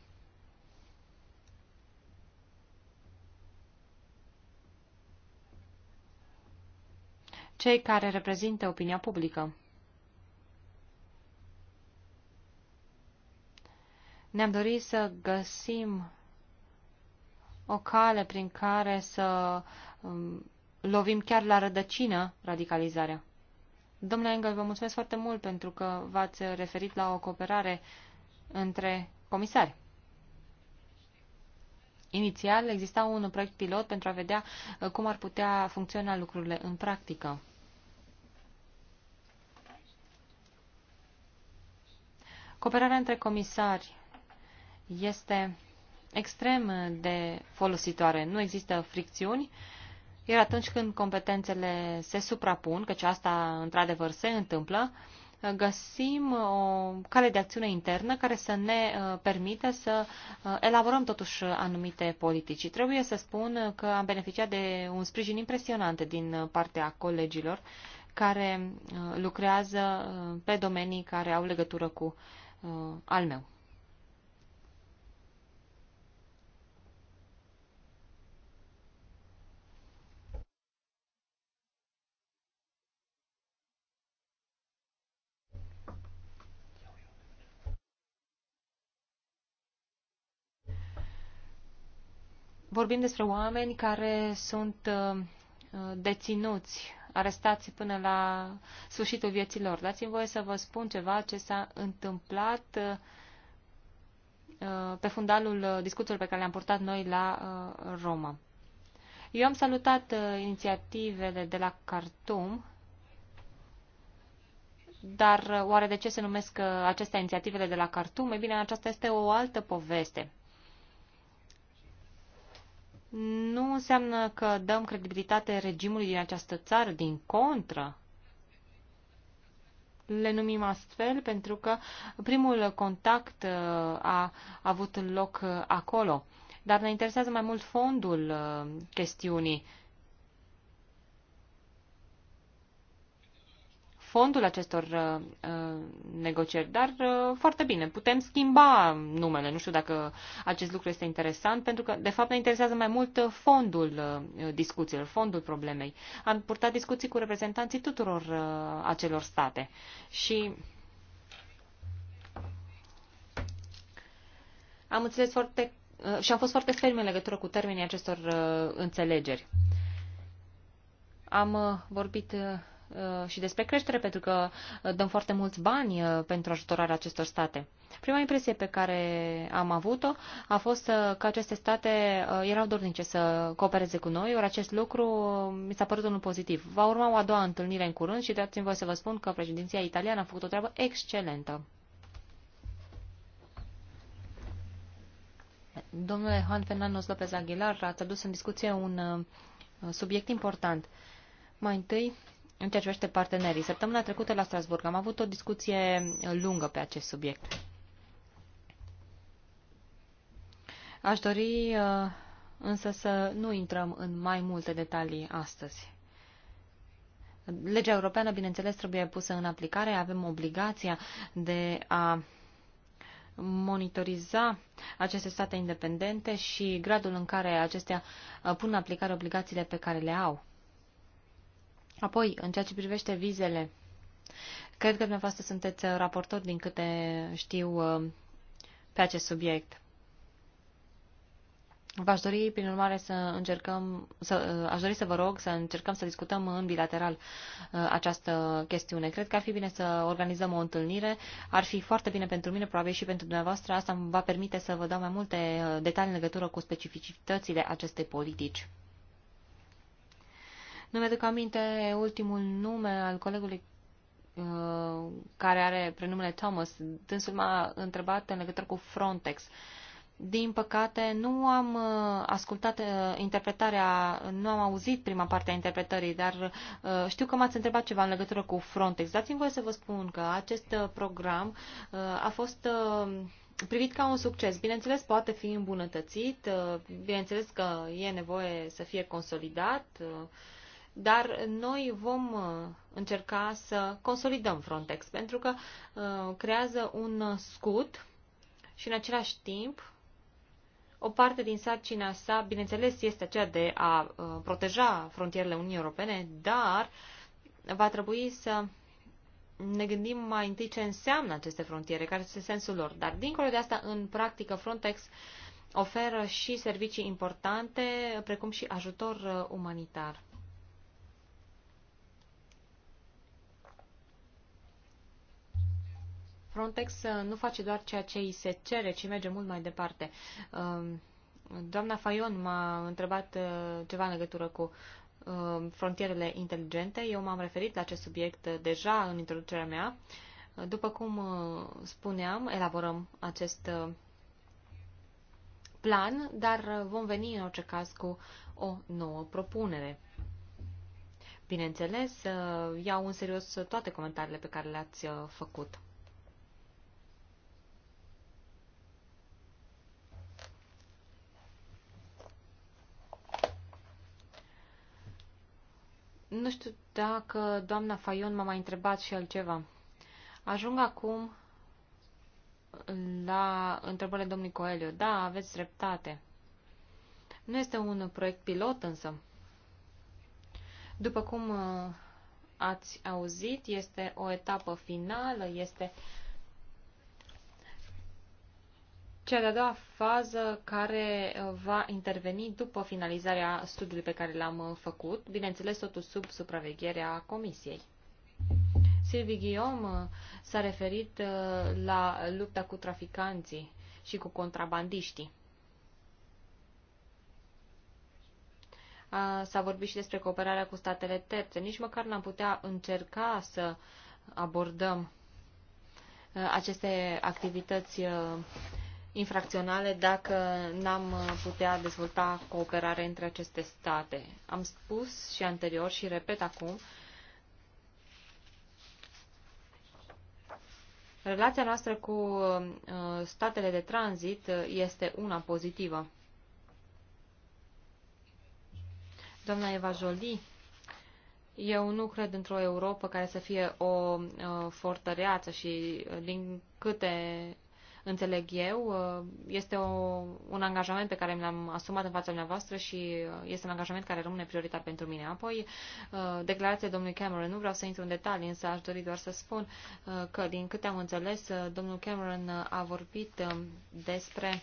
cei care reprezintă opinia publică. Ne-am dorit să găsim o cale prin care să um, lovim chiar la rădăcină radicalizarea. Domnule Engel, vă mulțumesc foarte mult pentru că v-ați referit la o cooperare între comisari. Inițial exista un proiect pilot pentru a vedea uh, cum ar putea funcționa lucrurile în practică. Cooperarea între comisari este extrem de folositoare. Nu există fricțiuni, iar atunci când competențele se suprapun, căci asta într-adevăr se întâmplă, uh, găsim o cale de acțiune internă care să ne uh, permită să uh, elaborăm totuși anumite politici. Trebuie să spun că am beneficiat de un sprijin impresionant din partea colegilor care uh, lucrează pe domenii care au legătură cu al meu. Vorbim despre oameni care sunt uh, uh, deținuți, arestați până la sfârșitul vieților. Dați-mi voie să vă spun ceva ce s-a întâmplat uh, pe fundalul discuțiilor pe care le-am purtat noi la Roma. Eu am salutat inițiativele de la Khartoum, dar oare de ce se numesc acestea inițiativele de la Khartoum? E bine, aceasta este o altă poveste nu înseamnă că dăm credibilitate regimului din această țară, din contră. Le numim astfel pentru că primul contact uh, a avut loc uh, acolo. Dar ne interesează mai mult fondul uh, chestiunii fondul acestor uh, uh, negocieri, dar uh, foarte bine, putem schimba numele. Nu știu dacă acest lucru este interesant, pentru că, de fapt, ne interesează mai mult fondul discuțiilor, fondul problemei. Am purtat discuții cu reprezentanții tuturor acelor state și am înțeles foarte și am fost foarte ferm în legătură cu termenii acestor înțelegeri. Am vorbit Uh, și despre creștere, pentru că uh, dăm foarte mulți bani uh, pentru ajutorarea acestor state. Prima impresie pe care am avut-o a fost că aceste state erau dornice să coopereze cu noi, ori acest lucru mi s-a părut unul pozitiv. Va urma o a doua întâlnire în curând și dați-mi voi să vă spun că președinția italiană a făcut o treabă excelentă. Domnule Juan Fernando López Aguilar, ați adus în discuție un subiect important. Mai întâi, în ceea ce privește partenerii. Săptămâna trecută la Strasburg am avut o discuție lungă pe acest subiect. Aș dori uh, însă să nu intrăm în mai multe detalii astăzi. Legea europeană, bineînțeles, trebuie pusă în aplicare. Avem obligația de a monitoriza aceste state independente și gradul în care acestea uh, pun în aplicare obligațiile pe care le au. Apoi, în ceea ce privește vizele, cred că dumneavoastră sunteți uh, raportor din câte știu uh, pe acest subiect. V-aș dori, prin urmare, să încercăm, să, uh, aș dori să vă rog să încercăm să discutăm în bilateral această chestiune. Cred că ar fi bine să organizăm o întâlnire. Ar fi foarte bine pentru mine, probabil și pentru dumneavoastră. Asta îmi va permite să vă dau mai multe detalii în legătură cu specificitățile acestei politici. Nu mi-aduc aminte ultimul nume al colegului uh, care are prenumele Thomas. Dânsul m-a întrebat în legătură cu Frontex. Din păcate, nu am uh, ascultat uh, interpretarea, nu am auzit prima parte a interpretării, dar știu că m-ați întrebat ceva în legătură cu Frontex. Dați-mi voie să vă spun că acest program a fost privit ca un succes. Bineînțeles, poate fi îmbunătățit, bineînțeles că e nevoie să fie consolidat, dar noi vom uh, încerca să consolidăm Frontex, pentru că uh, creează un scut și în același timp o parte din sarcina sa, bineînțeles, este aceea de a uh, proteja frontierele Uniunii Europene, dar va trebui să ne gândim mai întâi ce înseamnă aceste frontiere, care este sensul lor. Dar, dincolo de asta, în practică, Frontex oferă și servicii importante, precum și ajutor umanitar. Frontex uh, nu face doar ceea ce îi se cere, ci merge mult mai departe. Um, doamna Fayon m-a întrebat uh, ceva în legătură cu um, frontierele inteligente. Eu m-am referit la acest subiect uh, deja în introducerea mea. După cum spuneam, elaborăm acest plan, dar vom veni în orice caz cu o nouă propunere. Bineînțeles, iau în serios toate comentariile pe care le-ați făcut. Nu știu dacă doamna Fayon m-a mai întrebat și altceva. Ajung acum la întrebările domnului Coelho. Da, aveți dreptate. Nu este un proiect pilot, însă. După cum uh, ați auzit, este o etapă finală, este cea de-a doua fază care uh, va interveni după finalizarea studiului pe care l-am uh, făcut, bineînțeles totul sub supravegherea comisiei. Silvi Guillaume uh, s-a referit la lupta cu traficanții și cu contrabandiștii. S-a vorbit și despre cooperarea cu statele terțe. Nici măcar n-am putea încerca să abordăm aceste activități infracționale dacă n-am uh, putea dezvolta cooperare între aceste state. Am spus și anterior și repet acum, relația noastră cu uh, statele de tranzit uh, este una pozitivă. Doamna Eva Jolie, eu nu cred într-o Europa care să fie o fortăreață și din câte înțeleg eu. Uh, este o, un angajament pe care mi l-am asumat în fața dumneavoastră și uh, este un angajament care rămâne prioritar pentru mine. Apoi, uh, declarația domnului Cameron, nu vreau să intru în detalii, însă aș dori doar să spun că, din câte am înțeles, domnul Cameron a vorbit despre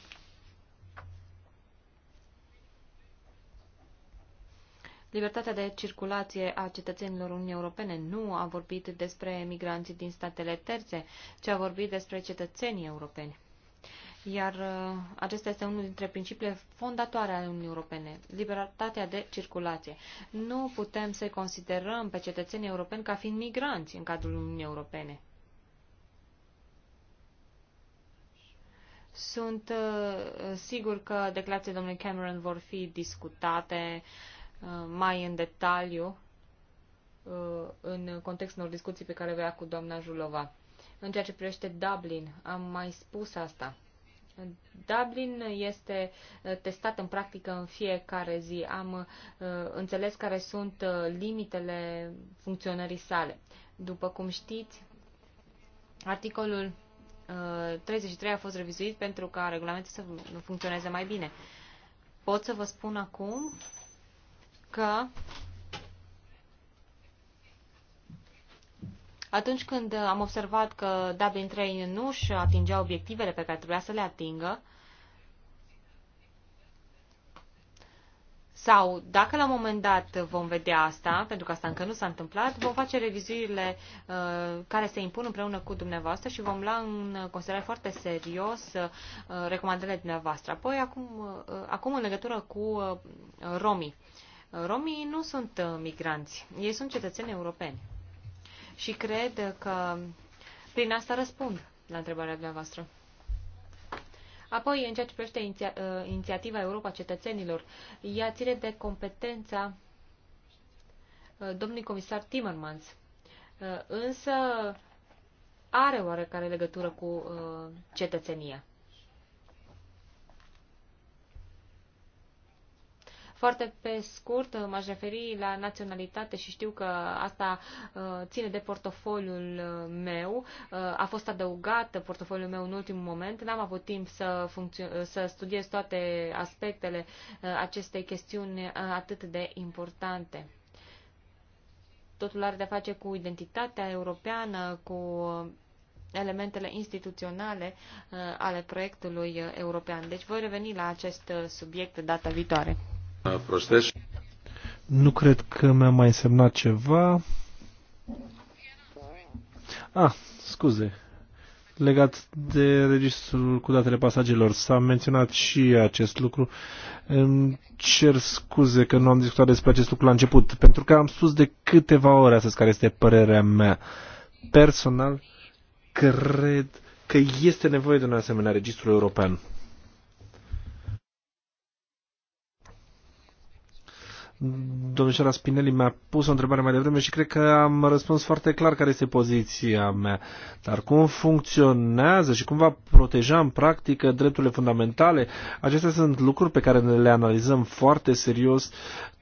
Libertatea de circulație a cetățenilor Uniunii Europene nu a vorbit despre migranții din statele terțe, ci a vorbit despre cetățenii europeni. Iar uh, acesta este unul dintre principiile fondatoare ale Uniunii Europene, libertatea de circulație. Nu putem să considerăm pe cetățenii europeni ca fiind migranți în cadrul Uniunii Europene. Sunt uh, sigur că declarațiile domnului Cameron vor fi discutate uh, Uh, mai în detaliu uh, în contextul unor discuții pe care avea cu doamna Julova. În ceea ce privește Dublin, am mai spus asta. Dublin este uh, testat în practică în fiecare zi. Am înțeles care sunt limitele funcționării sale. După cum știți, articolul 33 a fost revizuit pentru ca regulamentul să funcționeze mai bine. Pot să vă spun acum că atunci când am observat că Dublin 3 nu își atingea obiectivele pe care trebuia să le atingă, sau dacă la un moment dat vom vedea asta, pentru că asta încă nu s-a întâmplat, vom face revizuirile uh, care se impun împreună cu dumneavoastră și vom lua în considerare foarte serios uh, recomandările dumneavoastră. Apoi, acum, uh, acum în legătură cu uh, romii. Uh, Romii nu sunt uh, migranți, ei sunt cetățeni europeni. Și cred că prin asta răspund la întrebarea dumneavoastră. Apoi, în ceea ce privește iniția, uh, inițiativa Europa Cetățenilor, ea ține de competența uh, domnului comisar Timmermans, însă are oarecare legătură cu cetățenia. Foarte pe scurt, m-aș referi la naționalitate și știu că asta uh, ține de portofoliul uh, meu. Uh, a fost adăugat portofoliul meu în ultimul moment. N-am avut timp să, să studiez toate aspectele acestei chestiuni atât de importante. Totul are de face cu identitatea europeană, cu elementele instituționale ale proiectului european. Deci voi reveni la acest subiect data viitoare.
Uh, prostesc. Nu cred că mi-a mai semnat ceva. Ah, scuze. Legat de registrul cu datele pasagerilor, s-a menționat și acest lucru. Îmi cer scuze că nu am discutat despre acest lucru la început, pentru că am spus de câteva ore astăzi care este părerea mea. Personal, cred că este nevoie de un asemenea registru european Domnișoara Spinelli mi-a pus o întrebare mai devreme și cred că am răspuns foarte clar care este poziția mea. Dar cum funcționează și cum va proteja în practică drepturile fundamentale? Acestea sunt lucruri pe care le analizăm foarte serios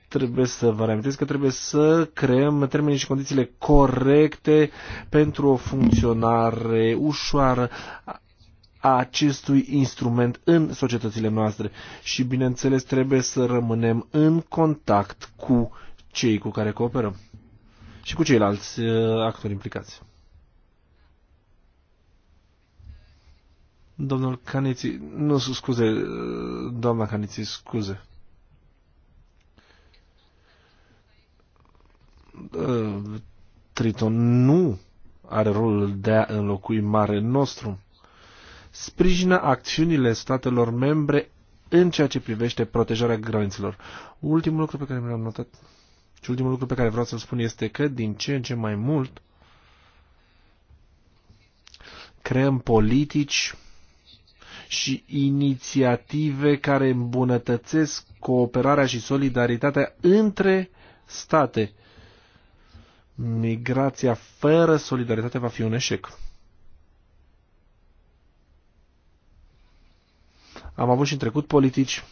trebuie să vă reamintesc că trebuie să creăm termenii și condițiile corecte pentru o funcționare ușoară a acestui instrument în societățile noastre și, bineînțeles, trebuie să rămânem în contact cu cei cu care cooperăm și cu ceilalți uh, actori implicați. Domnul Caniții, nu scuze, uh, doamna Caniții, scuze. Uh, Triton nu are rolul de a înlocui mare nostru sprijină acțiunile statelor membre în ceea ce privește protejarea granițelor. Ultimul lucru pe care mi l-am notat și ultimul lucru pe care vreau să-l spun este că din ce în ce mai mult creăm politici și inițiative care îmbunătățesc cooperarea și solidaritatea între state. Migrația fără solidaritate va fi un eșec. Am avut și în trecut politici.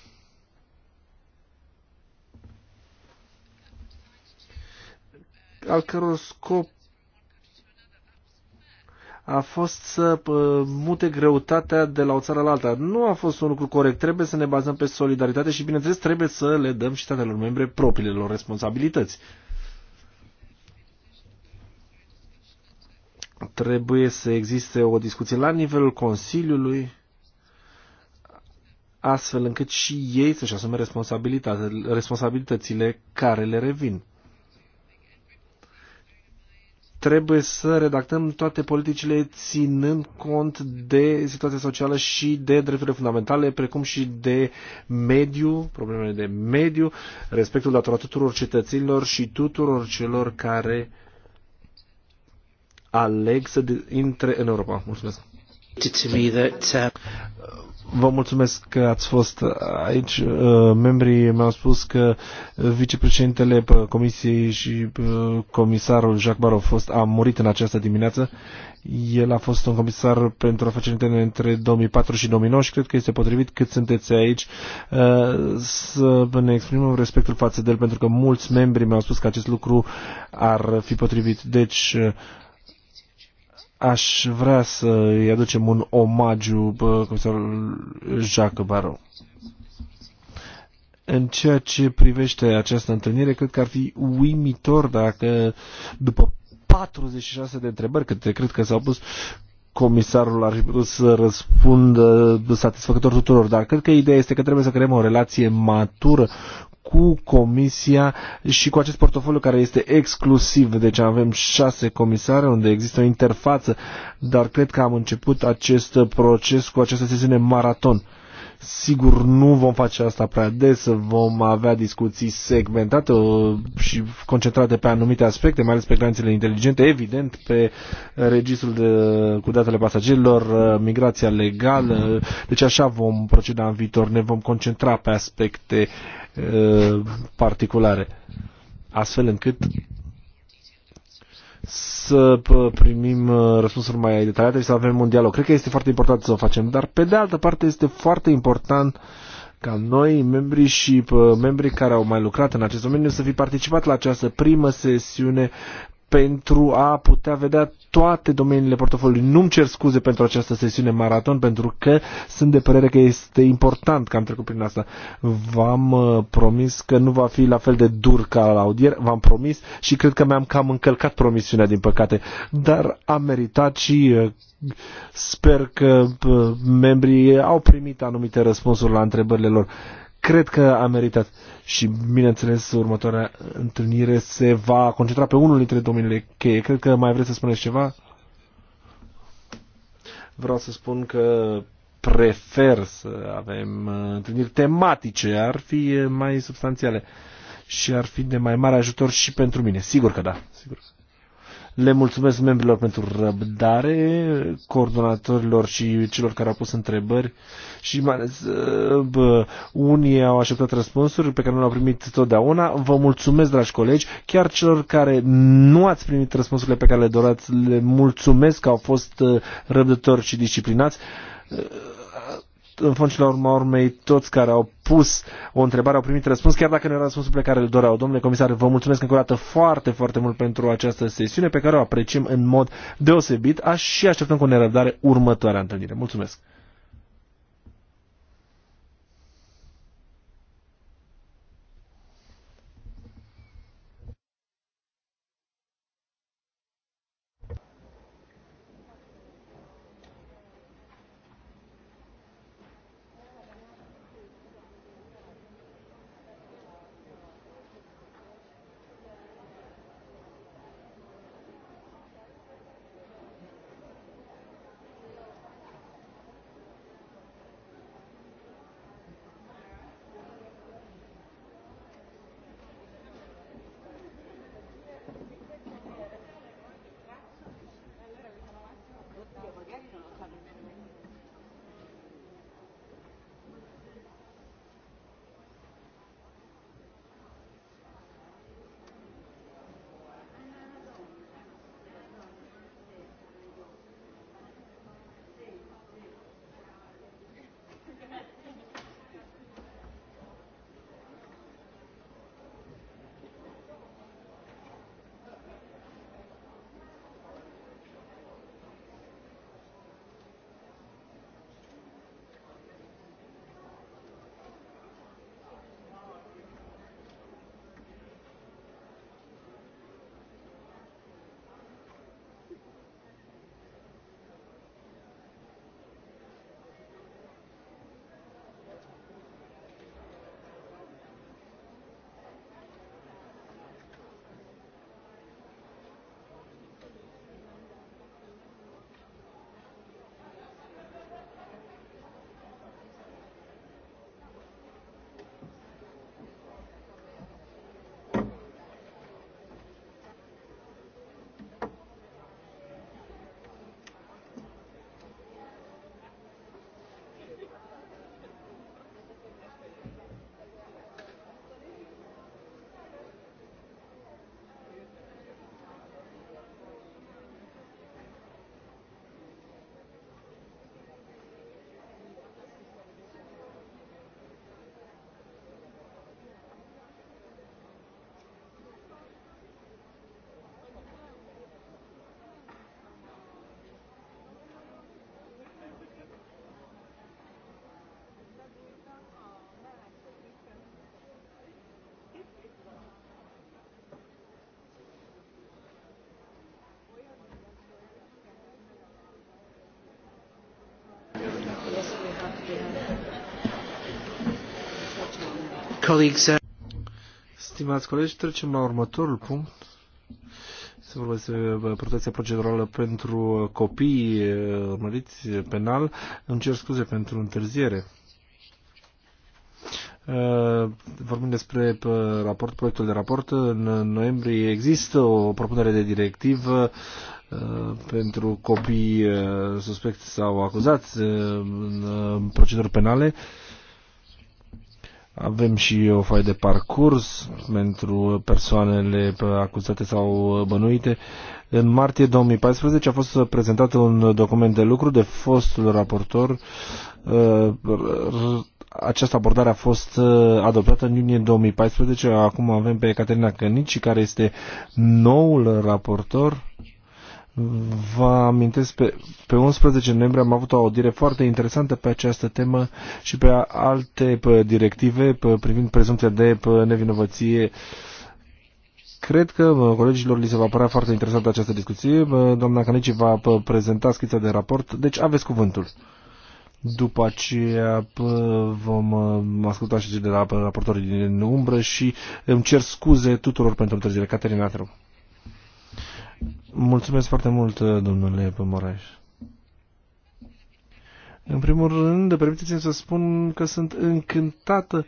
al căror scop a fost să mute greutatea de la o țară la alta. Nu a fost un lucru corect. Trebuie să ne bazăm pe solidaritate și, bineînțeles, trebuie să le dăm și statelor membre propriile lor responsabilități. Trebuie să existe o discuție la nivelul Consiliului astfel încât și ei să-și asume responsabilitățile care le revin. Trebuie să redactăm toate politicile ținând cont de situația socială și de drepturile fundamentale, precum și de mediu, problemele de mediu, respectul datorat tuturor cetățenilor și tuturor celor care aleg să intre în Europa. Mulțumesc! Vă mulțumesc că ați fost aici. Uh, membrii mi-au spus că vicepreședintele uh, Comisiei și uh, comisarul Jacques Barrow fost, a murit în această dimineață. El a fost un comisar pentru afaceri interne între 2004 și 2009 și cred că este potrivit cât sunteți aici să ne exprimăm respectul față de el pentru că mulți membri mi-au spus că acest lucru ar fi potrivit. Deci, aș vrea să îi aducem un omagiu comisarul Jacques Barrow. În ceea ce privește această întâlnire, cred că ar fi uimitor dacă după 46 de întrebări, câte cred că s-au pus, comisarul ar fi putut să răspundă satisfăcător tuturor, dar cred că ideea este că trebuie să creăm o relație matură cu Comisia și cu acest portofoliu care este exclusiv. Deci avem șase comisare unde există o interfață, dar cred că am început acest proces cu această sesiune maraton. Sigur, nu vom face asta prea des, vom avea discuții segmentate uh, și concentrate pe anumite aspecte, mai ales pe granițele inteligente, evident, pe registrul de, cu datele pasagerilor, uh, migrația legală, deci așa vom proceda în viitor, ne vom concentra pe aspecte uh, Uh, particulare, astfel încât să uh, primim uh, răspunsuri mai detaliate și să avem un dialog. Cred că este foarte important să o facem, dar pe de altă parte este foarte important ca noi, membrii și membrii care au mai lucrat în acest domeniu, să fi participat la această primă sesiune pentru a putea vedea toate domeniile portofoliului. Nu-mi cer scuze pentru această sesiune maraton, pentru că sunt de părere că este important că am trecut prin asta. V-am uh, promis că nu va fi la fel de dur ca la audier, v-am promis și cred că mi-am cam încălcat promisiunea, din păcate. Dar am meritat și uh, sper că uh, membrii au primit anumite răspunsuri la întrebările lor cred că a meritat. Și, bineînțeles, următoarea întâlnire se va concentra pe unul dintre domeniile cheie. Cred că mai vreți să spuneți ceva? Vreau să spun că prefer să avem uh, întâlniri tematice, ar fi uh, mai substanțiale și ar fi de mai mare ajutor și pentru mine. Sigur că da. Sigur că da. Le mulțumesc membrilor pentru răbdare, coordonatorilor și celor care au pus întrebări și mai ales uh, bă, unii au așteptat răspunsuri pe care nu le-au primit totdeauna. Vă mulțumesc, dragi colegi, chiar celor care nu ați primit răspunsurile pe care le dorați, le mulțumesc că au fost uh, răbdători și disciplinați uh, în fond și la urma urmei, toți care au pus o întrebare au primit răspuns, chiar dacă nu era răspunsul pe care îl doreau. Domnule comisar, vă mulțumesc încă o dată foarte, foarte mult pentru această sesiune pe care o apreciem în mod deosebit Aș și așteptăm cu nerăbdare următoarea întâlnire. Mulțumesc! Colleagues, uh, Stimați colegi, trecem la următorul punct. Se vorbește de uh, protecția procedurală pentru uh, copii urmăriți penal. Îmi cer scuze pentru întârziere. Vorbim despre raport, proiectul de raport. În noiembrie există o propunere de directivă uh, pentru copii uh, suspecți sau acuzați uh, uh, în proceduri penale. Avem și o foaie de parcurs pentru persoanele acuzate sau bănuite. În martie 2014 a fost prezentat un document de lucru de fostul raportor. Această abordare a fost adoptată în iunie 2014. Acum avem pe Caterina Cănici, care este noul raportor Vă amintesc, pe, pe 11 noiembrie am avut o audiere foarte interesantă pe această temă și pe alte pe directive pe, privind prezumția de pe nevinovăție. Cred că colegilor li se va părea foarte interesantă această discuție. Doamna Canici va prezenta schița de raport, deci aveți cuvântul. După aceea vom asculta și de la raportorii din umbră și îmi cer scuze tuturor pentru întârziere. Caterina, te rog. Mulțumesc foarte mult, domnule Pămoraș. În primul rând, permiteți-mi să spun că sunt încântată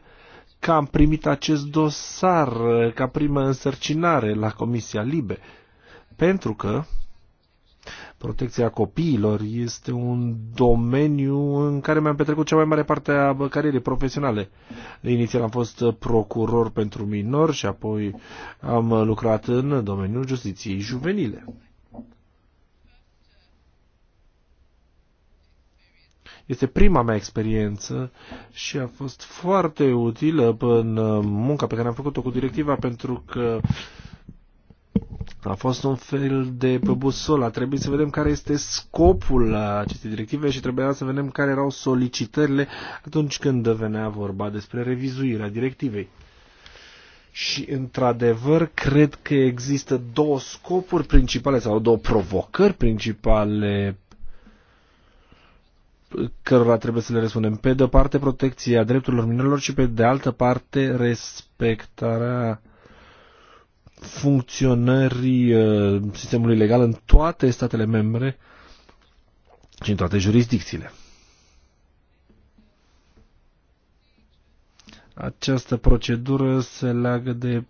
că am primit acest dosar ca primă însărcinare la Comisia Libe, pentru că Protecția copiilor este un domeniu în care mi-am petrecut cea mai mare parte a carierei profesionale. Inițial am fost procuror pentru minori și apoi am lucrat în domeniul justiției juvenile. Este prima mea experiență și a fost foarte utilă în munca pe care am făcut-o cu directiva pentru că a fost un fel de busol. A trebuit să vedem care este scopul acestei directive și trebuia să vedem care erau solicitările atunci când venea vorba despre revizuirea directivei. Și, într-adevăr, cred că există două scopuri principale sau două provocări principale cărora trebuie să le răspundem. Pe de o parte, protecția drepturilor minorilor și pe de altă parte, respectarea uh, funcționării uh, sistemului legal în toate statele membre și în toate jurisdicțiile. Această procedură se leagă de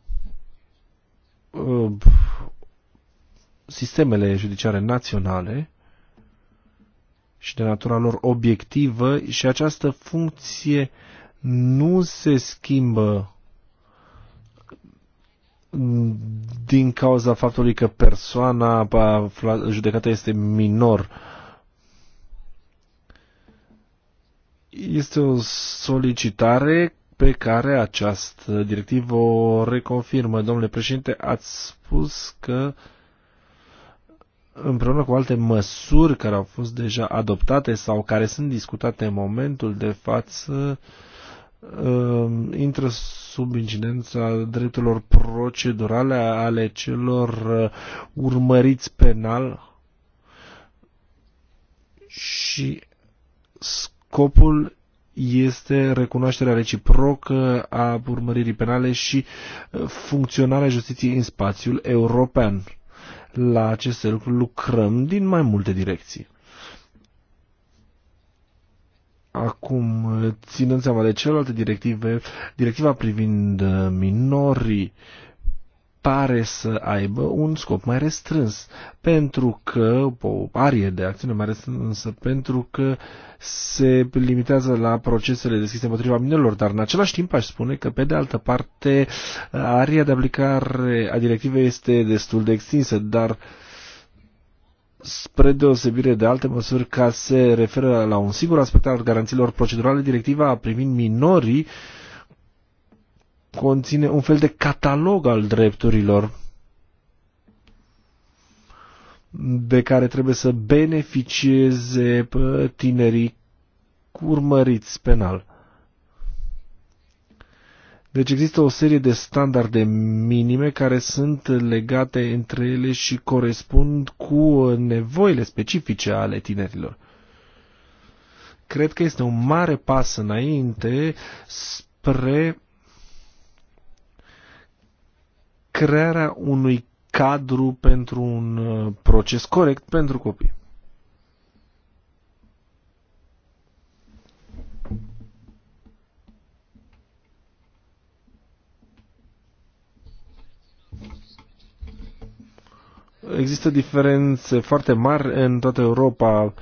uh, sistemele judiciare naționale și de natura lor obiectivă și această funcție nu se schimbă din cauza faptului că persoana judecată este minor. Este o solicitare pe care această directivă o reconfirmă. Domnule președinte, ați spus că împreună cu alte măsuri care au fost deja adoptate sau care sunt discutate în momentul de față, uh, Ehm, intră sub incidența drepturilor procedurale ale celor eh, urmăriți penal și scopul este recunoașterea reciprocă a urmăririi penale și eh, funcționarea justiției în spațiul european. La aceste lucruri lucrăm din mai multe direcții. Acum, ținând seama de celelalte directive, directiva privind uh, minorii pare să aibă un scop mai restrâns, pentru că, o arie de acțiune mai restrânsă, pentru că se limitează la procesele deschise împotriva minorilor, dar în același timp aș spune că, pe de altă parte, uh, aria de aplicare a directivei este destul de extinsă, dar uh, spre deosebire de alte măsuri ca se referă la un singur aspect al garanțiilor procedurale, directiva privind minorii conține un fel de catalog al drepturilor de care trebuie să beneficieze tinerii urmăriți penal. Deci există o serie de standarde minime care sunt legate între ele și corespund cu uh, nevoile specifice ale tinerilor. Cred că este un mare pas înainte spre crearea unui cadru pentru un uh, proces corect pentru copii. Există diferențe foarte mari în toată Europa.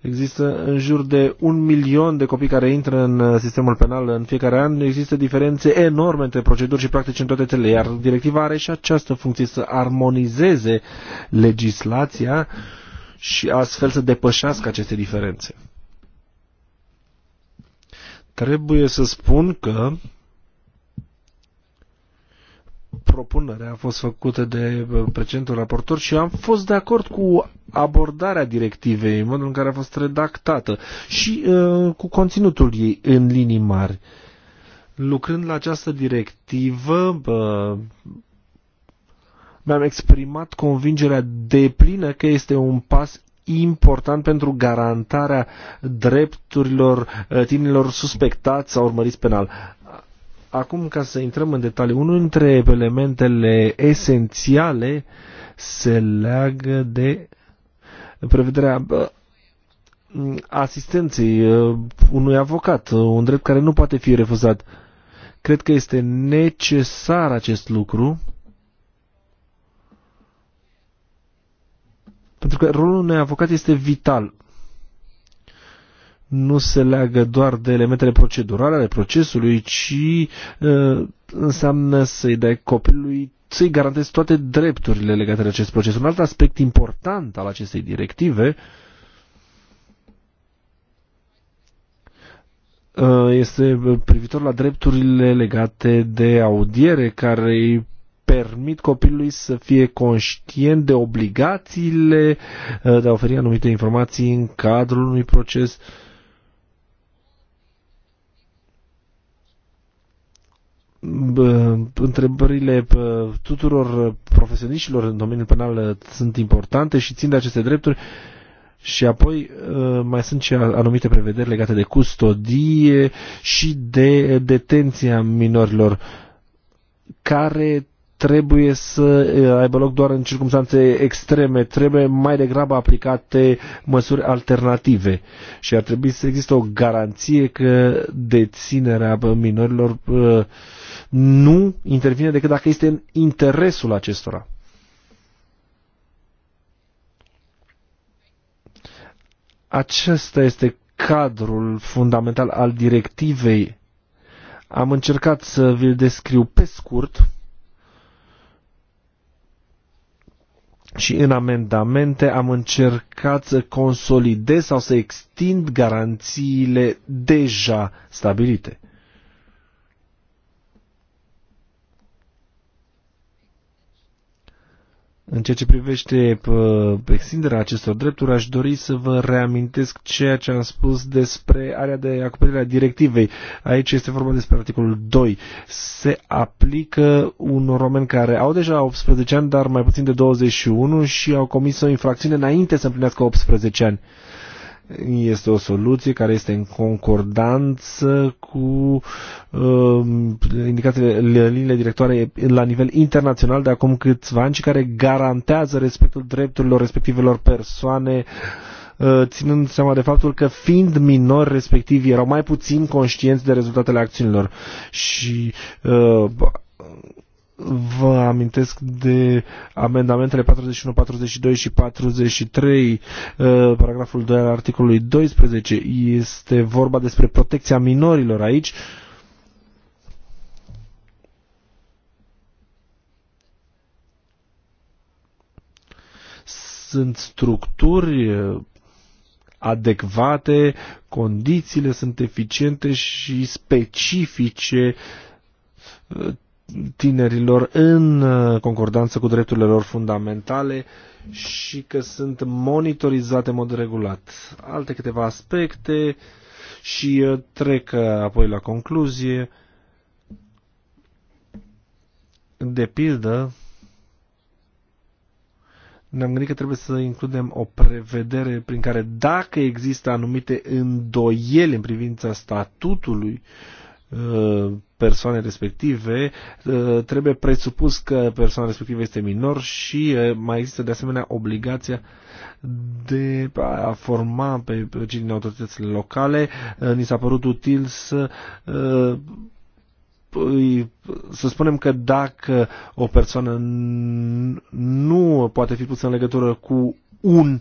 Există în jur de un milion de copii care intră în uh, sistemul penal în fiecare an. Există diferențe enorme între proceduri și practici în toate țările, iar directiva are și această funcție să armonizeze legislația și astfel să depășească aceste diferențe. Trebuie să spun că propunere a fost făcută de precedentul raportor și am fost de acord cu abordarea directivei, în modul în care a fost redactată și uh, cu conținutul ei în linii mari. Lucrând la această directivă, uh, mi-am exprimat convingerea plină că este un pas important pentru garantarea drepturilor ă, tinerilor suspectați sau urmăriți penal. Acum, ca să intrăm în detaliu, unul dintre elementele esențiale se leagă de prevederea asistenței unui avocat, un drept care nu poate fi refuzat. Cred că este necesar acest lucru pentru că rolul unui avocat este vital nu se leagă doar de elementele procedurale ale procesului, ci uh, înseamnă să-i dai copilului să-i garantezi toate drepturile legate de acest proces. Un alt aspect important al acestei directive uh, este privitor la drepturile legate de audiere care îi permit copilului să fie conștient de obligațiile uh, de a oferi anumite informații în cadrul unui proces uh, întrebările tuturor profesioniștilor în domeniul penal uh, sunt importante și țin de aceste drepturi și apoi uh, mai sunt și anumite prevederi legate de custodie și de detenția minorilor care trebuie să aibă loc doar în circunstanțe extreme, trebuie mai degrabă aplicate măsuri alternative și ar trebui să existe o garanție că deținerea minorilor nu intervine decât dacă este în interesul acestora. Acesta este cadrul fundamental al directivei. Am încercat să vi-l descriu pe scurt și în amendamente am încercat să consolidez sau să extind garanțiile deja stabilite. În ceea ce privește extinderea acestor drepturi, aș dori să vă reamintesc ceea ce am spus despre area de acoperire a directivei. Aici este vorba despre articolul 2. Se aplică unor oameni care au deja 18 ani, dar mai puțin de 21 și au comis o infracțiune înainte să împlinească 18 ani. Uh, este o soluție care este în concordanță cu uh, indicațiile liniile directoare la nivel internațional de acum câțiva ani și care garantează respectul drepturilor respectivelor persoane uh, ținând seama de faptul că fiind minori respectivi erau mai puțin conștienți de rezultatele acțiunilor și uh, vă amintesc de amendamentele 41, 42 și 43, uh, paragraful 2 al articolului 12. Este vorba despre protecția minorilor aici. Sunt structuri adecvate, condițiile sunt eficiente și specifice uh, tinerilor în uh, concordanță cu drepturile lor fundamentale și că sunt monitorizate în mod regulat. Alte câteva aspecte și uh, trec uh, apoi la concluzie. De pildă, ne-am gândit că trebuie să includem o prevedere prin care dacă există anumite îndoieli în privința statutului uh, Uh, persoane respective, uh, trebuie presupus că persoana respectivă este minor și uh, mai există de asemenea obligația de a forma pe cei din autoritățile locale. Ni s-a părut util să să spunem că dacă o persoană nu poate fi pusă în legătură cu un uh,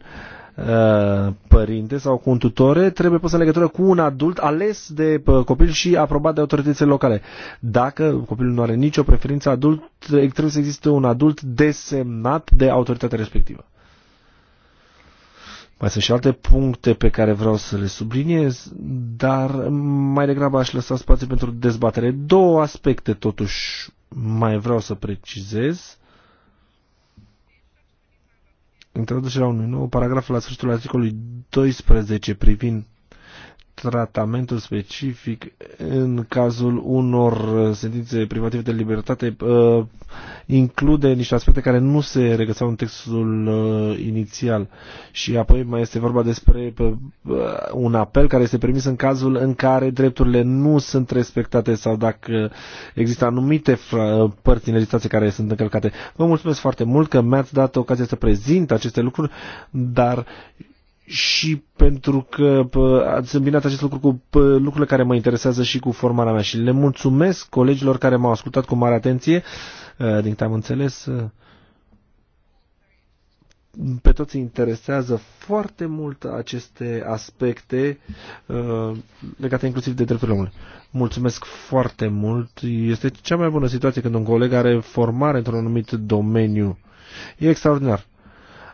Uh, părinte sau cu un tutore trebuie pus în legătură cu un adult ales de uh, copil și aprobat de autoritățile locale. Dacă copilul nu are nicio preferință adult, eh, trebuie să existe un adult desemnat de autoritatea respectivă. Mai sunt și alte puncte pe care vreau să le subliniez, dar mai degrabă aș lăsa spațiu pentru dezbatere. Două aspecte totuși mai vreau să precizez introducerea unui nou paragraf la sfârșitul articolului 12 privind tratamentul specific în cazul unor sentințe privative de libertate uh, include niște aspecte care nu se regăseau în textul uh, inițial și apoi mai este vorba despre uh, un apel care este permis în cazul în care drepturile nu sunt respectate sau dacă există anumite părți din legislație care sunt încălcate. Vă mulțumesc foarte mult că mi-ați dat ocazia să prezint aceste lucruri, dar și pentru că ați îmbinat acest lucru cu lucrurile care mă interesează și cu formarea mea și le mulțumesc colegilor care m-au ascultat cu mare atenție, ă, din câte am înțeles, ă, pe toți interesează foarte mult aceste aspecte ă, legate inclusiv de drepturile omului. Mulțumesc foarte mult. Este cea mai bună situație când un coleg are formare într-un anumit domeniu. E extraordinar.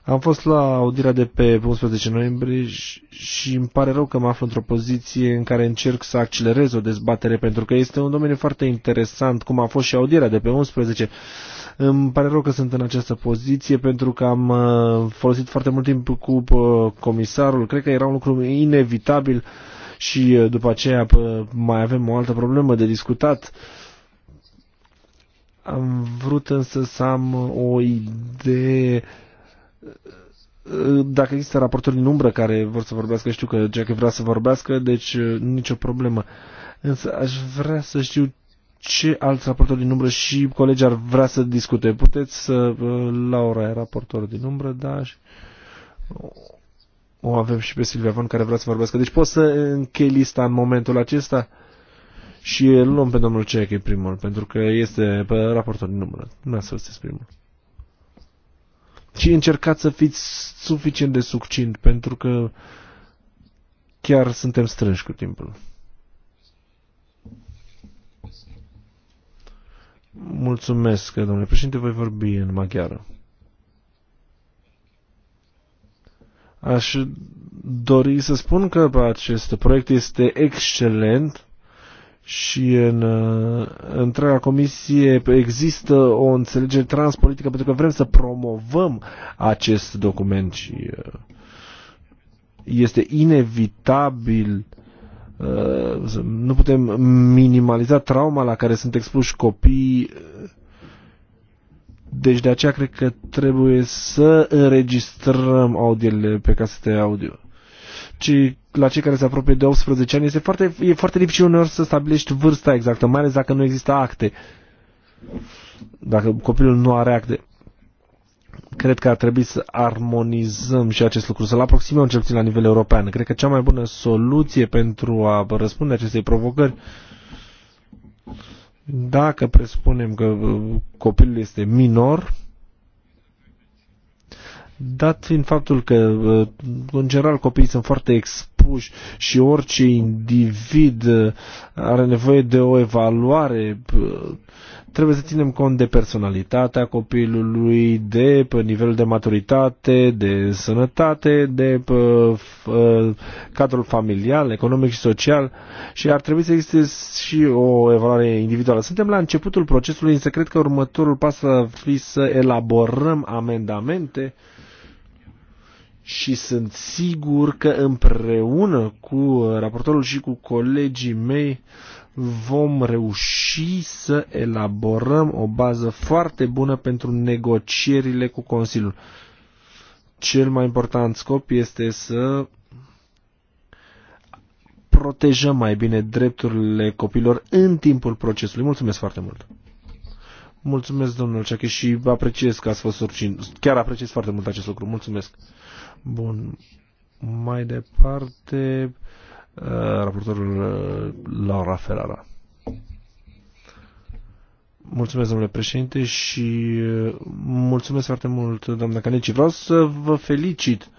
Am fost la audirea de pe 11 noiembrie și îmi pare rău că mă aflu într-o poziție în care încerc să accelerez o dezbatere, pentru că este un domeniu foarte interesant, cum a fost și audirea de pe 11. Îmi pare rău că sunt în această poziție, pentru că am uh, folosit foarte mult timp cu uh, comisarul. Cred că era un lucru inevitabil și uh, după aceea mai avem o altă problemă de discutat. Am vrut însă să am o idee uh, dacă există raportori în umbră care vor să vorbească, știu că Jack vrea să vorbească, deci uh, nicio problemă. Însă aș vrea să știu ce alți raportori din umbră și colegii ar vrea să discute. Puteți să... Uh, Laura e raportor din umbră, da, și... O avem și pe Silvia Von care vrea să vorbească. Deci pot să închei lista în momentul acesta și îl luăm pe domnul Cech, primul, pentru că este pe raportul din umbră. Nu să primul. Și încercați să fiți suficient de succint, pentru că chiar suntem strânși cu timpul. Mulțumesc, domnule președinte, voi vorbi în maghiară. Aș dori să spun că acest proiect este excelent și în uh, întreaga comisie există o înțelegere transpolitică pentru că vrem să promovăm acest document și uh, este inevitabil uh, nu putem minimaliza trauma la care sunt expuși copiii deci de aceea cred că trebuie să înregistrăm audiile pe casete audio ci la cei care se apropie de 18 ani, este foarte, e foarte dificil uneori să stabilești vârsta exactă, mai ales dacă nu există acte. Dacă copilul nu are acte. Cred că ar trebui să armonizăm și acest lucru, să-l aproximăm cel puțin la nivel european. Cred că cea mai bună soluție pentru a răspunde acestei provocări dacă presupunem că copilul este minor, Dat fiind faptul că, uh, în general, copiii sunt foarte expuși și orice individ uh, are nevoie de o evaluare, uh, trebuie să ținem cont de personalitatea copilului, de nivelul de maturitate, de sănătate, de cadrul familial, economic și social și ar trebui să existe și o evaluare individuală. Suntem la începutul procesului, însă cred că următorul pas va fi să elaborăm amendamente și sunt sigur că împreună cu raportorul și cu colegii mei vom reuși să elaborăm o bază foarte bună pentru negocierile cu Consiliul. Cel mai important scop este să protejăm mai bine drepturile copilor în timpul procesului. Mulțumesc foarte mult! Mulțumesc, domnul Ceache, și apreciez că ați fost surcin. Chiar apreciez foarte mult acest lucru. Mulțumesc! Bun. Mai departe, uh, raportorul uh, Laura Ferrara. Mulțumesc, domnule președinte, și uh, mulțumesc foarte mult, doamna Caneci. Vreau să vă felicit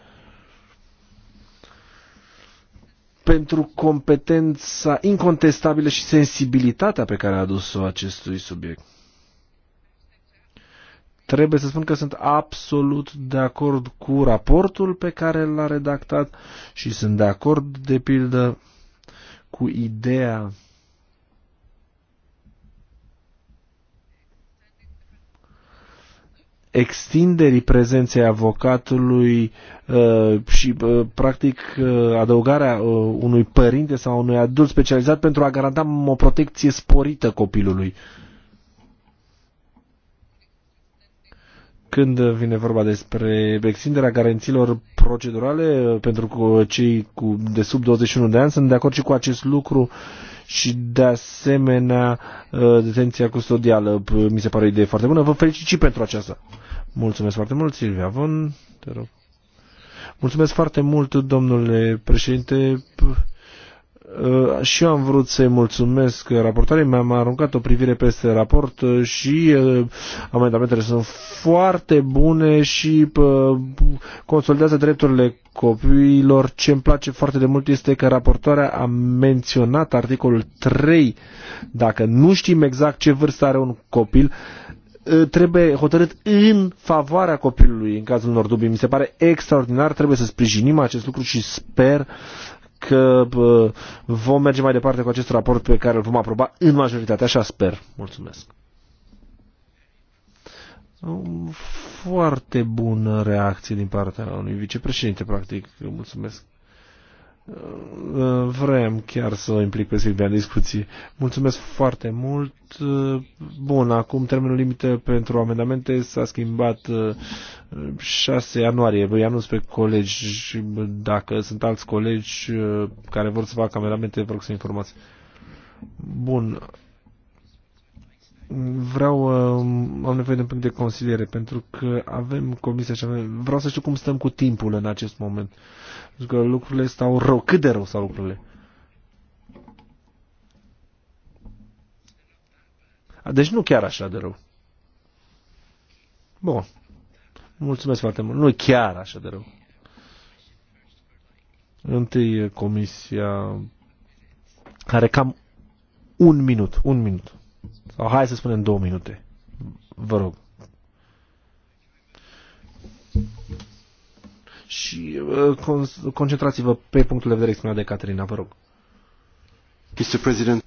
pentru competența incontestabilă și sensibilitatea pe care a adus-o acestui subiect. Trebuie să spun că sunt absolut de acord cu raportul pe care l-a redactat și sunt de acord, de pildă, cu ideea extinderii prezenței avocatului uh, și uh, practic uh, adăugarea uh, unui părinte sau unui adult specializat pentru a garanta o protecție sporită copilului. Uh, când vine vorba despre extinderea garanțiilor procedurale pentru cei cu, de sub 21 de ani, sunt de acord și cu acest lucru și de asemenea uh, detenția custodială mi se pare o idee foarte bună. Vă felicit și pentru aceasta. Mulțumesc foarte mult, Silvia Von, te rog. Mulțumesc foarte mult, domnule președinte. Uh, și eu am vrut să-i mulțumesc raportării, mi-am aruncat o privire peste raport uh, și uh, amendamentele sunt foarte bune și consolidează drepturile copiilor. Ce îmi place foarte de mult este că raportoarea a menționat articolul 3. Dacă nu știm exact ce vârstă are un copil, trebuie hotărât în favoarea copilului în cazul unor dubii. Mi se pare extraordinar, trebuie să sprijinim acest lucru și sper că vom merge mai departe cu acest raport pe care îl vom aproba în majoritate. Așa sper. Mulțumesc. Foarte bună reacție din partea unui vicepreședinte, practic. Mulțumesc Uh, vrem chiar să o implic pe Silvia în discuții. Mulțumesc foarte mult. Uh, bun, acum termenul limită pentru amendamente s-a schimbat 6 uh, ianuarie. Vă anunț pe colegi, dacă sunt alți colegi care vor să facă amendamente, vă rog să informați. Bun. Vreau, am nevoie de un pic de consiliere, pentru că avem comisia și avem... Vreau să știu cum stăm cu timpul în acest moment. Zic că lucrurile stau rău. Cât de rău stau lucrurile? Deci nu chiar așa de rău. Bun. Mulțumesc foarte mult. Nu chiar așa de rău. Întâi comisia care cam un minut, un minut. Sau hai să spunem două minute. Vă rog. și uh, concentrați-vă pe punctul de vedere exprimat de Caterina, vă rog. Mr. President.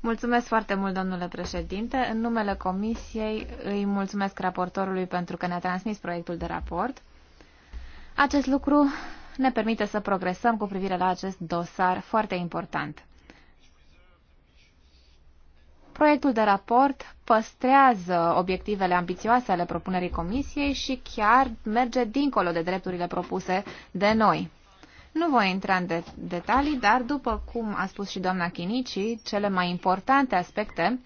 Mulțumesc foarte mult, domnule președinte. În numele Comisiei îi mulțumesc raportorului pentru că ne-a transmis proiectul de raport. Acest lucru ne permite să progresăm cu privire la acest dosar foarte important. Proiectul de raport păstrează obiectivele ambițioase ale propunerii Comisiei și chiar merge dincolo de drepturile propuse de noi. Nu voi intra în de- detalii, dar după cum a spus și doamna Chinici, cele mai importante aspecte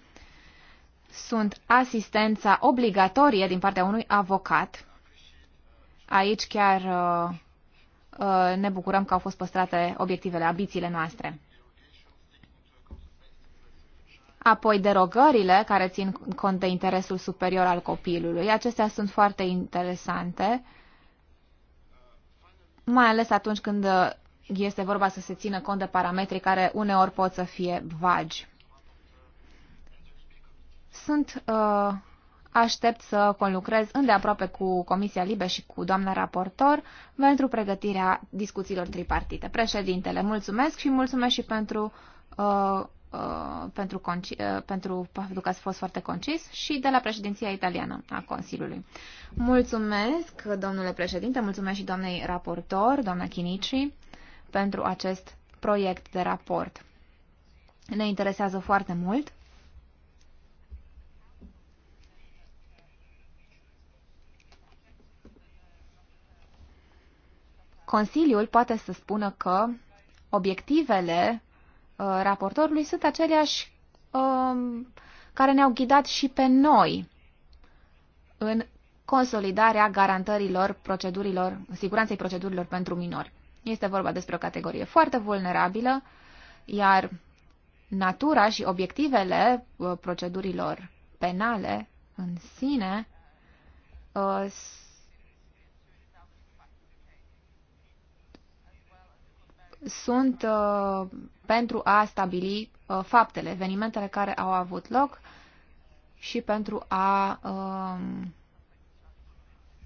sunt asistența obligatorie din partea unui avocat. Aici chiar uh, uh, ne bucurăm că au fost păstrate obiectivele, ambițiile noastre. Apoi derogările care țin cont de interesul superior al copilului. Acestea sunt foarte interesante, mai ales atunci când este vorba să se țină cont de parametri care uneori pot să fie vagi. Sunt uh, aștept să conlucrez îndeaproape cu Comisia Libe și cu doamna raportor pentru pregătirea discuțiilor tripartite. Președintele, mulțumesc și mulțumesc și pentru uh, Uh, pentru, conci- uh, pentru faptul că ați fost foarte concis și de la președinția italiană a Consiliului. Mulțumesc, domnule președinte, mulțumesc și doamnei raportor, doamna Chinici, pentru acest proiect de raport. Ne interesează foarte mult. Consiliul poate să spună că obiectivele Uh, raportorului sunt aceleași um, care ne-au ghidat și pe noi în consolidarea garantărilor procedurilor, siguranței procedurilor pentru minori. Este vorba despre o categorie foarte vulnerabilă, iar natura și obiectivele uh, procedurilor penale în sine uh, sunt uh, pentru a stabili uh, faptele, evenimentele care au avut loc și pentru a uh,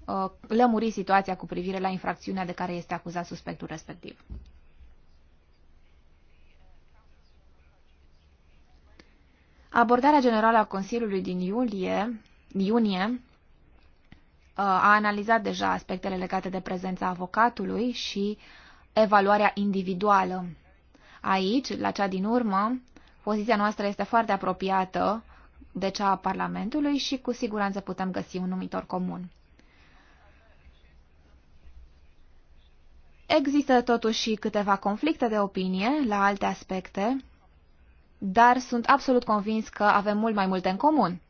uh, lămuri situația cu privire la infracțiunea de care este acuzat suspectul respectiv. Abordarea generală a Consiliului din iulie, iunie uh, a analizat deja aspectele legate de prezența avocatului și evaluarea individuală Aici, la cea din urmă, poziția noastră este foarte apropiată de cea a Parlamentului și cu siguranță putem găsi un numitor comun. Există totuși câteva conflicte de opinie la alte aspecte, dar sunt absolut convins că avem mult mai multe în comun.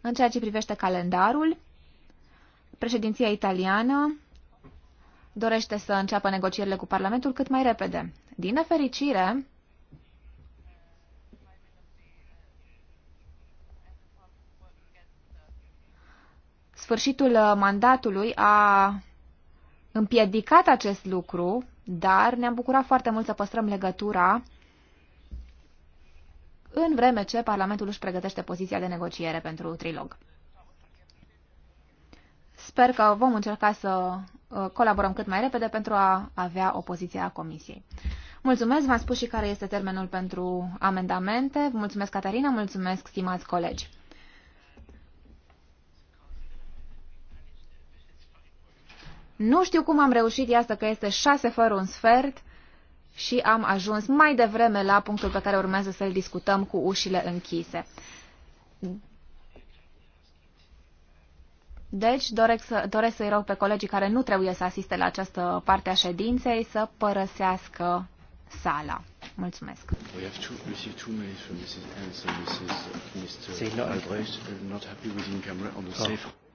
În ceea ce privește calendarul, președinția italiană dorește să înceapă negocierile cu Parlamentul cât mai repede. Din nefericire, sfârșitul mandatului a împiedicat acest lucru, dar ne-am bucurat foarte mult să păstrăm legătura în vreme ce Parlamentul își pregătește poziția de negociere pentru trilog. Sper că vom încerca să uh, colaborăm cât mai repede pentru a avea o poziție a Comisiei. Mulțumesc, v-am spus și care este termenul pentru amendamente. Mulțumesc, Catarina, mulțumesc, stimați colegi. Nu știu cum am reușit, iată că este șase fără un sfert și am ajuns mai devreme la punctul pe care urmează să-l discutăm cu ușile închise. Deci doresc, să, doresc să-i rog pe colegii care nu trebuie să asiste la această parte a ședinței să părăsească sala. Mulțumesc. Uh,
oh.